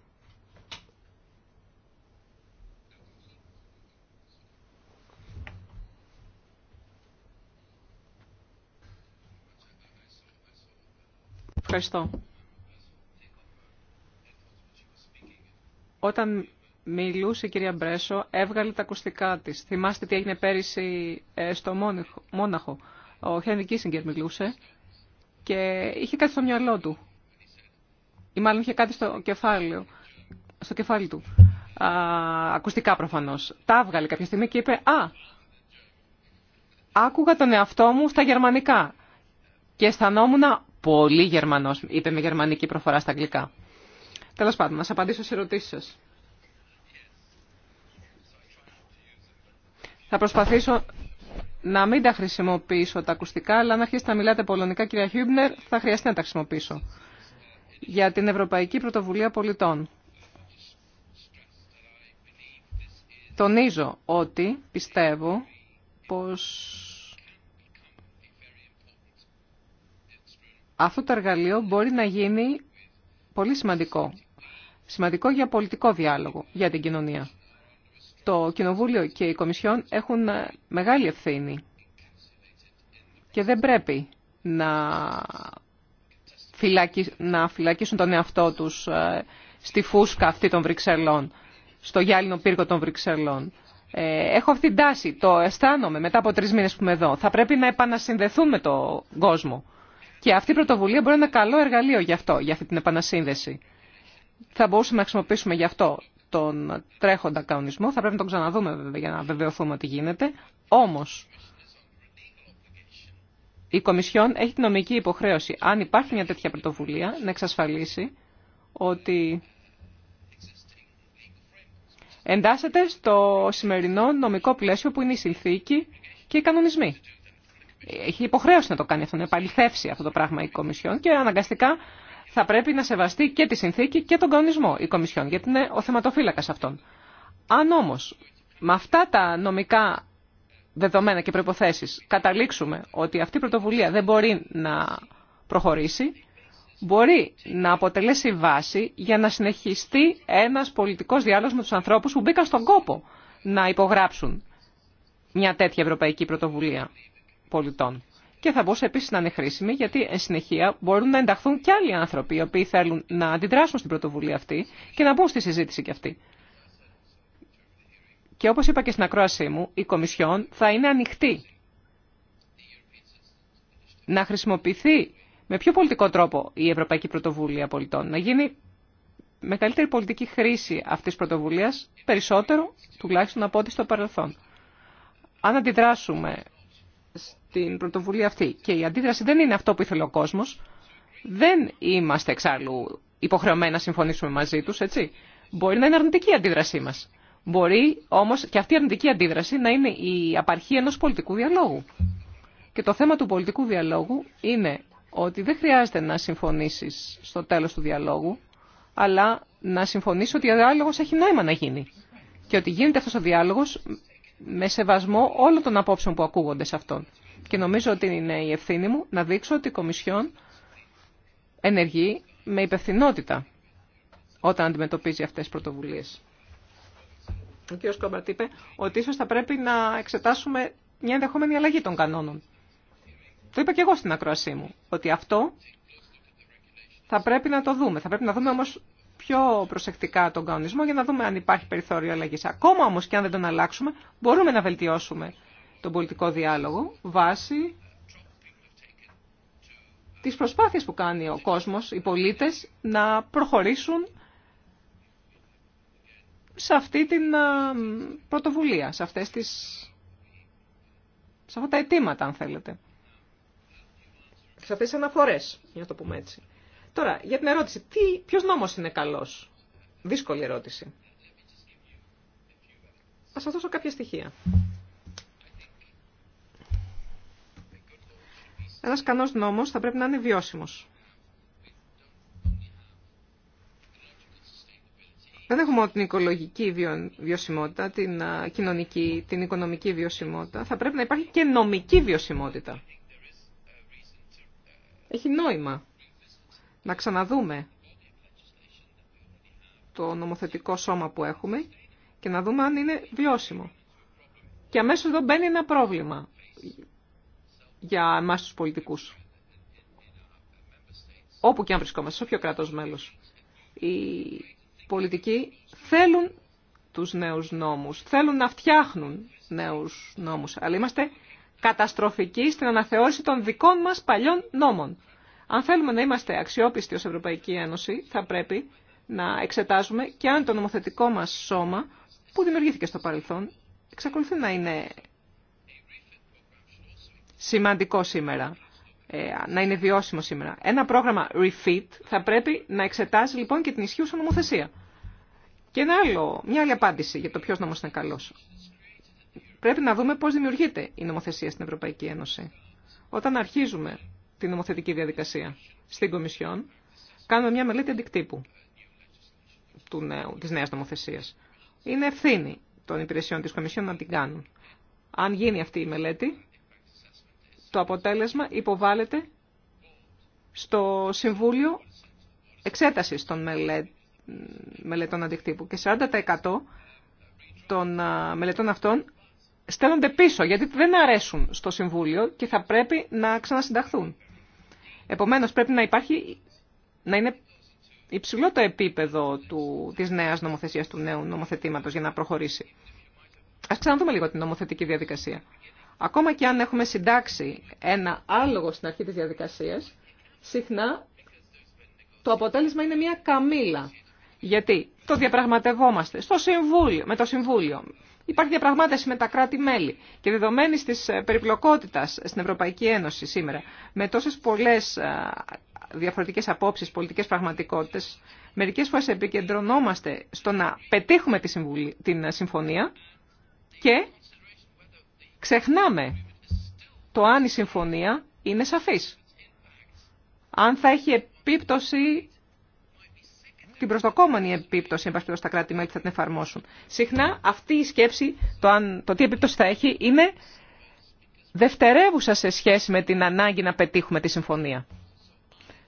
Ευχαριστώ. Όταν μιλούσε η κυρία Μπρέσο, έβγαλε τα ακουστικά της. Θυμάστε τι έγινε πέρυσι ε, στο Μόναχο. Ο Χένρι Κίσιγκερ μιλούσε και είχε κάτι στο μυαλό του. Ή μάλλον είχε κάτι στο κεφάλι, στο κεφάλι του. Α, ακουστικά προφανώς. Τα έβγαλε κάποια στιγμή και είπε «Α, άκουγα τον εαυτό μου στα γερμανικά και αισθανόμουν πολύ γερμανο, είπε με γερμανική προφορά στα αγγλικά. Τέλο πάντων, να σα απαντήσω σε ερωτήσει σα. Θα προσπαθήσω να μην τα χρησιμοποιήσω τα ακουστικά, αλλά αν αρχίσετε να μιλάτε πολωνικά, κυρία Χιούμπνερ, θα χρειαστεί να τα χρησιμοποιήσω. Για την Ευρωπαϊκή Πρωτοβουλία Πολιτών. Τονίζω ότι πιστεύω πως αυτό το εργαλείο μπορεί να γίνει πολύ σημαντικό. Σημαντικό για πολιτικό διάλογο, για την κοινωνία. Το Κοινοβούλιο και η Κομισιόν έχουν ε, μεγάλη ευθύνη και δεν πρέπει να, φυλακι... να φυλακίσουν τον εαυτό τους ε, στη φούσκα αυτή των Βρυξελών, στο γυάλινο πύργο των Βρυξελών. Ε, έχω αυτή την τάση, το αισθάνομαι μετά από τρεις μήνες που είμαι εδώ. Θα πρέπει να επανασυνδεθούμε με τον κόσμο. Και αυτή η πρωτοβουλία μπορεί να είναι ένα καλό εργαλείο για αυτό, για αυτή την επανασύνδεση. Θα μπορούσαμε να χρησιμοποιήσουμε γι' αυτό τον τρέχοντα κανονισμό. Θα πρέπει να τον ξαναδούμε βέβαια για να βεβαιωθούμε ότι γίνεται. Όμως, η Κομισιόν έχει την νομική υποχρέωση, αν υπάρχει μια τέτοια πρωτοβουλία, να εξασφαλίσει ότι εντάσσεται στο σημερινό νομικό πλαίσιο που είναι η συνθήκη και οι κανονισμοί. Έχει υποχρέωση να το κάνει αυτό, να επαληθεύσει αυτό το πράγμα η Κομισιόν και αναγκαστικά θα πρέπει να σεβαστεί και τη συνθήκη και τον κανονισμό η Κομισιόν, γιατί είναι ο θεματοφύλακας αυτών. Αν όμως με αυτά τα νομικά δεδομένα και προϋποθέσεις καταλήξουμε ότι αυτή η πρωτοβουλία δεν μπορεί να προχωρήσει, μπορεί να αποτελέσει βάση για να συνεχιστεί ένας πολιτικός διάλογος με του ανθρώπου που μπήκαν στον κόπο να υπογράψουν μια τέτοια ευρωπαϊκή πρωτοβουλία πολιτών και θα μπορούσε επίση να είναι χρήσιμη γιατί εν συνεχεία μπορούν να ενταχθούν και άλλοι άνθρωποι οι οποίοι θέλουν να αντιδράσουν στην πρωτοβουλία αυτή και να μπουν στη συζήτηση και αυτή. Και όπω είπα και στην ακρόασή μου, η Κομισιόν θα είναι ανοιχτή να χρησιμοποιηθεί με πιο πολιτικό τρόπο η Ευρωπαϊκή Πρωτοβουλία Πολιτών, να γίνει μεγαλύτερη πολιτική χρήση αυτή τη πρωτοβουλία, περισσότερο τουλάχιστον από ό,τι στο παρελθόν. Αν αντιδράσουμε την πρωτοβουλία αυτή. Και η αντίδραση δεν είναι αυτό που ήθελε ο κόσμος. Δεν είμαστε εξάλλου υποχρεωμένοι να συμφωνήσουμε μαζί τους, έτσι. Μπορεί να είναι αρνητική η αντίδρασή μας. Μπορεί όμως και αυτή η αρνητική αντίδραση να είναι η απαρχή ενός πολιτικού διαλόγου. Και το θέμα του πολιτικού διαλόγου είναι ότι δεν χρειάζεται να συμφωνήσεις στο τέλος του διαλόγου, αλλά να συμφωνήσει ότι ο διάλογος έχει νόημα να γίνει. Και ότι γίνεται αυτός ο διάλογος με σεβασμό όλων των απόψεων που ακούγονται σε αυτόν και νομίζω ότι είναι η ευθύνη μου να δείξω ότι η Κομισιόν ενεργεί με υπευθυνότητα όταν αντιμετωπίζει αυτές τις πρωτοβουλίες. Ο κ. Κόμπαρτ είπε ότι ίσως θα πρέπει να εξετάσουμε μια ενδεχόμενη αλλαγή των κανόνων. Το είπα και εγώ στην ακροασή μου, ότι αυτό θα πρέπει να το δούμε. Θα πρέπει να δούμε όμως πιο προσεκτικά τον κανονισμό για να δούμε αν υπάρχει περιθώριο αλλαγή. Ακόμα όμως και αν δεν τον αλλάξουμε, μπορούμε να βελτιώσουμε τον πολιτικό διάλογο βάσει τις προσπάθειες που κάνει ο κόσμος, οι πολίτες, να προχωρήσουν σε αυτή την πρωτοβουλία, σε, αυτές τις... σε αυτά τα αιτήματα, αν θέλετε. Σε αυτές τις αναφορές, για να το πούμε έτσι. Τώρα, για την ερώτηση, τι, ποιος νόμος είναι καλός. Δύσκολη ερώτηση. Ας σας δώσω κάποια στοιχεία. Ένας κανός νόμος θα πρέπει να είναι βιώσιμος. Δεν έχουμε την οικολογική βιωσιμότητα, την κοινωνική, την οικονομική βιωσιμότητα. Θα πρέπει να υπάρχει και νομική βιωσιμότητα. Έχει νόημα να ξαναδούμε το νομοθετικό σώμα που έχουμε και να δούμε αν είναι βιώσιμο. Και αμέσως εδώ μπαίνει ένα πρόβλημα για εμάς τους πολιτικούς. Όπου και αν βρισκόμαστε, σε όποιο κράτος μέλος. Οι πολιτικοί θέλουν τους νέους νόμους, θέλουν να φτιάχνουν νέους νόμους, αλλά είμαστε καταστροφικοί στην αναθεώρηση των δικών μας παλιών νόμων. Αν θέλουμε να είμαστε αξιόπιστοι ως Ευρωπαϊκή Ένωση, θα πρέπει να εξετάζουμε και αν το νομοθετικό μας σώμα που δημιουργήθηκε στο παρελθόν εξακολουθεί να είναι σημαντικό σήμερα, ε, να είναι βιώσιμο σήμερα. Ένα πρόγραμμα refit θα πρέπει να εξετάζει λοιπόν και την ισχύουσα νομοθεσία. Και ένα άλλο, μια άλλη απάντηση για το ποιο νόμο είναι καλό. Πρέπει να δούμε πώς δημιουργείται η νομοθεσία στην Ευρωπαϊκή Ένωση. Όταν αρχίζουμε την νομοθετική διαδικασία στην Κομισιόν, κάνουμε μια μελέτη αντικτύπου του νέου, της νέας νομοθεσίας. Είναι ευθύνη των υπηρεσιών της Κομισιόν να την κάνουν. Αν γίνει αυτή η μελέτη, το αποτέλεσμα υποβάλλεται στο Συμβούλιο Εξέτασης των Μελετών Αντιχτύπου και 40% των μελετών αυτών στέλνονται πίσω γιατί δεν αρέσουν στο Συμβούλιο και θα πρέπει να ξανασυνταχθούν. Επομένως πρέπει να υπάρχει, να είναι υψηλό το επίπεδο του, της νέας νομοθεσίας, του νέου νομοθετήματος για να προχωρήσει. Ας ξαναδούμε λίγο την νομοθετική διαδικασία. Ακόμα και αν έχουμε συντάξει ένα άλογο στην αρχή της διαδικασίας, συχνά το αποτέλεσμα είναι μια καμήλα. Γιατί το διαπραγματευόμαστε στο συμβούλιο, με το Συμβούλιο. Υπάρχει διαπραγμάτευση με τα κράτη-μέλη και δεδομένη τη ε, περιπλοκότητα στην Ευρωπαϊκή Ένωση σήμερα, με τόσε πολλέ ε, διαφορετικέ απόψει, πολιτικέ πραγματικότητε, μερικέ φορέ επικεντρωνόμαστε στο να πετύχουμε τη την ε, συμφωνία και ξεχνάμε το αν η συμφωνία είναι σαφής. Αν θα έχει επίπτωση, την προσδοκόμενη επίπτωση, εν στα κράτη-μέλη που θα την εφαρμόσουν. Συχνά αυτή η σκέψη, το, το τι επίπτωση θα έχει, είναι δευτερεύουσα σε σχέση με την ανάγκη να πετύχουμε τη συμφωνία.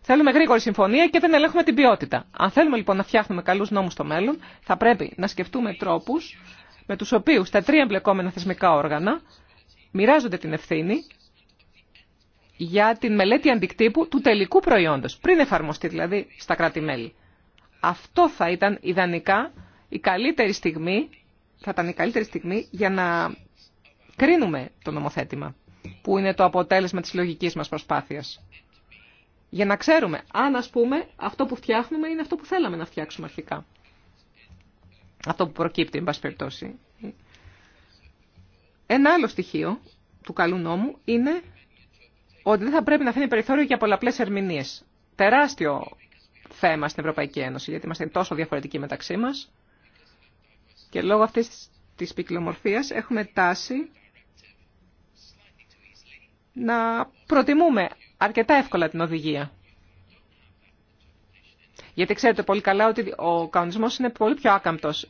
Θέλουμε γρήγορη συμφωνία και δεν ελέγχουμε την ποιότητα. Αν θέλουμε λοιπόν να φτιάχνουμε καλούς νόμους στο μέλλον, θα πρέπει να σκεφτούμε τρόπους με τους οποίους τα τρία εμπλεκόμενα θεσμικά όργανα μοιράζονται την ευθύνη για την μελέτη αντικτύπου του τελικού προϊόντος, πριν εφαρμοστεί δηλαδή στα κράτη-μέλη. Αυτό θα ήταν ιδανικά η καλύτερη στιγμή, θα ήταν η καλύτερη στιγμή για να κρίνουμε το νομοθέτημα, που είναι το αποτέλεσμα της λογικής μας προσπάθειας. Για να ξέρουμε αν, ας πούμε, αυτό που φτιάχνουμε είναι αυτό που θέλαμε να φτιάξουμε αρχικά. Αυτό που προκύπτει, εν πάση περιπτώσει, ένα άλλο στοιχείο του καλού νόμου είναι ότι δεν θα πρέπει να αφήνει περιθώριο για πολλαπλέ ερμηνείε. Τεράστιο θέμα στην Ευρωπαϊκή Ένωση, γιατί είμαστε τόσο διαφορετικοί μεταξύ μα και λόγω αυτή τη ποικιλομορφία έχουμε τάση να προτιμούμε αρκετά εύκολα την οδηγία. Γιατί ξέρετε πολύ καλά ότι ο κανονισμός είναι πολύ πιο άκαμπτος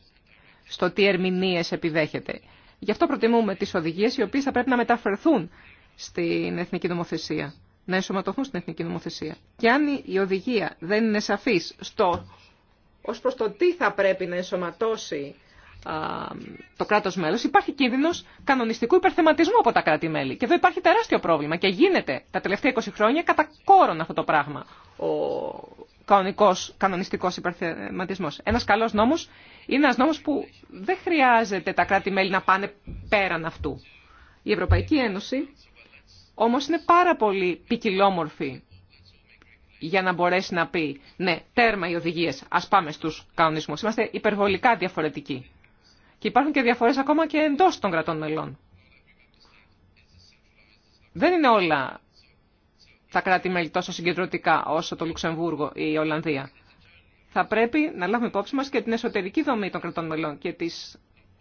στο τι ερμηνείες επιδέχεται. Γι' αυτό προτιμούμε τι οδηγίε, οι οποίε θα πρέπει να μεταφερθούν στην εθνική νομοθεσία, να ενσωματωθούν στην εθνική νομοθεσία. Και αν η οδηγία δεν είναι σαφή στο, ως το τι θα πρέπει να ενσωματώσει το κράτο μέλο, υπάρχει κίνδυνο κανονιστικού υπερθεματισμού από τα κράτη-μέλη. Και εδώ υπάρχει τεράστιο πρόβλημα και γίνεται τα τελευταία 20 χρόνια κατά κόρον αυτό το πράγμα. Ο κανονικός, κανονιστικός υπερθεματισμός. Ένας καλός νόμος είναι ένας νόμος που δεν χρειάζεται τα κράτη-μέλη να πάνε πέραν αυτού. Η Ευρωπαϊκή Ένωση όμως είναι πάρα πολύ ποικιλόμορφη για να μπορέσει να πει ναι, τέρμα οι οδηγίες, ας πάμε στους κανονισμούς. Είμαστε υπερβολικά διαφορετικοί. Και υπάρχουν και διαφορές ακόμα και εντός των κρατών μελών. Δεν είναι όλα τα κράτη-μέλη τόσο συγκεντρωτικά όσο το Λουξεμβούργο ή η Ολλανδία. Θα πρέπει να λάβουμε υπόψη μας και την εσωτερική δομή των κρατών μελών και τι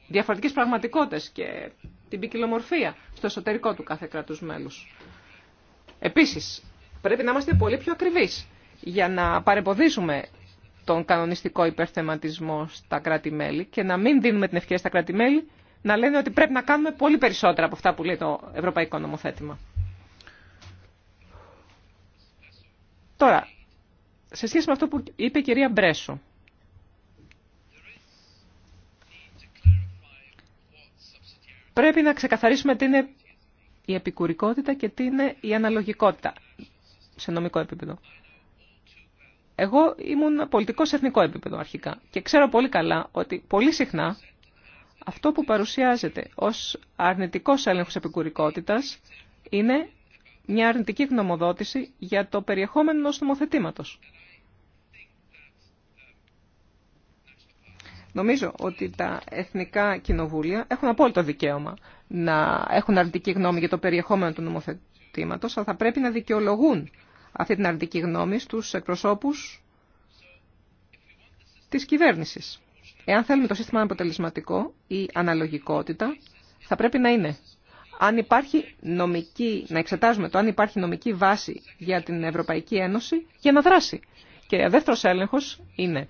διαφορετικέ πραγματικότητες και την ποικιλομορφία στο εσωτερικό του κάθε κρατου μέλου. Επίση, πρέπει να είμαστε πολύ πιο ακριβείς για να παρεμποδίσουμε τον κανονιστικό υπερθεματισμό στα κράτη-μέλη και να μην δίνουμε την ευκαιρία στα κράτη-μέλη να λένε ότι πρέπει να κάνουμε πολύ περισσότερα από αυτά που λέει το Ευρωπαϊκό Νομοθέτημα. Τώρα, σε σχέση με αυτό που είπε η κυρία Μπρέσο, πρέπει να ξεκαθαρίσουμε τι είναι η επικουρικότητα και τι είναι η αναλογικότητα σε νομικό επίπεδο. Εγώ ήμουν πολιτικό σε εθνικό επίπεδο αρχικά και ξέρω πολύ καλά ότι πολύ συχνά αυτό που παρουσιάζεται ως αρνητικός έλεγχος επικουρικότητας είναι μια αρνητική γνωμοδότηση για το περιεχόμενο ενός νομοθετήματος. Νομίζω ότι τα εθνικά κοινοβούλια έχουν απόλυτο δικαίωμα να έχουν αρνητική γνώμη για το περιεχόμενο του νομοθετήματος, αλλά θα πρέπει να δικαιολογούν αυτή την αρνητική γνώμη στους εκπροσώπους της κυβέρνησης. Εάν θέλουμε το σύστημα να αποτελεσματικό, η αναλογικότητα θα πρέπει να είναι αν υπάρχει νομική, να εξετάζουμε το αν υπάρχει νομική βάση για την Ευρωπαϊκή Ένωση για να δράσει. Και ο δεύτερος έλεγχος είναι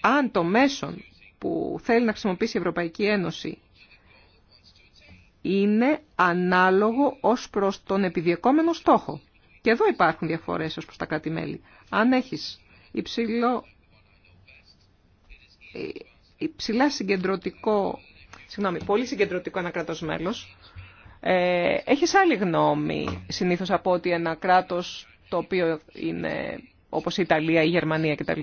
αν το μέσον που θέλει να χρησιμοποιήσει η Ευρωπαϊκή Ένωση είναι ανάλογο ως προς τον επιδιεκόμενο στόχο. Και εδώ υπάρχουν διαφορές ως προς τα κράτη-μέλη. Αν έχεις υψηλό, υψηλά συγκεντρωτικό συγγνώμη, πολύ συγκεντρωτικό ένα κράτος μέλος, ε, έχεις άλλη γνώμη συνήθως από ότι ένα κράτος το οποίο είναι όπως η Ιταλία, η Γερμανία κτλ.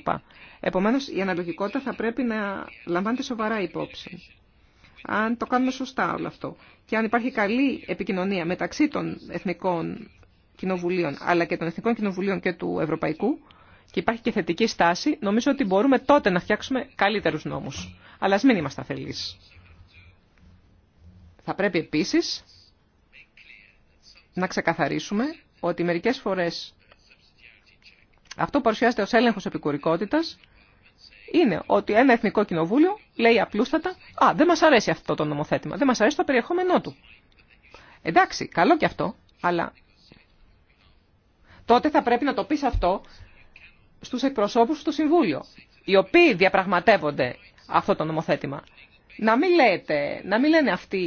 Επομένως, η αναλογικότητα θα πρέπει να λαμβάνεται σοβαρά υπόψη. Αν το κάνουμε σωστά όλο αυτό και αν υπάρχει καλή επικοινωνία μεταξύ των εθνικών κοινοβουλίων αλλά και των εθνικών κοινοβουλίων και του ευρωπαϊκού και υπάρχει και θετική στάση, νομίζω ότι μπορούμε τότε να φτιάξουμε καλύτερου νόμου. Αλλά ας μην είμαστε αφελείς. Θα πρέπει επίσης να ξεκαθαρίσουμε ότι μερικές φορές αυτό που παρουσιάζεται ως έλεγχος επικουρικότητας είναι ότι ένα εθνικό κοινοβούλιο λέει απλούστατα «Α, δεν μας αρέσει αυτό το νομοθέτημα, δεν μας αρέσει το περιεχόμενό του». Εντάξει, καλό και αυτό, αλλά τότε θα πρέπει να το πεις αυτό στους εκπροσώπους του Συμβούλιο, οι οποίοι διαπραγματεύονται αυτό το νομοθέτημα. Να μην λέτε, να μην λένε αυτοί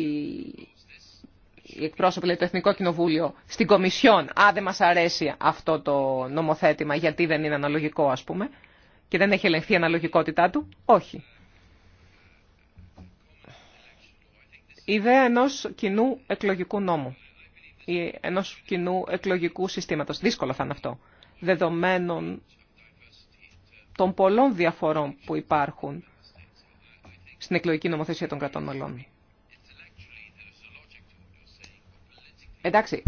οι εκπρόσωποι λέει, το Εθνικό Κοινοβούλιο στην Κομισιόν, α, δεν μας αρέσει αυτό το νομοθέτημα γιατί δεν είναι αναλογικό ας πούμε και δεν έχει ελεγχθεί η αναλογικότητά του. Όχι. ιδέα ενός κοινού εκλογικού νόμου ή ενός κοινού εκλογικού συστήματος. Δύσκολο θα είναι αυτό. Δεδομένων των πολλών διαφορών που υπάρχουν στην εκλογική νομοθεσία των κρατών μελών. Εντάξει,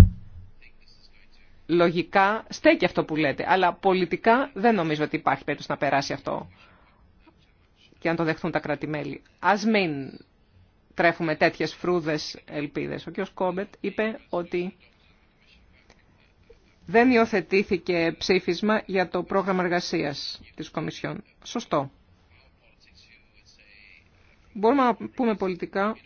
λογικά στέκει αυτό που λέτε, αλλά πολιτικά δεν νομίζω ότι υπάρχει περίπτωση να περάσει αυτό και αν το δεχθούν τα κρατη Ας μην τρέφουμε τέτοιες φρούδες ελπίδες. Ο κ. Κόμπετ είπε ότι δεν υιοθετήθηκε ψήφισμα για το πρόγραμμα εργασίας της Κομισιόν. Σωστό. Μπορούμε να πούμε πολιτικά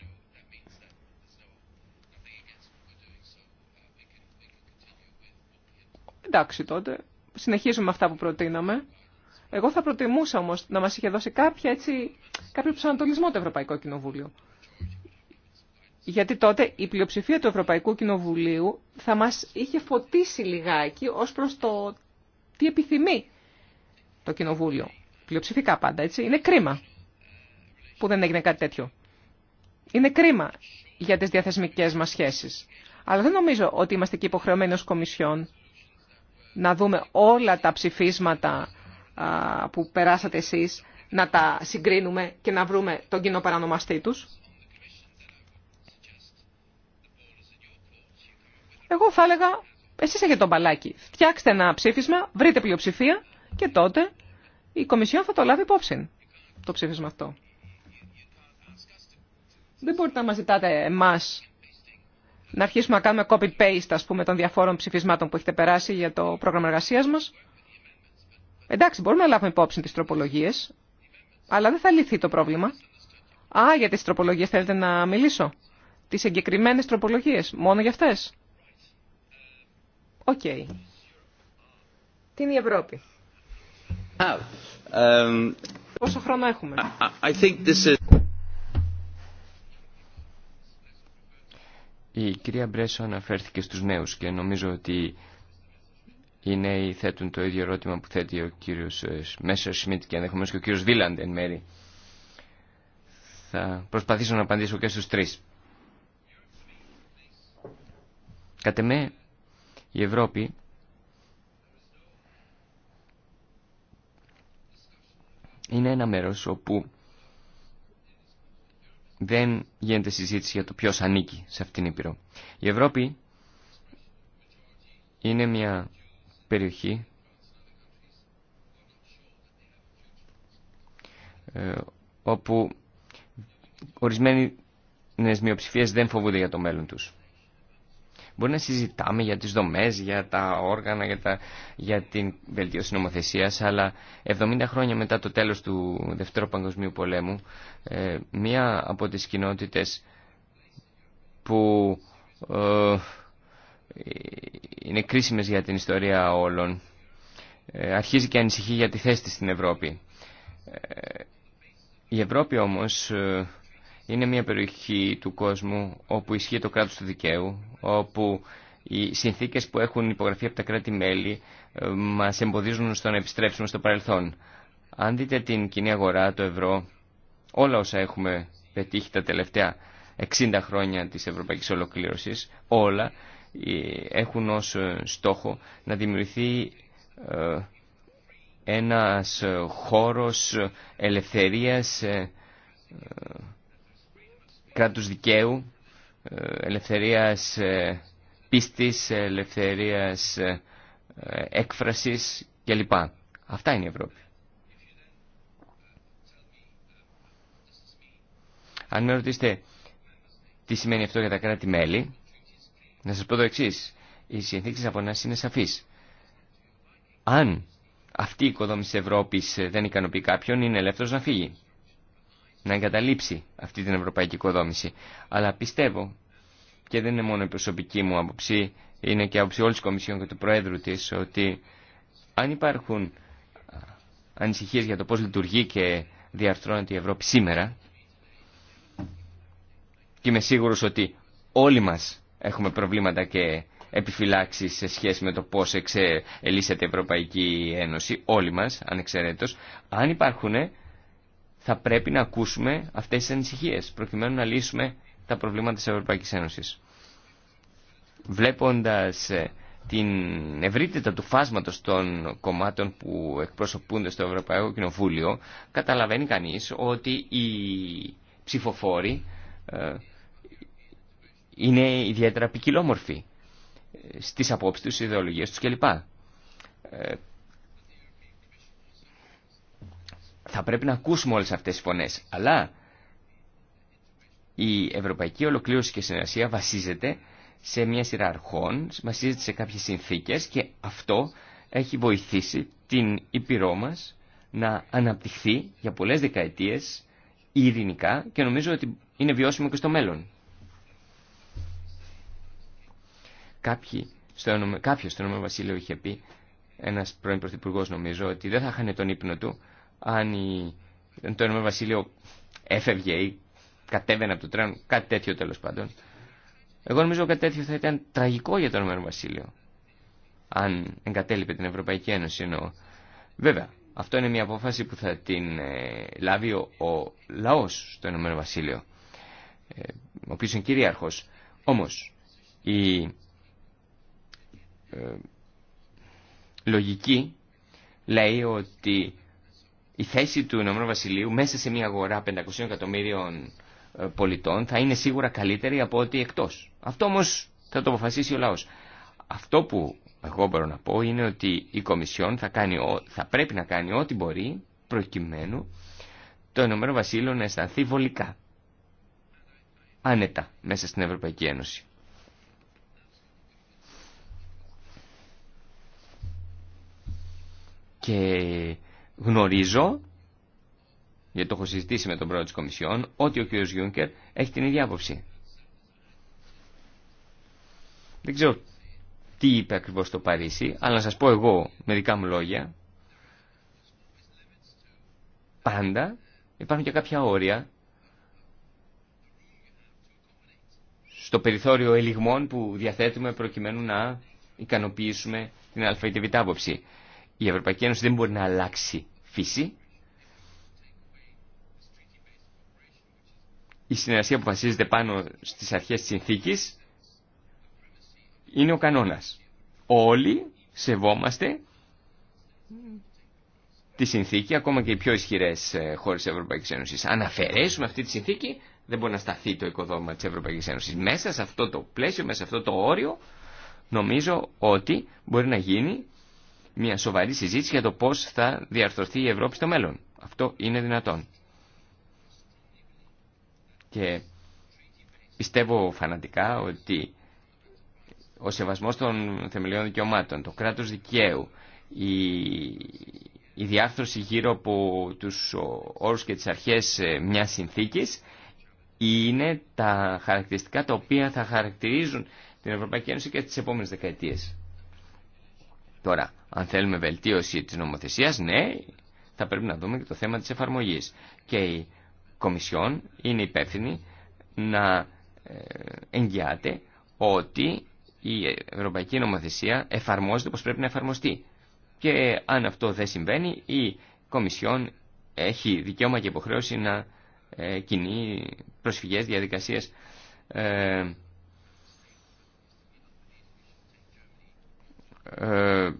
εντάξει τότε, συνεχίζουμε αυτά που προτείναμε. Εγώ θα προτιμούσα όμως να μας είχε δώσει κάποια έτσι, κάποιο ψανατολισμό το Ευρωπαϊκό Κοινοβούλιο. Γιατί τότε η πλειοψηφία του Ευρωπαϊκού Κοινοβουλίου θα μας είχε φωτίσει λιγάκι ως προς το τι επιθυμεί το Κοινοβούλιο. Πλειοψηφικά πάντα, έτσι. Είναι κρίμα που δεν έγινε κάτι τέτοιο. Είναι κρίμα για τις διαθεσμικές μας σχέσεις. Αλλά δεν νομίζω ότι είμαστε και υποχρεωμένοι ως Κομισιόν να δούμε όλα τα ψηφίσματα που περάσατε εσείς, να τα συγκρίνουμε και να βρούμε τον κοινό παρανομαστή τους. Εγώ θα έλεγα, εσείς έχετε τον μπαλάκι. Φτιάξτε ένα ψήφισμα, βρείτε πλειοψηφία και τότε η Κομισιόν θα το λάβει υπόψη το ψήφισμα αυτό. Δεν μπορείτε να μας ζητάτε εμάς να αρχίσουμε να κάνουμε copy-paste, ας πούμε, των διαφόρων ψηφισμάτων που έχετε περάσει για το πρόγραμμα εργασία μας. Εντάξει, μπορούμε να λάβουμε υπόψη τις τροπολογίες, αλλά δεν θα λυθεί το πρόβλημα. Α, για τις τροπολογίες θέλετε να μιλήσω. Τις εγκεκριμένε τροπολογίες, μόνο για αυτές. Οκ. Τι είναι η Ευρώπη. um... Πόσο χρόνο έχουμε. I think this is... Η κυρία Μπρέσο αναφέρθηκε στους νέους και νομίζω ότι οι νέοι θέτουν το ίδιο ερώτημα που θέτει ο κύριος ε, Μέσσερ Σμιτ και ενδεχομένως και ο κύριος Βίλαντ εν μέρη. Θα προσπαθήσω να απαντήσω και στους τρεις. Κατ' εμέ, η Ευρώπη είναι ένα μέρος όπου δεν γίνεται συζήτηση για το ποιο ανήκει σε αυτήν την Ήπειρο. Η Ευρώπη είναι μια περιοχή ε, όπου ορισμένοι μειοψηφίε δεν φοβούνται για το μέλλον τους. Μπορεί να συζητάμε για τις δομές, για τα όργανα, για, τα, για την βελτίωση νομοθεσίας, αλλά 70 χρόνια μετά το τέλος του Δευτέρου Παγκοσμίου Πολέμου, ε, μία από τις κοινότητες που ε, είναι κρίσιμες για την ιστορία όλων, ε, αρχίζει και ανησυχεί για τη θέση της στην Ευρώπη. Η Ευρώπη όμως είναι μια περιοχή του κόσμου όπου ισχύει το κράτος του δικαίου, όπου οι συνθήκες που έχουν υπογραφεί από τα κράτη-μέλη ε, μας εμποδίζουν στο να επιστρέψουμε στο παρελθόν. Αν δείτε την κοινή αγορά, το ευρώ, όλα όσα έχουμε πετύχει τα τελευταία 60 χρόνια της ευρωπαϊκής ολοκλήρωσης, όλα ε, έχουν ως ε, στόχο να δημιουργηθεί ένας χώρος ελευθερίας κράτους δικαίου, ε, ελευθερίας ε, πίστης, ε, ελευθερίας έκφρασης κλπ. Αυτά είναι η Ευρώπη. Αν με ρωτήσετε τι σημαίνει αυτό για τα κράτη-μέλη, να σας πω το εξή. Οι συνθήκε τη είναι σαφείς. Αν αυτή η οικοδόμηση της Ευρώπης δεν ικανοποιεί κάποιον, είναι ελεύθερος να φύγει να εγκαταλείψει αυτή την ευρωπαϊκή οικοδόμηση. Αλλά πιστεύω, και δεν είναι μόνο η προσωπική μου άποψη, είναι και άποψη όλη τη Κομισιόν και του Προέδρου τη, ότι αν υπάρχουν ανησυχίε για το πώ λειτουργεί και διαρθρώνεται η Ευρώπη σήμερα, και είμαι σίγουρο ότι όλοι μας έχουμε προβλήματα και επιφυλάξει σε σχέση με το πώ εξελίσσεται η Ευρωπαϊκή Ένωση, όλοι μα, ανεξαιρέτω, αν υπάρχουν θα πρέπει να ακούσουμε αυτές τις ανησυχίες προκειμένου να λύσουμε τα προβλήματα της Ευρωπαϊκής Ένωσης. Βλέποντας ε, την ευρύτητα του φάσματος των κομμάτων που εκπροσωπούνται στο Ευρωπαϊκό Κοινοβούλιο καταλαβαίνει κανείς ότι οι ψηφοφόροι ε, είναι ιδιαίτερα ποικιλόμορφοι ε, στις απόψεις τους, ιδεολογίες τους κλπ. Θα πρέπει να ακούσουμε όλες αυτές τις φωνές. Αλλά η ευρωπαϊκή ολοκλήρωση και συνεργασία βασίζεται σε μια σειρά αρχών, βασίζεται σε κάποιες συνθήκες και αυτό έχει βοηθήσει την Ήπειρό μας να αναπτυχθεί για πολλές δεκαετίες ειρηνικά και νομίζω ότι είναι βιώσιμο και στο μέλλον. Κάποιοι στο, κάποιος Βασίλειο είχε πει, ένας πρώην Πρωθυπουργός νομίζω, ότι δεν θα χάνε τον ύπνο του αν, η, το Βασίλειο έφευγε ή κατέβαινε από το τρένο, κάτι τέτοιο τέλος πάντων. Εγώ νομίζω κάτι τέτοιο θα ήταν τραγικό για το Ηνωμένο Βασίλειο, αν εγκατέλειπε την Ευρωπαϊκή Ένωση Βέβαια, αυτό είναι μια απόφαση που θα την ε, λάβει ο, ο λαός στο Ηνωμένο Βασίλειο, ε, ο οποίο είναι κυριαρχό. Όμως, η ε, λογική λέει ότι η θέση του Ηνωμένου Βασιλείου μέσα σε μια αγορά 500 εκατομμύριων ε, πολιτών θα είναι σίγουρα καλύτερη από ό,τι εκτός. Αυτό όμως θα το αποφασίσει ο λαός. Αυτό που εγώ μπορώ να πω είναι ότι η Κομισιόν θα, κάνει, θα πρέπει να κάνει ό,τι μπορεί προκειμένου το Ηνωμένο Βασίλειο να αισθανθεί βολικά, άνετα μέσα στην Ευρωπαϊκή Ένωση. Και γνωρίζω, γιατί το έχω συζητήσει με τον πρόεδρο της Κομισιόν, ότι ο κ. Γιούνκερ έχει την ίδια άποψη. Δεν ξέρω τι είπε ακριβώ το Παρίσι, αλλά να σας πω εγώ μερικά μου λόγια. Πάντα υπάρχουν και κάποια όρια στο περιθώριο ελιγμών που διαθέτουμε προκειμένου να ικανοποιήσουμε την αλφα η Ευρωπαϊκή Ένωση δεν μπορεί να αλλάξει φύση. Η συνεργασία που βασίζεται πάνω στις αρχές της συνθήκης είναι ο κανόνας. Όλοι σεβόμαστε τη συνθήκη, ακόμα και οι πιο ισχυρές ε, χώρες της Ευρωπαϊκής Ένωσης. Αν αφαιρέσουμε αυτή τη συνθήκη, δεν μπορεί να σταθεί το οικοδόμημα της Ευρωπαϊκής Ένωσης. Μέσα σε αυτό το πλαίσιο, μέσα σε αυτό το όριο, νομίζω ότι μπορεί να γίνει μια σοβαρή συζήτηση για το πώς θα διαρθρωθεί η Ευρώπη στο μέλλον. Αυτό είναι δυνατόν. Και πιστεύω φανατικά ότι ο σεβασμός των θεμελιών δικαιωμάτων, το κράτος δικαίου, η, η διάρθρωση γύρω από τους όρους και τις αρχές ε, μιας συνθήκης είναι τα χαρακτηριστικά τα οποία θα χαρακτηρίζουν την Ευρωπαϊκή Ένωση και τις επόμενες δεκαετίες. Τώρα, αν θέλουμε βελτίωση της νομοθεσίας, ναι, θα πρέπει να δούμε και το θέμα της εφαρμογής. Και η Κομισιόν είναι υπεύθυνη να ε, εγγυάται ότι η Ευρωπαϊκή Νομοθεσία εφαρμόζεται όπως πρέπει να εφαρμοστεί. Και αν αυτό δεν συμβαίνει, η Κομισιόν έχει δικαίωμα και υποχρέωση να ε, κινεί προσφυγές, διαδικασίες ε, Ε,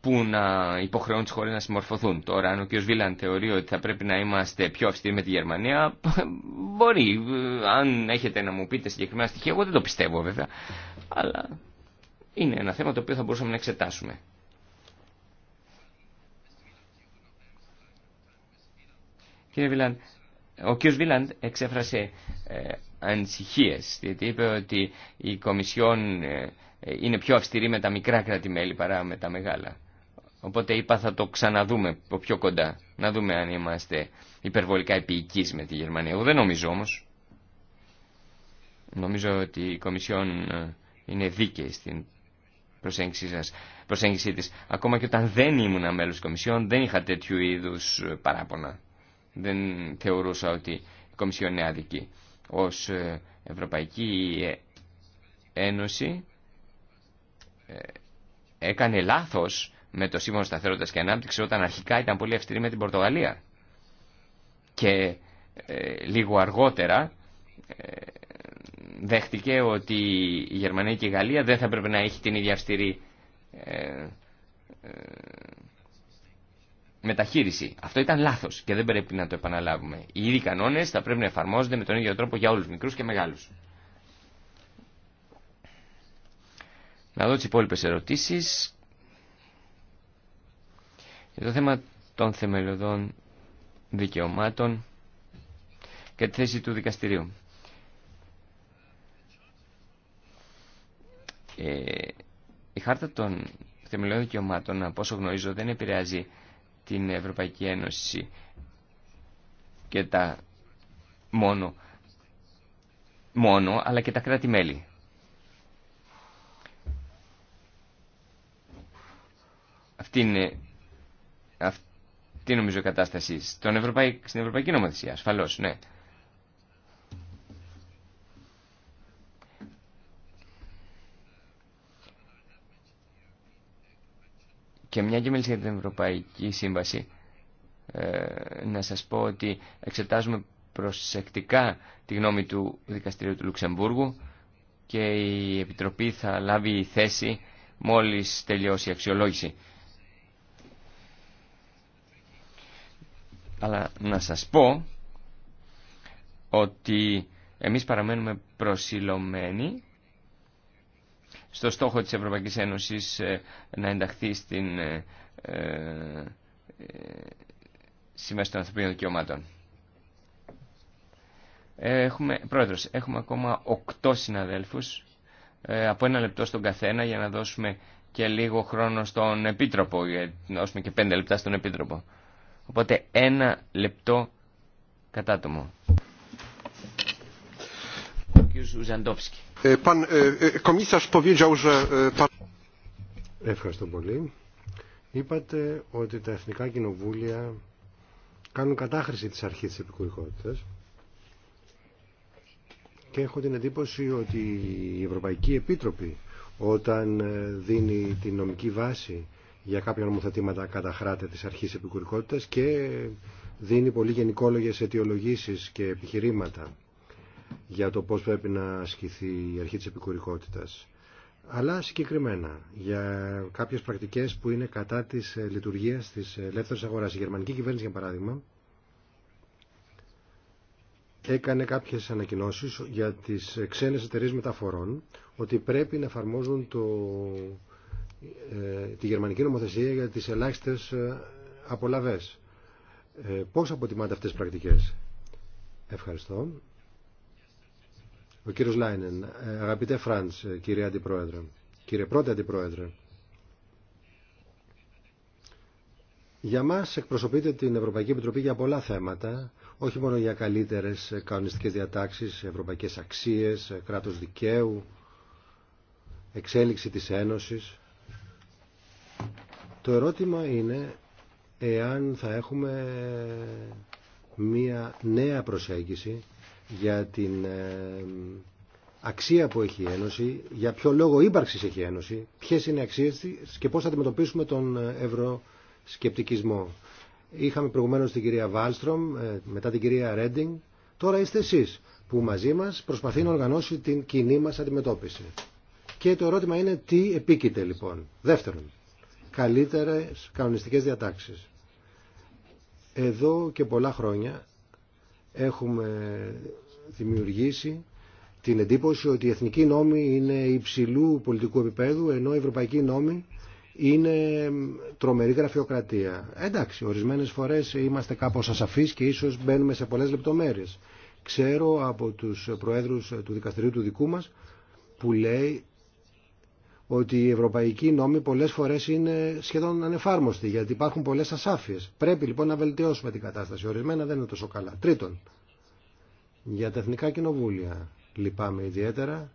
που να υποχρεώνουν τι χώρε να συμμορφωθούν. Τώρα, αν ο κ. Βίλαν θεωρεί ότι θα πρέπει να είμαστε πιο αυστηροί με τη Γερμανία, μπορεί. Αν έχετε να μου πείτε συγκεκριμένα στοιχεία, εγώ δεν το πιστεύω βέβαια. Αλλά είναι ένα θέμα το οποίο θα μπορούσαμε να εξετάσουμε. Κύριε Βίλαντ, ο κ. Βίλαντ εξέφρασε ε, ανησυχίες, γιατί είπε ότι η Κομισιόν ε, είναι πιο αυστηρή με τα μικρά κράτη-μέλη παρά με τα μεγάλα. Οπότε είπα θα το ξαναδούμε πιο κοντά, να δούμε αν είμαστε υπερβολικά επίοικείς με τη Γερμανία. Εγώ δεν νομίζω όμως. Νομίζω ότι η Κομισιόν ε, είναι δίκαιη στην προσέγγιση, σας, της. Ακόμα και όταν δεν ήμουν μέλος της Κομισιόν δεν είχα τέτοιου είδους παράπονα. Δεν θεωρούσα ότι η Κομισιόν είναι αδική ως ε, Ευρωπαϊκή Ένωση ε, έκανε λάθος με το Σύμφωνο Σταθερότητας και ανάπτυξη όταν αρχικά ήταν πολύ αυστηρή με την Πορτογαλία. Και ε, λίγο αργότερα ε, δέχτηκε ότι η Γερμανία και η Γαλλία δεν θα πρέπει να έχει την ίδια αυστηρή μεταχείριση. Αυτό ήταν λάθο και δεν πρέπει να το επαναλάβουμε. Οι ίδιοι κανόνε θα πρέπει να εφαρμόζονται με τον ίδιο τρόπο για όλου, μικρού και μεγάλου. Να δω τι υπόλοιπε ερωτήσει. Για το θέμα των θεμελιωδών δικαιωμάτων και τη θέση του δικαστηρίου. Ε, η χάρτα των θεμελιωδών δικαιωμάτων, από όσο γνωρίζω, δεν επηρεάζει την Ευρωπαϊκή Ένωση και τα μόνο, μόνο αλλά και τα κράτη-μέλη. Αυτή είναι, αυτή νομίζω η κατάσταση. Στην Ευρωπαϊκή Νομοθεσία, ασφαλώς, ναι. Και μια και μιλήσατε για την Ευρωπαϊκή Σύμβαση, ε, να σας πω ότι εξετάζουμε προσεκτικά τη γνώμη του Δικαστηρίου του Λουξεμβούργου και η Επιτροπή θα λάβει θέση μόλις τελειώσει η αξιολόγηση. Αλλά να σας πω ότι εμείς παραμένουμε προσιλωμένοι στο στόχο της Ευρωπαϊκής Ένωσης ε, να ενταχθεί στην ε, ε, ε των Ανθρωπίνων Δικαιωμάτων. Έχουμε, πρόεδρος, έχουμε ακόμα οκτώ συναδέλφους ε, από ένα λεπτό στον καθένα για να δώσουμε και λίγο χρόνο στον Επίτροπο, για να δώσουμε και πέντε λεπτά στον Επίτροπο. Οπότε ένα λεπτό κατάτομο. Ε, ε, ε, Ευχαριστώ πολύ. Είπατε ότι τα εθνικά κοινοβούλια κάνουν κατάχρηση της αρχής της επικουρικότητας και έχω την εντύπωση ότι η Ευρωπαϊκή Επίτροπη όταν δίνει τη νομική βάση για κάποια νομοθετήματα καταχράται της αρχής επικουρικότητας και δίνει πολύ γενικόλογες αιτιολογήσεις και επιχειρήματα για το πώς πρέπει να ασκηθεί η αρχή της επικουρικότητας. Αλλά συγκεκριμένα για κάποιες πρακτικές που είναι κατά της ε, λειτουργίας της ε, ελεύθερης αγοράς. Η γερμανική κυβέρνηση, για παράδειγμα, έκανε κάποιες ανακοινώσεις για τις ε, ξένες εταιρείε μεταφορών ότι πρέπει να εφαρμόζουν το, τη γερμανική νομοθεσία για τις ελάχιστες απολαβές. Ε, πώς αποτιμάτε αυτές τις πρακτικές. Ευχαριστώ. Ο κύριος Λάινεν, ε, αγαπητέ Φραντς, ε, κύριε Αντιπρόεδρε, κύριε Πρώτη Αντιπρόεδρε, για μας εκπροσωπείται την Ευρωπαϊκή Επιτροπή για πολλά θέματα, όχι μόνο για καλύτερες ε, κανονιστικές διατάξεις, ευρωπαϊκές αξίες, κράτος δικαίου, εξέλιξη της Ένωσης. Το ερώτημα είναι εάν θα έχουμε μία νέα προσέγγιση για την ε, αξία που έχει η Ένωση, για ποιο λόγο ύπαρξης έχει η Ένωση, ποιες είναι οι αξίες της και πώς θα αντιμετωπίσουμε τον ε, ευρωσκεπτικισμό. Είχαμε προηγουμένως την κυρία Βάλστρομ, ε, μετά την κυρία Ρέντινγκ. Τώρα είστε εσείς που μαζί μας προσπαθεί να οργανώσει την κοινή μας αντιμετώπιση. Και το ερώτημα είναι τι επίκειται λοιπόν. Δεύτερον, καλύτερες κανονιστικές διατάξεις. Εδώ και πολλά χρόνια έχουμε δημιουργήσει την εντύπωση ότι η εθνική νόμοι είναι υψηλού πολιτικού επίπεδου, ενώ η ευρωπαϊκή νόμοι είναι τρομερή γραφειοκρατία. Εντάξει, ορισμένες φορές είμαστε κάπως ασαφείς και ίσως μπαίνουμε σε πολλές λεπτομέρειες. Ξέρω από τους προέδρους του δικαστηρίου του δικού μας που λέει ότι οι ευρωπαϊκοί νόμοι πολλές φορές είναι σχεδόν ανεφάρμοστοι γιατί υπάρχουν πολλές ασάφειες. Πρέπει λοιπόν να βελτιώσουμε την κατάσταση. Ορισμένα δεν είναι τόσο καλά. Τρίτον, για τα εθνικά κοινοβούλια λυπάμαι ιδιαίτερα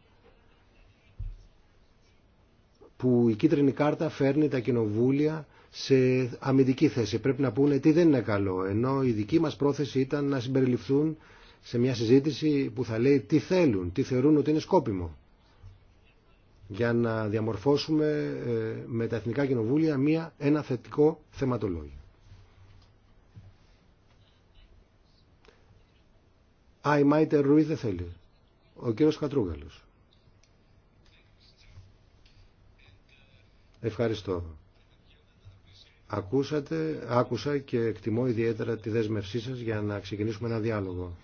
που η κίτρινη κάρτα φέρνει τα κοινοβούλια σε αμυντική θέση. Πρέπει να πούνε τι δεν είναι καλό, ενώ η δική μας πρόθεση ήταν να συμπεριληφθούν σε μια συζήτηση που θα λέει τι θέλουν, τι θεωρούν ότι είναι σκόπιμο για να διαμορφώσουμε ε, με τα Εθνικά Κοινοβούλια μία, ένα θετικό θεματολόγιο. Α, η Μάιτε θέλει. Ο κύριος Κατρούγαλος. Ευχαριστώ. Ακούσατε, άκουσα και εκτιμώ ιδιαίτερα τη δέσμευσή σας για να ξεκινήσουμε ένα διάλογο.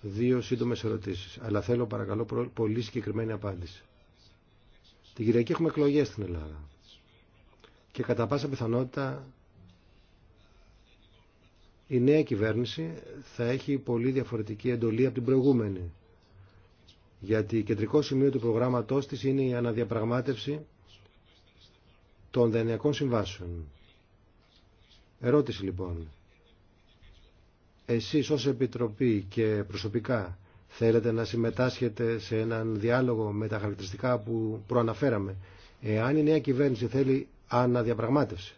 Δύο σύντομες ερωτήσεις, αλλά θέλω παρακαλώ πολύ συγκεκριμένη απάντηση. Την Κυριακή έχουμε εκλογέ στην Ελλάδα. Και κατά πάσα πιθανότητα η νέα κυβέρνηση θα έχει πολύ διαφορετική εντολή από την προηγούμενη. Γιατί κεντρικό σημείο του προγράμματός της είναι η αναδιαπραγμάτευση των δανειακών συμβάσεων. Ερώτηση λοιπόν. Εσείς ως Επιτροπή και προσωπικά θέλετε να συμμετάσχετε σε έναν διάλογο με τα χαρακτηριστικά που προαναφέραμε. Εάν η νέα κυβέρνηση θέλει αναδιαπραγμάτευση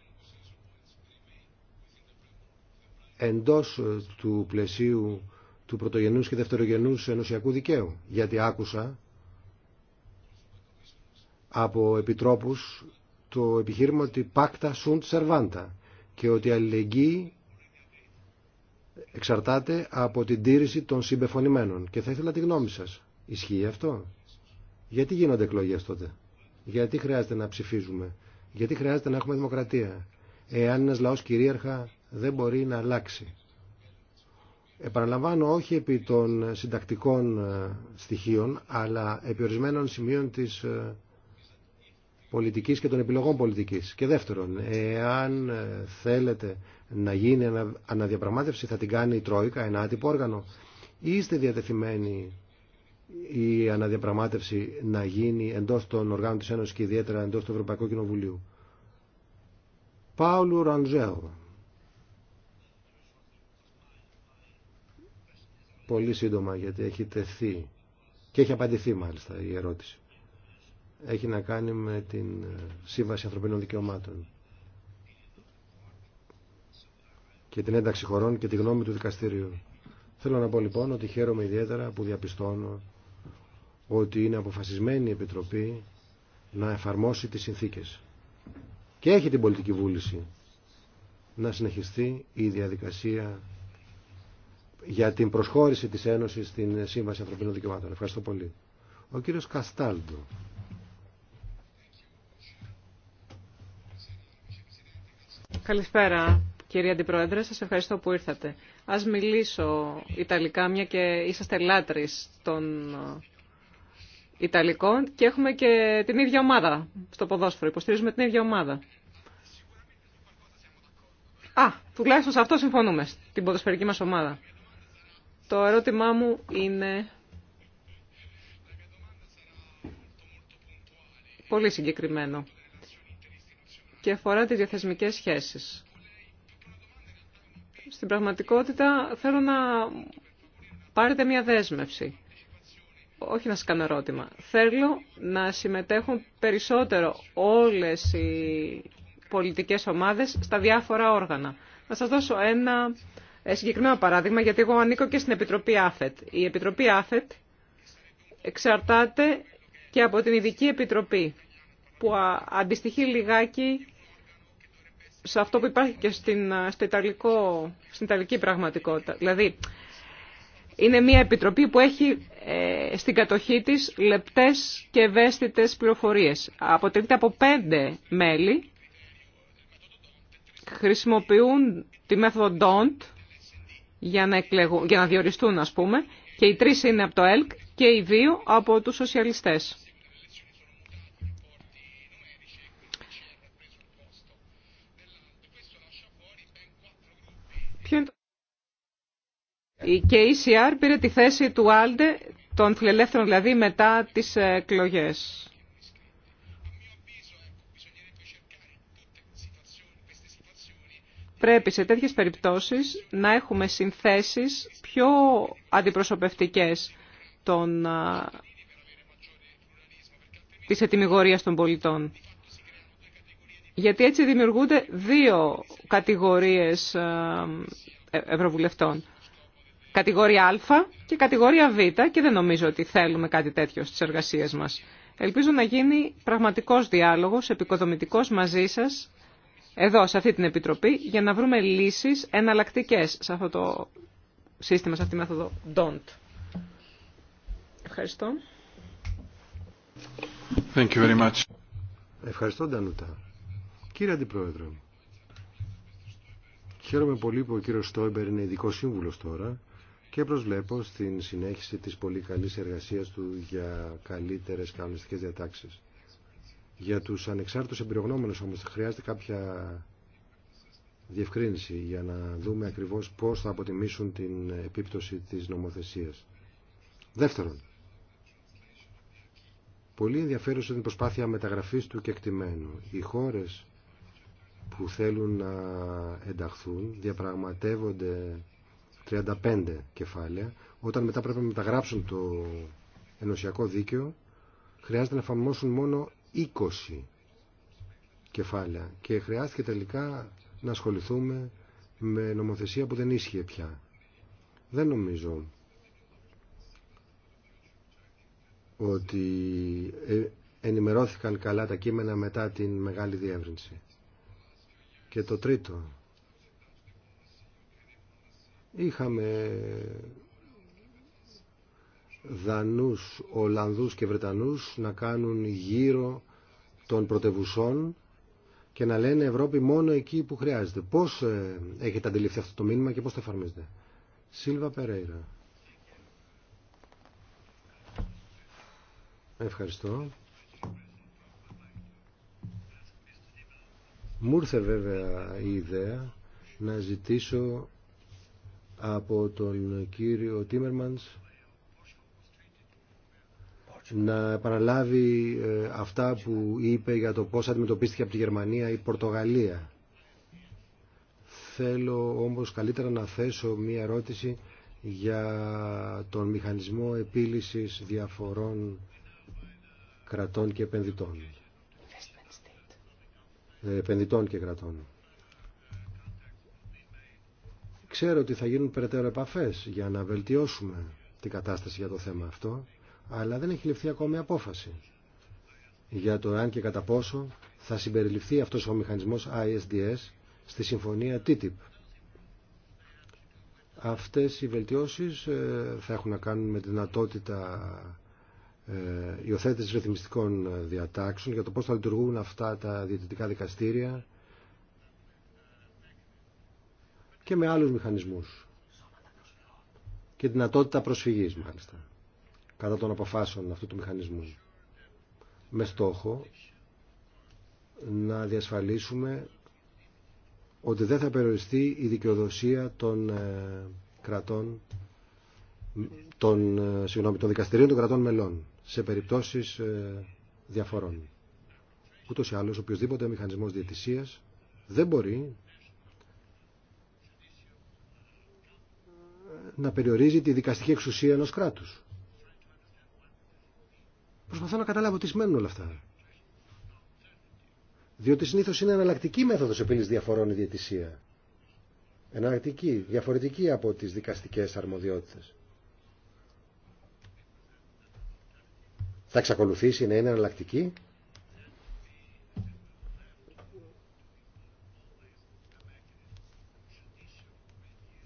εντός του πλαισίου του πρωτογενούς και δευτερογενούς ενωσιακού δικαίου. Γιατί άκουσα από επιτρόπους το επιχείρημα ότι πάκτα sunt servanta και ότι η αλληλεγγύη εξαρτάται από την τήρηση των συμπεφωνημένων. Και θα ήθελα τη γνώμη σας. Ισχύει αυτό. Γιατί γίνονται εκλογέ τότε. Γιατί χρειάζεται να ψηφίζουμε. Γιατί χρειάζεται να έχουμε δημοκρατία. Εάν ένας λαός κυρίαρχα δεν μπορεί να αλλάξει. Επαναλαμβάνω όχι επί των συντακτικών ε, στοιχείων, αλλά επί ορισμένων σημείων της ε, πολιτικής και των επιλογών πολιτικής. Και δεύτερον, εάν ε, θέλετε να γίνει αναδιαπραγμάτευση θα την κάνει η Τρόικα, ένα άτυπο όργανο ή είστε διατεθειμένοι η αναδιαπραγμάτευση να γίνει εντός των οργάνων της Ένωσης και ιδιαίτερα εντός του Ευρωπαϊκού Κοινοβουλίου. Πάουλου Ραντζέο. Πολύ σύντομα γιατί έχει τεθεί και έχει απαντηθεί μάλιστα η ερώτηση. Έχει να κάνει με την ε, Σύμβαση Ανθρωπίνων Δικαιωμάτων. και την ένταξη χωρών και τη γνώμη του δικαστηρίου. Θέλω να πω λοιπόν ότι χαίρομαι ιδιαίτερα που διαπιστώνω ότι είναι αποφασισμένη η Επιτροπή να εφαρμόσει τις συνθήκες. Και έχει την πολιτική βούληση να συνεχιστεί η διαδικασία για την προσχώρηση της Ένωσης στην Σύμβαση Ανθρωπίνων Δικαιωμάτων. Ευχαριστώ πολύ. Ο κύριος Καστάλντο. Καλησπέρα, Κύριε Αντιπρόεδρε, σας ευχαριστώ που ήρθατε. Ας μιλήσω Ιταλικά, μια και είσαστε λάτρης των ε, Ιταλικών και έχουμε και την ίδια ομάδα στο ποδόσφαιρο. Υποστηρίζουμε την ίδια ομάδα. Α, τουλάχιστον σε αυτό συμφωνούμε, την ποδοσφαιρική μας ομάδα. Το ερώτημά μου είναι πολύ συγκεκριμένο και αφορά τις διαθεσμικές σχέσεις στην πραγματικότητα θέλω να πάρετε μια δέσμευση. Όχι να σας κάνω ερώτημα. Θέλω να συμμετέχουν περισσότερο όλες οι πολιτικές ομάδες στα διάφορα όργανα. Να σας δώσω ένα ε, συγκεκριμένο παράδειγμα, γιατί εγώ ανήκω και στην Επιτροπή ΑΦΕΤ. Η Επιτροπή ΑΦΕΤ εξαρτάται και από την Ειδική Επιτροπή, που αντιστοιχεί λιγάκι σε αυτό που υπάρχει και στην, στο στην Ιταλική πραγματικότητα. Δηλαδή, είναι μια επιτροπή που έχει ε, στην κατοχή της λεπτές και ευαίσθητες πληροφορίες. Αποτελείται από πέντε μέλη. Χρησιμοποιούν τη μέθοδο DON'T για να, για να διοριστούν, ας πούμε. Και οι τρεις είναι από το ΕΛΚ και οι δύο από τους σοσιαλιστές. και η ECR πήρε τη θέση του Άλντε, των φιλελεύθερων δηλαδή, μετά τις εκλογές. Πρέπει σε τέτοιες περιπτώσεις να έχουμε συνθέσεις πιο αντιπροσωπευτικές των, της ετοιμιγορίας των πολιτών. Γιατί έτσι δημιουργούνται δύο κατηγορίες ευρωβουλευτών κατηγορία Α και κατηγορία Β και δεν νομίζω ότι θέλουμε κάτι τέτοιο στις εργασίες μας. Ελπίζω να γίνει πραγματικός διάλογος, επικοδομητικός μαζί σας, εδώ σε αυτή την Επιτροπή, για να βρούμε λύσεις εναλλακτικέ σε αυτό το σύστημα, σε αυτή τη μέθοδο DON'T. Ευχαριστώ. Thank you very much. Ευχαριστώ, Ντανούτα. Κύριε Αντιπρόεδρο, χαίρομαι πολύ που ο κύριος Στόιμπερ είναι ειδικό σύμβουλος τώρα και προσβλέπω στην συνέχιση της πολύ καλής εργασίας του για καλύτερες κανονιστικές διατάξεις. Για τους ανεξάρτητους εμπειρογνώμενους όμως χρειάζεται κάποια διευκρίνηση για να δούμε ακριβώς πώς θα αποτιμήσουν την επίπτωση της νομοθεσίας. Δεύτερον, πολύ ενδιαφέρουσα την προσπάθεια μεταγραφής του κεκτημένου. Οι χώρες που θέλουν να ενταχθούν διαπραγματεύονται 35 κεφάλαια, όταν μετά πρέπει να μεταγράψουν το ενωσιακό δίκαιο, χρειάζεται να εφαρμόσουν μόνο 20 κεφάλαια και χρειάστηκε τελικά να ασχοληθούμε με νομοθεσία που δεν ίσχυε πια. Δεν νομίζω ότι ε, ενημερώθηκαν καλά τα κείμενα μετά την μεγάλη διεύρυνση. Και το τρίτο, Είχαμε Δανούς, Ολλανδούς και Βρετανούς να κάνουν γύρω των πρωτευουσών και να λένε Ευρώπη μόνο εκεί που χρειάζεται. Πώς ε, έχετε αντιληφθεί αυτό το μήνυμα και πώς το εφαρμίζετε. Σίλβα Περέιρα. Ευχαριστώ. Μου ήρθε βέβαια η ιδέα να ζητήσω από τον κύριο Τίμερμανς να παραλάβει ε, αυτά που είπε για το πώς αντιμετωπίστηκε από τη Γερμανία η Πορτογαλία. Θέλω όμως καλύτερα να θέσω μία ερώτηση για τον μηχανισμό επίλυσης διαφορών κρατών και επενδυτών. Ε, επενδυτών και κρατών ξέρω ότι θα γίνουν περαιτέρω επαφές για να βελτιώσουμε την κατάσταση για το θέμα αυτό, αλλά δεν έχει ληφθεί ακόμη απόφαση για το αν και κατά πόσο θα συμπεριληφθεί αυτός ο μηχανισμός ISDS στη συμφωνία TTIP. Αυτές οι βελτιώσεις ε, θα έχουν να κάνουν με τη δυνατότητα ε, υιοθέτηση ρυθμιστικών ε, διατάξεων για το πώς θα λειτουργούν αυτά τα διαιτητικά δικαστήρια και με άλλους μηχανισμούς και δυνατότητα προσφυγής μάλιστα κατά των αποφάσεων αυτού του μηχανισμού με στόχο να διασφαλίσουμε ότι δεν θα περιοριστεί η δικαιοδοσία των ε, κρατών των, ε, συγγνώμη, των δικαστηρίων των κρατών μελών σε περιπτώσεις ε, διαφορών. Ούτως ή άλλως οποιοδήποτε μηχανισμός διαιτησίας δεν μπορεί να περιορίζει τη δικαστική εξουσία ενός κράτους. Προσπαθώ να καταλάβω τι σημαίνουν όλα αυτά. Διότι συνήθω είναι εναλλακτική μέθοδο επίλυση διαφορών η διαιτησία. Εναλλακτική, διαφορετική από τι δικαστικέ αρμοδιότητε. Θα εξακολουθήσει να είναι εναλλακτική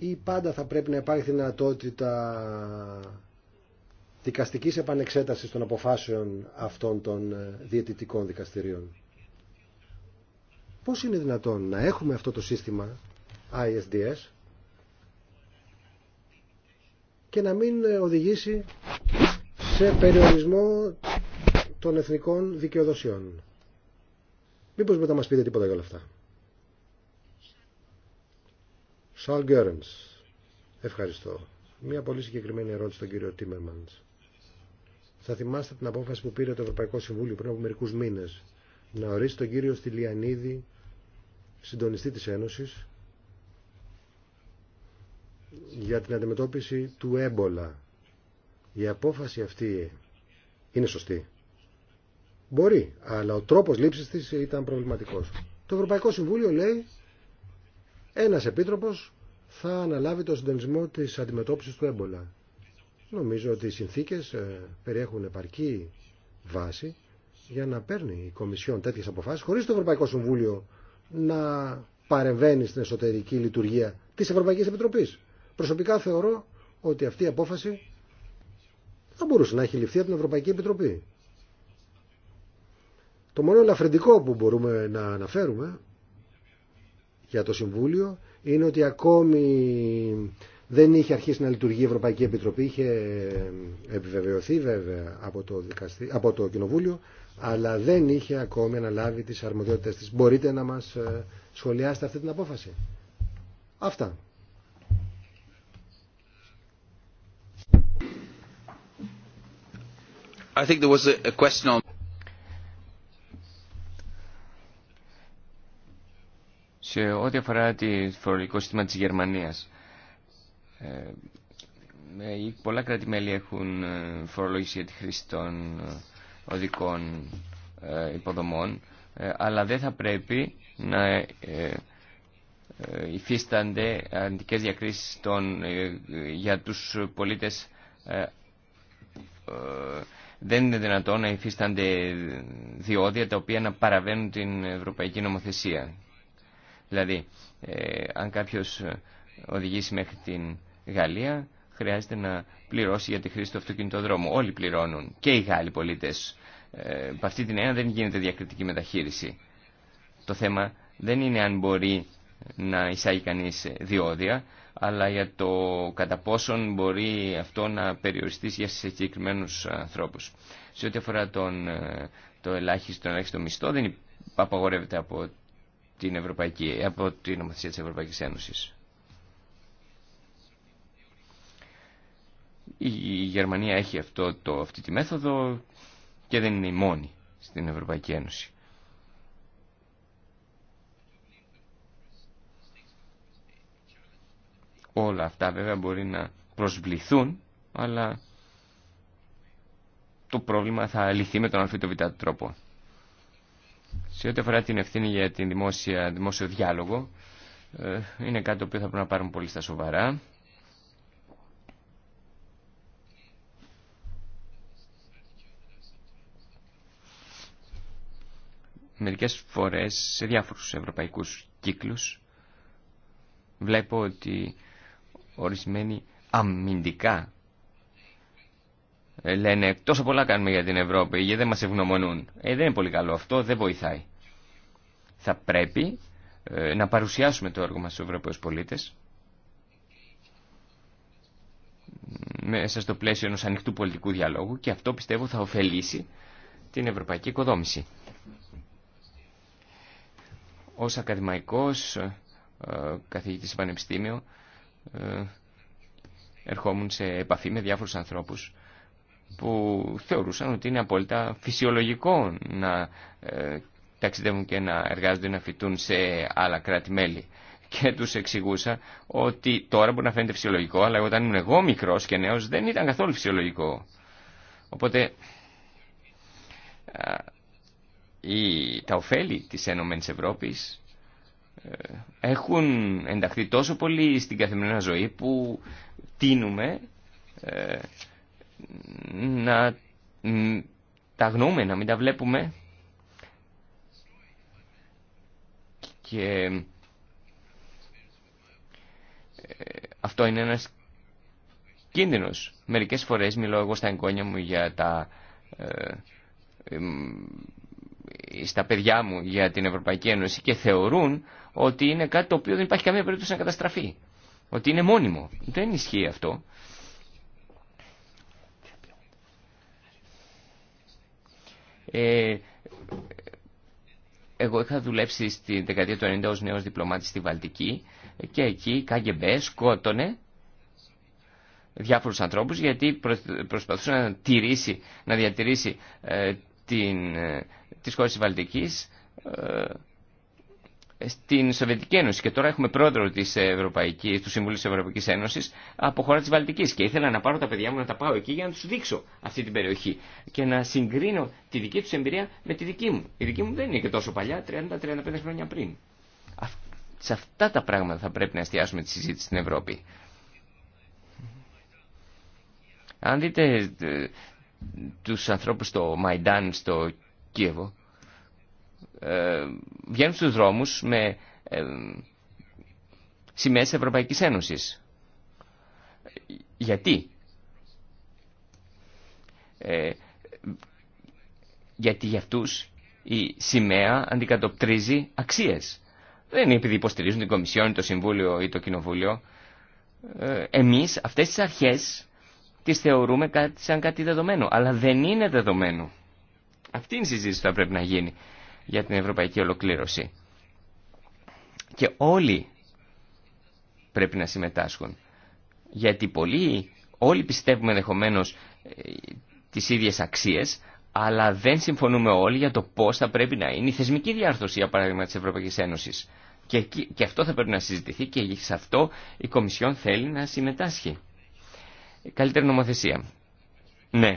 ή πάντα θα πρέπει να υπάρχει δυνατότητα δικαστικής επανεξέτασης των αποφάσεων αυτών των ε, διαιτητικών δικαστηρίων. Πώς είναι δυνατόν να έχουμε αυτό το σύστημα ISDS και να μην ε, οδηγήσει σε περιορισμό των εθνικών δικαιοδοσιών. Μήπως μετά μας πείτε τίποτα για όλα αυτά. Σαλ Γκέρνς. Ευχαριστώ. Μία πολύ συγκεκριμένη ερώτηση στον κύριο Τίμερμαντς. Θα θυμάστε την απόφαση που πήρε το Ευρωπαϊκό Συμβούλιο πριν από μερικού μήνε να ορίσει τον κύριο Στυλιανίδη συντονιστή τη Ένωση για την αντιμετώπιση του έμπολα. Η απόφαση αυτή είναι σωστή. Μπορεί, αλλά ο τρόπος λήψης της ήταν προβληματικός. Το Ευρωπαϊκό Συμβούλιο λέει ένας επίτροπος θα αναλάβει το συντονισμό της αντιμετώπισης του έμπολα. Νομίζω ότι οι συνθήκες ε, περιέχουν επαρκή βάση για να παίρνει η Κομισιόν τέτοιες αποφάσεις χωρίς το Ευρωπαϊκό Συμβούλιο να παρεμβαίνει στην εσωτερική λειτουργία της Ευρωπαϊκής Επιτροπής. Προσωπικά θεωρώ ότι αυτή η απόφαση θα μπορούσε να έχει ληφθεί από την Ευρωπαϊκή Επιτροπή. Το μόνο ελαφρυντικό που μπορούμε να αναφέρουμε για το Συμβούλιο είναι ότι ακόμη δεν είχε αρχίσει να λειτουργεί η Ευρωπαϊκή Επιτροπή, είχε επιβεβαιωθεί βέβαια από το, δικαστή, από το Κοινοβούλιο, αλλά δεν είχε ακόμη αναλάβει τις αρμοδιότητες της. Μπορείτε να μας ε, σχολιάσετε αυτή την απόφαση. Αυτά. I think there was a question on... Σε ό,τι αφορά το φορολογικό σύστημα της Γερμανίας, ε, πολλά κράτη-μέλη έχουν ε, φορολογήσει για τη χρήση των ε, οδικών υποδομών, αλλά δεν θα πρέπει να υφίστανται αντικές διακρίσεις των, για τους πολίτες δεν είναι δυνατόν να υφίστανται διόδια τα οποία να παραβαίνουν την ευρωπαϊκή νομοθεσία Δηλαδή, ε, αν κάποιος ε, οδηγήσει μέχρι την Γαλλία, χρειάζεται να πληρώσει για τη χρήση του αυτοκινητοδρόμου. Όλοι πληρώνουν, και οι Γάλλοι πολίτες. Ε, αυτή την έννοια δεν γίνεται διακριτική μεταχείριση. Το θέμα δεν είναι αν μπορεί να εισάγει κανείς διόδια, αλλά για το κατά πόσον μπορεί αυτό να περιοριστεί για συγκεκριμένου ανθρώπους. Σε ό,τι αφορά τον, ε, το ελάχιστο, τον ελάχιστο μισθό, δεν απαγορεύεται από την, Ευρωπαϊκή, από την νομοθεσία της Ευρωπαϊκής Ένωσης. Η Γερμανία έχει αυτό το, αυτή τη μέθοδο και δεν είναι η μόνη στην Ευρωπαϊκή Ένωση. Όλα αυτά βέβαια μπορεί να προσβληθούν, αλλά το πρόβλημα θα λυθεί με τον αλφίτο τρόπο. Σε ό,τι αφορά την ευθύνη για την δημόσια, δημόσιο διάλογο, ε, είναι κάτι το οποίο θα πρέπει να πάρουμε πολύ στα σοβαρά. Μερικές φορές σε διάφορους ευρωπαϊκούς κύκλους βλέπω ότι ορισμένοι αμυντικά ε, λένε τόσο πολλά κάνουμε για την Ευρώπη γιατί δεν μας ευγνωμονούν. Ε, δεν είναι πολύ καλό αυτό, δεν βοηθάει. Θα πρέπει ε, να παρουσιάσουμε το έργο μας στους Ευρωπαίους πολίτες μέσα στο πλαίσιο ενός ανοιχτού πολιτικού διαλόγου και αυτό πιστεύω θα ωφελήσει την ευρωπαϊκή οικοδόμηση. Ως ακαδημαϊκός ε, καθηγητής πανεπιστήμιο ε, ερχόμουν σε επαφή με διάφορους ανθρώπους που θεωρούσαν ότι είναι απόλυτα φυσιολογικό να ε, ταξιδεύουν και να εργάζονται να φοιτούν σε άλλα κράτη-μέλη. Και του εξηγούσα ότι τώρα μπορεί να φαίνεται φυσιολογικό, αλλά όταν ήμουν εγώ μικρό και νέο δεν ήταν καθόλου φυσιολογικό. Οπότε η, τα ωφέλη τη Ενωμένη ΕΕ Ευρώπης ε, έχουν ενταχθεί τόσο πολύ στην καθημερινή ζωή που τίνουμε ε, να τα γνούμε, να μην τα βλέπουμε και ε, αυτό είναι ένας κίνδυνος. Μερικές φορές μιλώ εγώ στα εγγόνια μου για τα... Ε, ε, στα παιδιά μου για την Ευρωπαϊκή Ένωση και θεωρούν ότι είναι κάτι το οποίο δεν υπάρχει καμία περίπτωση να καταστραφεί. Ότι είναι μόνιμο. Δεν ισχύει αυτό. Ε, εγώ είχα δουλέψει στη δεκαετία του 90 ως νέος διπλωμάτης στη Βαλτική και εκεί KGB σκότωνε διάφορους ανθρώπους γιατί προσπαθούσε να, τηρήσει, να διατηρήσει ε, την, ε, τις χώρες της Βαλτικής ε, στην Σοβιετική Ένωση και τώρα έχουμε πρόεδρο της Ευρωπαϊκής, του Συμβουλίου της Ευρωπαϊκής Ένωσης από χώρα της Βαλτικής και ήθελα να πάρω τα παιδιά μου να τα πάω εκεί για να τους δείξω αυτή την περιοχή και να συγκρίνω τη δική τους εμπειρία με τη δική μου. Η δική μου δεν είναι και τόσο παλιά, 30-35 χρόνια πριν. Σε αυτά τα πράγματα θα πρέπει να εστιάσουμε τη συζήτηση στην Ευρώπη. Αν δείτε ε, τους ανθρώπους στο Μαϊντάν, στο Κίεβο, ε, βγαίνουν στους δρόμους με ε, σημαίες Ευρωπαϊκής Ένωσης. Γιατί? Ε, γιατί για αυτούς η σημαία αντικατοπτρίζει αξίες. Δεν είναι επειδή υποστηρίζουν την Κομισιόν, το Συμβούλιο ή το Κοινοβούλιο. Εμείς αυτές τις αρχές τις θεωρούμε σαν κάτι δεδομένο, αλλά δεν είναι δεδομένο. Αυτή είναι η συζήτηση που θα πρέπει να γίνει για την ευρωπαϊκή ολοκλήρωση. Και όλοι πρέπει να συμμετάσχουν. Γιατί πολλοί, όλοι πιστεύουμε ενδεχομένω ε, τις ίδιες αξίες, αλλά δεν συμφωνούμε όλοι για το πώς θα πρέπει να είναι η θεσμική διάρθρωση, για παράδειγμα, της Ευρωπαϊκής Ένωσης. Και, και αυτό θα πρέπει να συζητηθεί και σε αυτό η Κομισιόν θέλει να συμμετάσχει. Καλύτερη νομοθεσία. Ναι.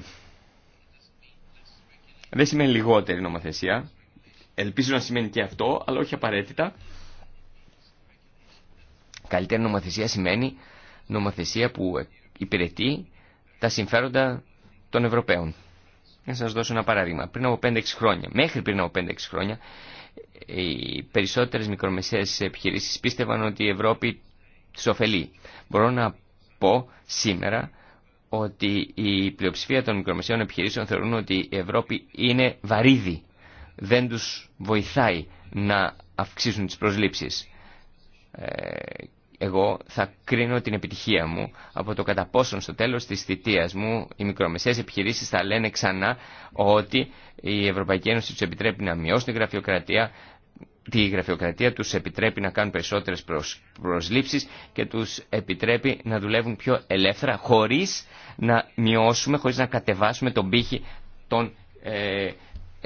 Δεν σημαίνει λιγότερη νομοθεσία. Ελπίζω να σημαίνει και αυτό, αλλά όχι απαραίτητα. Καλύτερη νομοθεσία σημαίνει νομοθεσία που υπηρετεί τα συμφέροντα των Ευρωπαίων. Να σας δώσω ένα παράδειγμα. Πριν από 5-6 χρόνια, μέχρι πριν από 5-6 χρόνια, οι περισσότερες μικρομεσαίες επιχειρήσεις πίστευαν ότι η Ευρώπη τους ωφελεί. Μπορώ να πω σήμερα ότι η πλειοψηφία των μικρομεσαίων επιχειρήσεων θεωρούν ότι η Ευρώπη είναι βαρύδι δεν τους βοηθάει να αυξήσουν τις προσλήψεις. Ε, εγώ θα κρίνω την επιτυχία μου από το κατά πόσον στο τέλος της θητείας μου οι μικρομεσαίες επιχειρήσεις θα λένε ξανά ότι η Ευρωπαϊκή Ένωση τους επιτρέπει να μειώσουν τη γραφειοκρατία, τη γραφειοκρατία τους επιτρέπει να κάνουν περισσότερες προσλήψεις και τους επιτρέπει να δουλεύουν πιο ελεύθερα χωρίς να μειώσουμε, χωρίς να κατεβάσουμε τον πύχη των ε,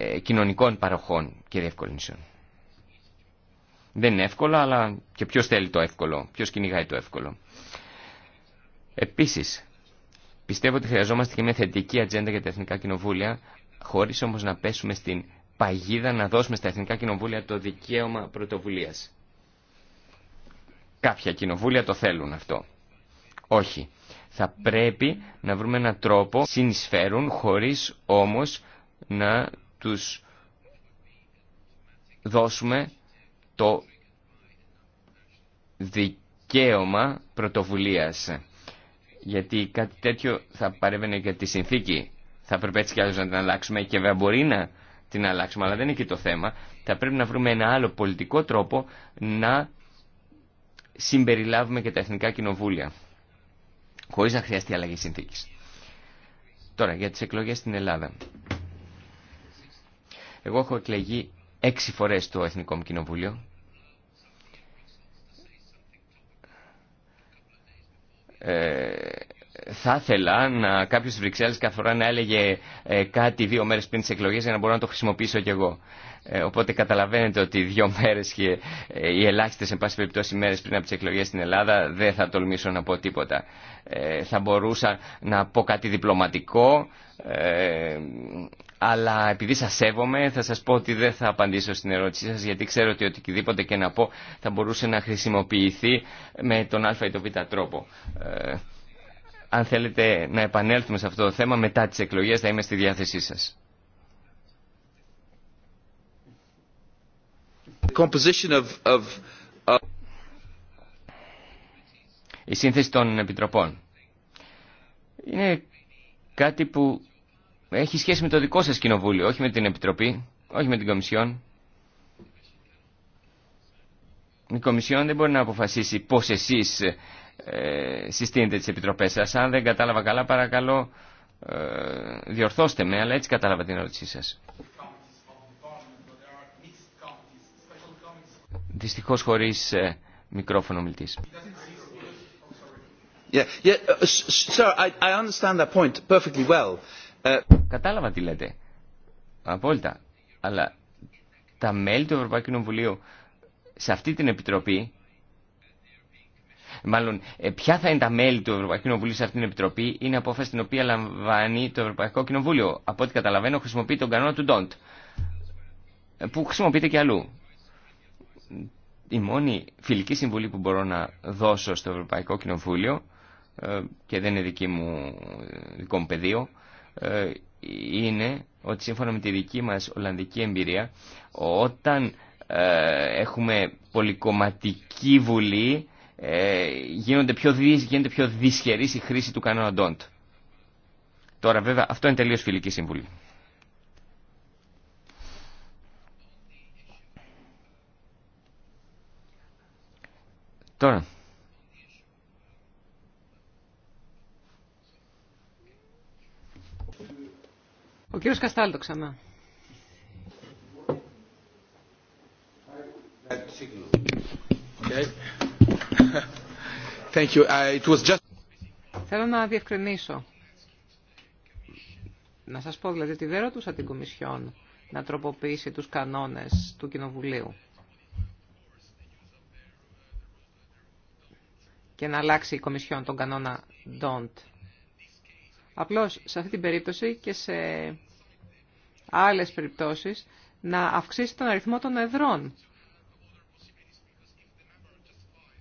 ε, κοινωνικών παροχών και διευκολύνσεων. Δεν είναι εύκολο, αλλά και ποιος θέλει το εύκολο, ποιος κυνηγάει το εύκολο. Επίσης, πιστεύω ότι χρειαζόμαστε και μια θετική ατζέντα για τα εθνικά κοινοβούλια, χωρίς όμως να πέσουμε στην παγίδα να δώσουμε στα εθνικά κοινοβούλια το δικαίωμα πρωτοβουλίας. Κάποια κοινοβούλια το θέλουν αυτό. Όχι. Θα πρέπει να βρούμε έναν τρόπο συνεισφέρουν χωρίς όμως να τους δώσουμε το δικαίωμα πρωτοβουλίας. Γιατί κάτι τέτοιο θα παρέβαινε και τη συνθήκη. Θα πρέπει έτσι κι άλλως να την αλλάξουμε και βέβαια μπορεί να την αλλάξουμε, αλλά δεν είναι και το θέμα. Θα πρέπει να βρούμε ένα άλλο πολιτικό τρόπο να συμπεριλάβουμε και τα εθνικά κοινοβούλια. Χωρίς να χρειαστεί αλλαγή συνθήκης. Τώρα, για τις εκλογές στην Ελλάδα. Εγώ έχω εκλεγεί έξι φορές το Εθνικό μου Κοινοβούλιο. Ε, θα ήθελα να κάποιος της Βρυξέλλης κάθε φορά να έλεγε ε, κάτι δύο μέρες πριν τις εκλογές για να μπορώ να το χρησιμοποιήσω κι εγώ. Ε, οπότε καταλαβαίνετε ότι δύο μέρες και ε, οι ελάχιστες εν πάση περιπτώσει μέρες πριν από τις εκλογές στην Ελλάδα δεν θα τολμήσω να πω τίποτα. Ε, θα μπορούσα να πω κάτι διπλωματικό ε, αλλά επειδή σας σέβομαι θα σας πω ότι δεν θα απαντήσω στην ερώτησή σας γιατί ξέρω ότι οτιδήποτε και να πω θα μπορούσε να χρησιμοποιηθεί με τον α ή τον β τρόπο. Ε, αν θέλετε να επανέλθουμε σε αυτό το θέμα μετά τις εκλογές θα είμαι στη διάθεσή σας. Η σύνθεση των επιτροπών είναι κάτι που έχει σχέση με το δικό σας κοινοβούλιο, όχι με την Επιτροπή, όχι με την Κομισιόν. Η Κομισιόν δεν μπορεί να αποφασίσει πώς εσείς ε, συστήνετε τις Επιτροπές σας. Αν δεν κατάλαβα καλά, παρακαλώ ε, διορθώστε με, αλλά έτσι κατάλαβα την ερώτησή σας. Δυστυχώς χωρίς ε, μικρόφωνο μιλτής. Yeah, yeah, uh, sir, I, I understand that point perfectly well. Ε, Κατάλαβα τι λέτε. Απόλυτα. Αλλά τα μέλη του Ευρωπαϊκού Κοινοβουλίου σε αυτή την επιτροπή, μάλλον ε, ποια θα είναι τα μέλη του Ευρωπαϊκού Κοινοβουλίου σε αυτή την επιτροπή, είναι απόφαση την οποία λαμβάνει το Ευρωπαϊκό Κοινοβούλιο. Από ό,τι καταλαβαίνω χρησιμοποιεί τον κανόνα του DONT, ε, που χρησιμοποιείται και αλλού. Η μόνη φιλική συμβουλή που μπορώ να δώσω στο Ευρωπαϊκό Κοινοβούλιο και δεν είναι δική μου, δικό μου πεδίο, ε, είναι ότι σύμφωνα με τη δική μας Ολλανδική εμπειρία όταν ε, έχουμε πολυκομματική βουλή ε, γίνονται πιο, δυσ, γίνεται πιο δυσχερής η χρήση του κανόνα DON'T. Τώρα βέβαια αυτό είναι τελείως φιλική συμβουλή. Τώρα, Ο κύριος Καστάλτο ξανά. Thank you. Uh, it was just... Θέλω να διευκρινίσω. Να σας πω δηλαδή ότι δεν ρωτούσα την Κομισιόν να τροποποιήσει τους κανόνες του Κοινοβουλίου. Και να αλλάξει η Κομισιόν τον κανόνα don't. Απλώς σε αυτή την περίπτωση και σε άλλες περιπτώσεις να αυξήσει τον αριθμό των εδρών.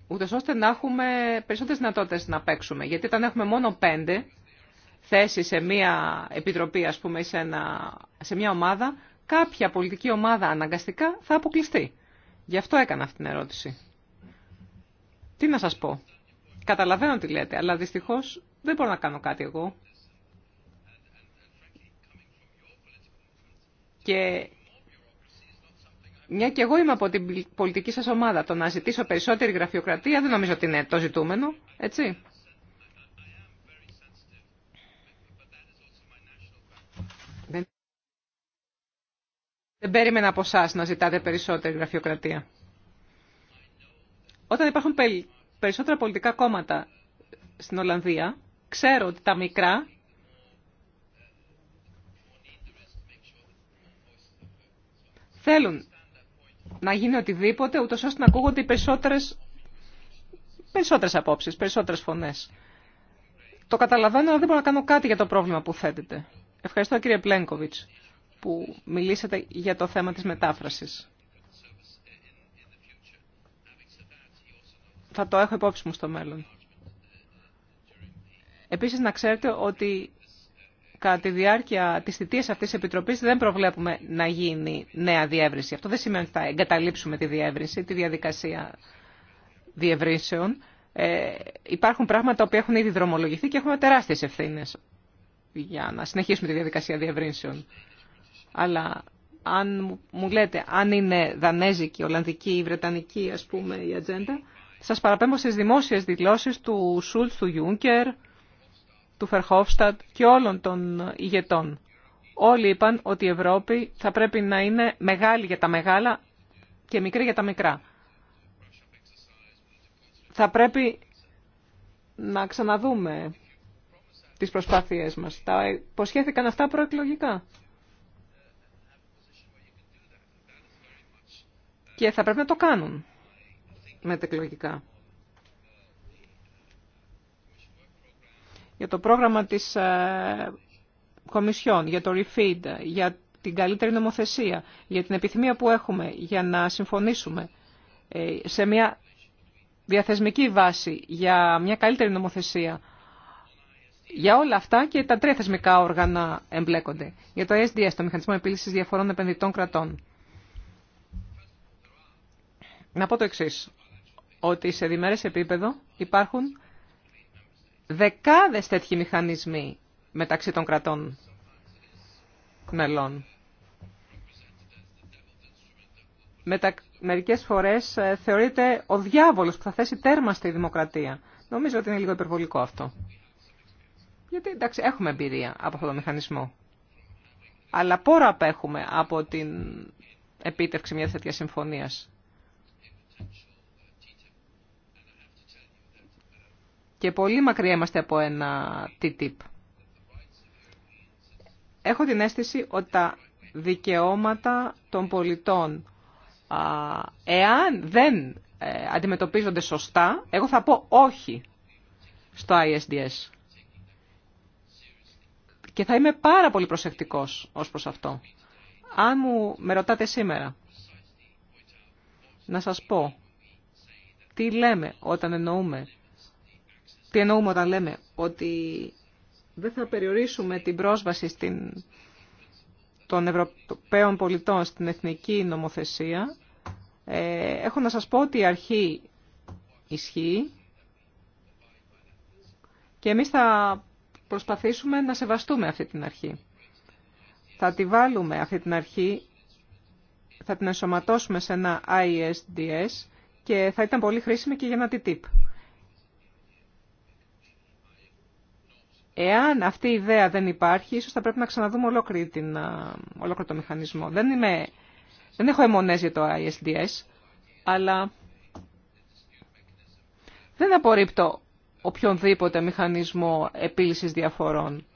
Ούτε ώστε να έχουμε περισσότερες δυνατότητες να παίξουμε. Γιατί όταν έχουμε μόνο πέντε θέσεις σε μία επιτροπή, ας πούμε, σε, σε μία ομάδα, κάποια πολιτική ομάδα αναγκαστικά θα αποκλειστεί. Γι' αυτό έκανα αυτή την ερώτηση. Τι να σας πω. Καταλαβαίνω τι λέτε, αλλά δυστυχώς δεν μπορώ να κάνω κάτι εγώ. Και μια και εγώ είμαι από την πολιτική σας ομάδα, το να ζητήσω περισσότερη γραφειοκρατία δεν νομίζω ότι είναι το ζητούμενο, έτσι. Δεν περίμενα από εσά να ζητάτε περισσότερη γραφειοκρατία. Όταν υπάρχουν περισσότερα πολιτικά κόμματα στην Ολλανδία, ξέρω ότι τα μικρά θέλουν να γίνει οτιδήποτε, ούτως ώστε να ακούγονται οι περισσότερες, περισσότερες απόψεις, περισσότερες φωνές. Το καταλαβαίνω, αλλά δεν μπορώ να κάνω κάτι για το πρόβλημα που θέτεται. Ευχαριστώ κύριε Πλένκοβιτς που μιλήσατε για το θέμα της μετάφρασης. Θα το έχω υπόψη μου στο μέλλον. Επίσης να ξέρετε ότι κατά τη διάρκεια της θητείας αυτής της Επιτροπής δεν προβλέπουμε να γίνει νέα διεύρυνση. Αυτό δεν σημαίνει ότι θα εγκαταλείψουμε τη διεύρυνση, τη διαδικασία διευρύνσεων. Ε, υπάρχουν πράγματα που έχουν ήδη δρομολογηθεί και έχουμε τεράστιες ευθύνε για να συνεχίσουμε τη διαδικασία διευρύνσεων. Αλλά αν μου λέτε, αν είναι δανέζικη, ολλανδική ή βρετανική, ας πούμε, η ατζέντα, σας παραπέμπω στις δημόσιες δηλώσεις του Σούλτ, του Ιούνκερ, του Φερχόφστατ και όλων των ηγετών. Όλοι είπαν ότι η Ευρώπη θα πρέπει να είναι μεγάλη για τα μεγάλα και μικρή για τα μικρά. Θα πρέπει να ξαναδούμε τις προσπάθειές μας. Τα υποσχέθηκαν αυτά προεκλογικά. Και θα πρέπει να το κάνουν μετεκλογικά. για το πρόγραμμα της ε, Κομισιόν, για το ReFeed, για την καλύτερη νομοθεσία, για την επιθυμία που έχουμε για να συμφωνήσουμε ε, σε μια διαθεσμική βάση για μια καλύτερη νομοθεσία. Για όλα αυτά και τα τρία θεσμικά όργανα εμπλέκονται. Για το SDS, το Μηχανισμό Επίλυσης Διαφορών Επενδυτών Κρατών. Να πω το εξής, ότι σε διμέρες επίπεδο υπάρχουν δεκάδες τέτοιοι μηχανισμοί μεταξύ των κρατών μελών. Μετα... Μερικές φορές ε, θεωρείται ο διάβολος που θα θέσει τέρμα στη δημοκρατία. Νομίζω ότι είναι λίγο υπερβολικό αυτό. Γιατί εντάξει έχουμε εμπειρία από αυτό το μηχανισμό. Αλλά πόρα απέχουμε από την επίτευξη μιας τέτοια συμφωνίας. και πολύ μακριά είμαστε από ένα TTIP. Έχω την αίσθηση ότι τα δικαιώματα των πολιτών, εάν δεν ε, αντιμετωπίζονται σωστά, εγώ θα πω όχι στο ISDS. Και θα είμαι πάρα πολύ προσεκτικός ως προς αυτό. Αν μου με ρωτάτε σήμερα, να σας πω τι λέμε όταν εννοούμε τι εννοούμε όταν λέμε ότι δεν θα περιορίσουμε την πρόσβαση στην, των Ευρωπαίων πολιτών στην εθνική νομοθεσία. Ε, έχω να σας πω ότι η αρχή ισχύει και εμείς θα προσπαθήσουμε να σεβαστούμε αυτή την αρχή. Θα τη βάλουμε αυτή την αρχή, θα την ενσωματώσουμε σε ένα ISDS και θα ήταν πολύ χρήσιμη και για ένα TTIP. Εάν αυτή η ιδέα δεν υπάρχει, ίσως θα πρέπει να ξαναδούμε ολόκληρη την, ολόκληρο το μηχανισμό. Δεν, είμαι, δεν έχω αιμονές για το ISDS, αλλά δεν απορρίπτω οποιονδήποτε μηχανισμό επίλυσης διαφορών.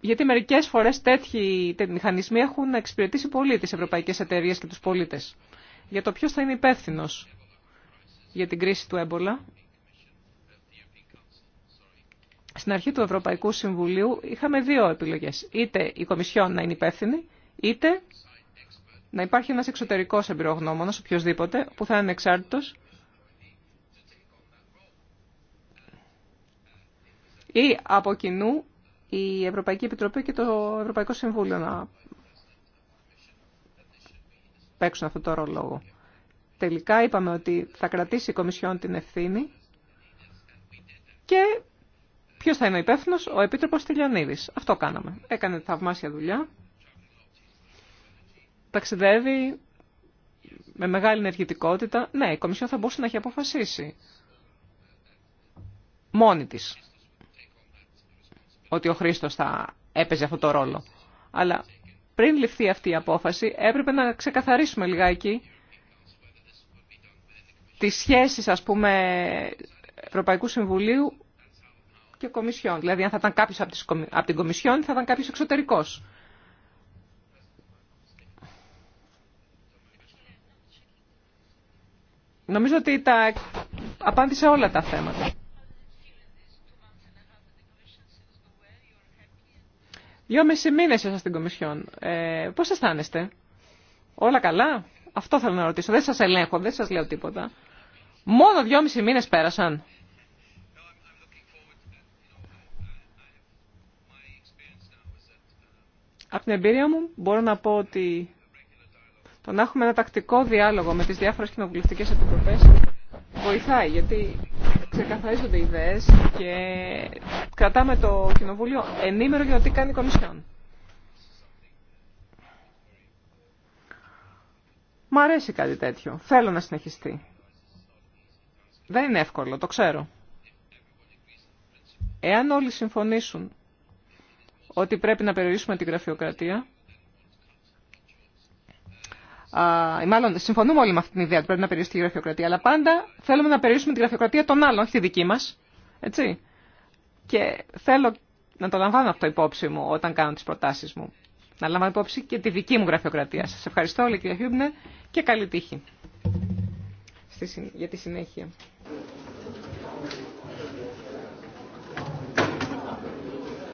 Γιατί μερικές φορές τέτοιοι, μηχανισμοί έχουν εξυπηρετήσει πολύ τις ευρωπαϊκές εταιρείες και τους πολίτες. Για το ποιος θα είναι υπεύθυνο για την κρίση του έμπολα, στην αρχή του Ευρωπαϊκού Συμβουλίου είχαμε δύο επιλογές. Είτε η Κομισιόν να είναι υπεύθυνη, είτε να υπάρχει ένας εξωτερικός εμπειρογνώμονας, οποιοδήποτε, που θα είναι εξάρτητος ή από κοινού η Ευρωπαϊκή Επιτροπή και το Ευρωπαϊκό Συμβούλιο να παίξουν αυτό το ρόλο. Τελικά είπαμε ότι θα κρατήσει η Κομισιόν την ευθύνη και Ποιο θα είναι ο υπεύθυνο, ο Επίτροπο Τηλιανίδη. Αυτό κάναμε. Έκανε θαυμάσια δουλειά. Ταξιδεύει με μεγάλη ενεργητικότητα. Ναι, η Κομισιόν θα μπορούσε να έχει αποφασίσει μόνη τη ότι ο Χρήστο θα έπαιζε αυτό το ρόλο. Αλλά πριν ληφθεί αυτή η απόφαση, έπρεπε να ξεκαθαρίσουμε λιγάκι τις σχέσεις, ας πούμε, Ευρωπαϊκού Συμβουλίου και Κομισιόν. Δηλαδή, αν θα ήταν κάποιο από την Κομισιόν, θα ήταν κάποιο εξωτερικό. Νομίζω ότι τα απάντησα όλα τα θέματα. μισή μήνες ήσασταν στην Κομισιόν. Ε, πώς αισθάνεστε? Όλα καλά? Αυτό θέλω να ρωτήσω. Δεν σας ελέγχω, δεν σας λέω τίποτα. Μόνο δυόμιση μήνες πέρασαν. Από την εμπειρία μου μπορώ να πω ότι το να έχουμε ένα τακτικό διάλογο με τις διάφορες κοινοβουλευτικές επιτροπές βοηθάει γιατί ξεκαθαρίζονται ιδέες και κρατάμε το κοινοβούλιο ενήμερο για το τι κάνει η Κομισιόν. Μ' αρέσει κάτι τέτοιο. Θέλω να συνεχιστεί. Δεν είναι εύκολο, το ξέρω. Εάν όλοι συμφωνήσουν ότι πρέπει να περιορίσουμε τη γραφειοκρατία. Α, μάλλον συμφωνούμε όλοι με αυτή την ιδέα ότι πρέπει να περιορίσουμε τη γραφειοκρατία, αλλά πάντα θέλουμε να περιορίσουμε τη γραφειοκρατία των άλλων, όχι τη δική μα. Έτσι. Και θέλω να το λαμβάνω αυτό υπόψη μου όταν κάνω τι προτάσει μου. Να λαμβάνω υπόψη και τη δική μου γραφειοκρατία. Σα ευχαριστώ όλοι, κύριε Χιούμπνε, και καλή τύχη για τη συνέχεια.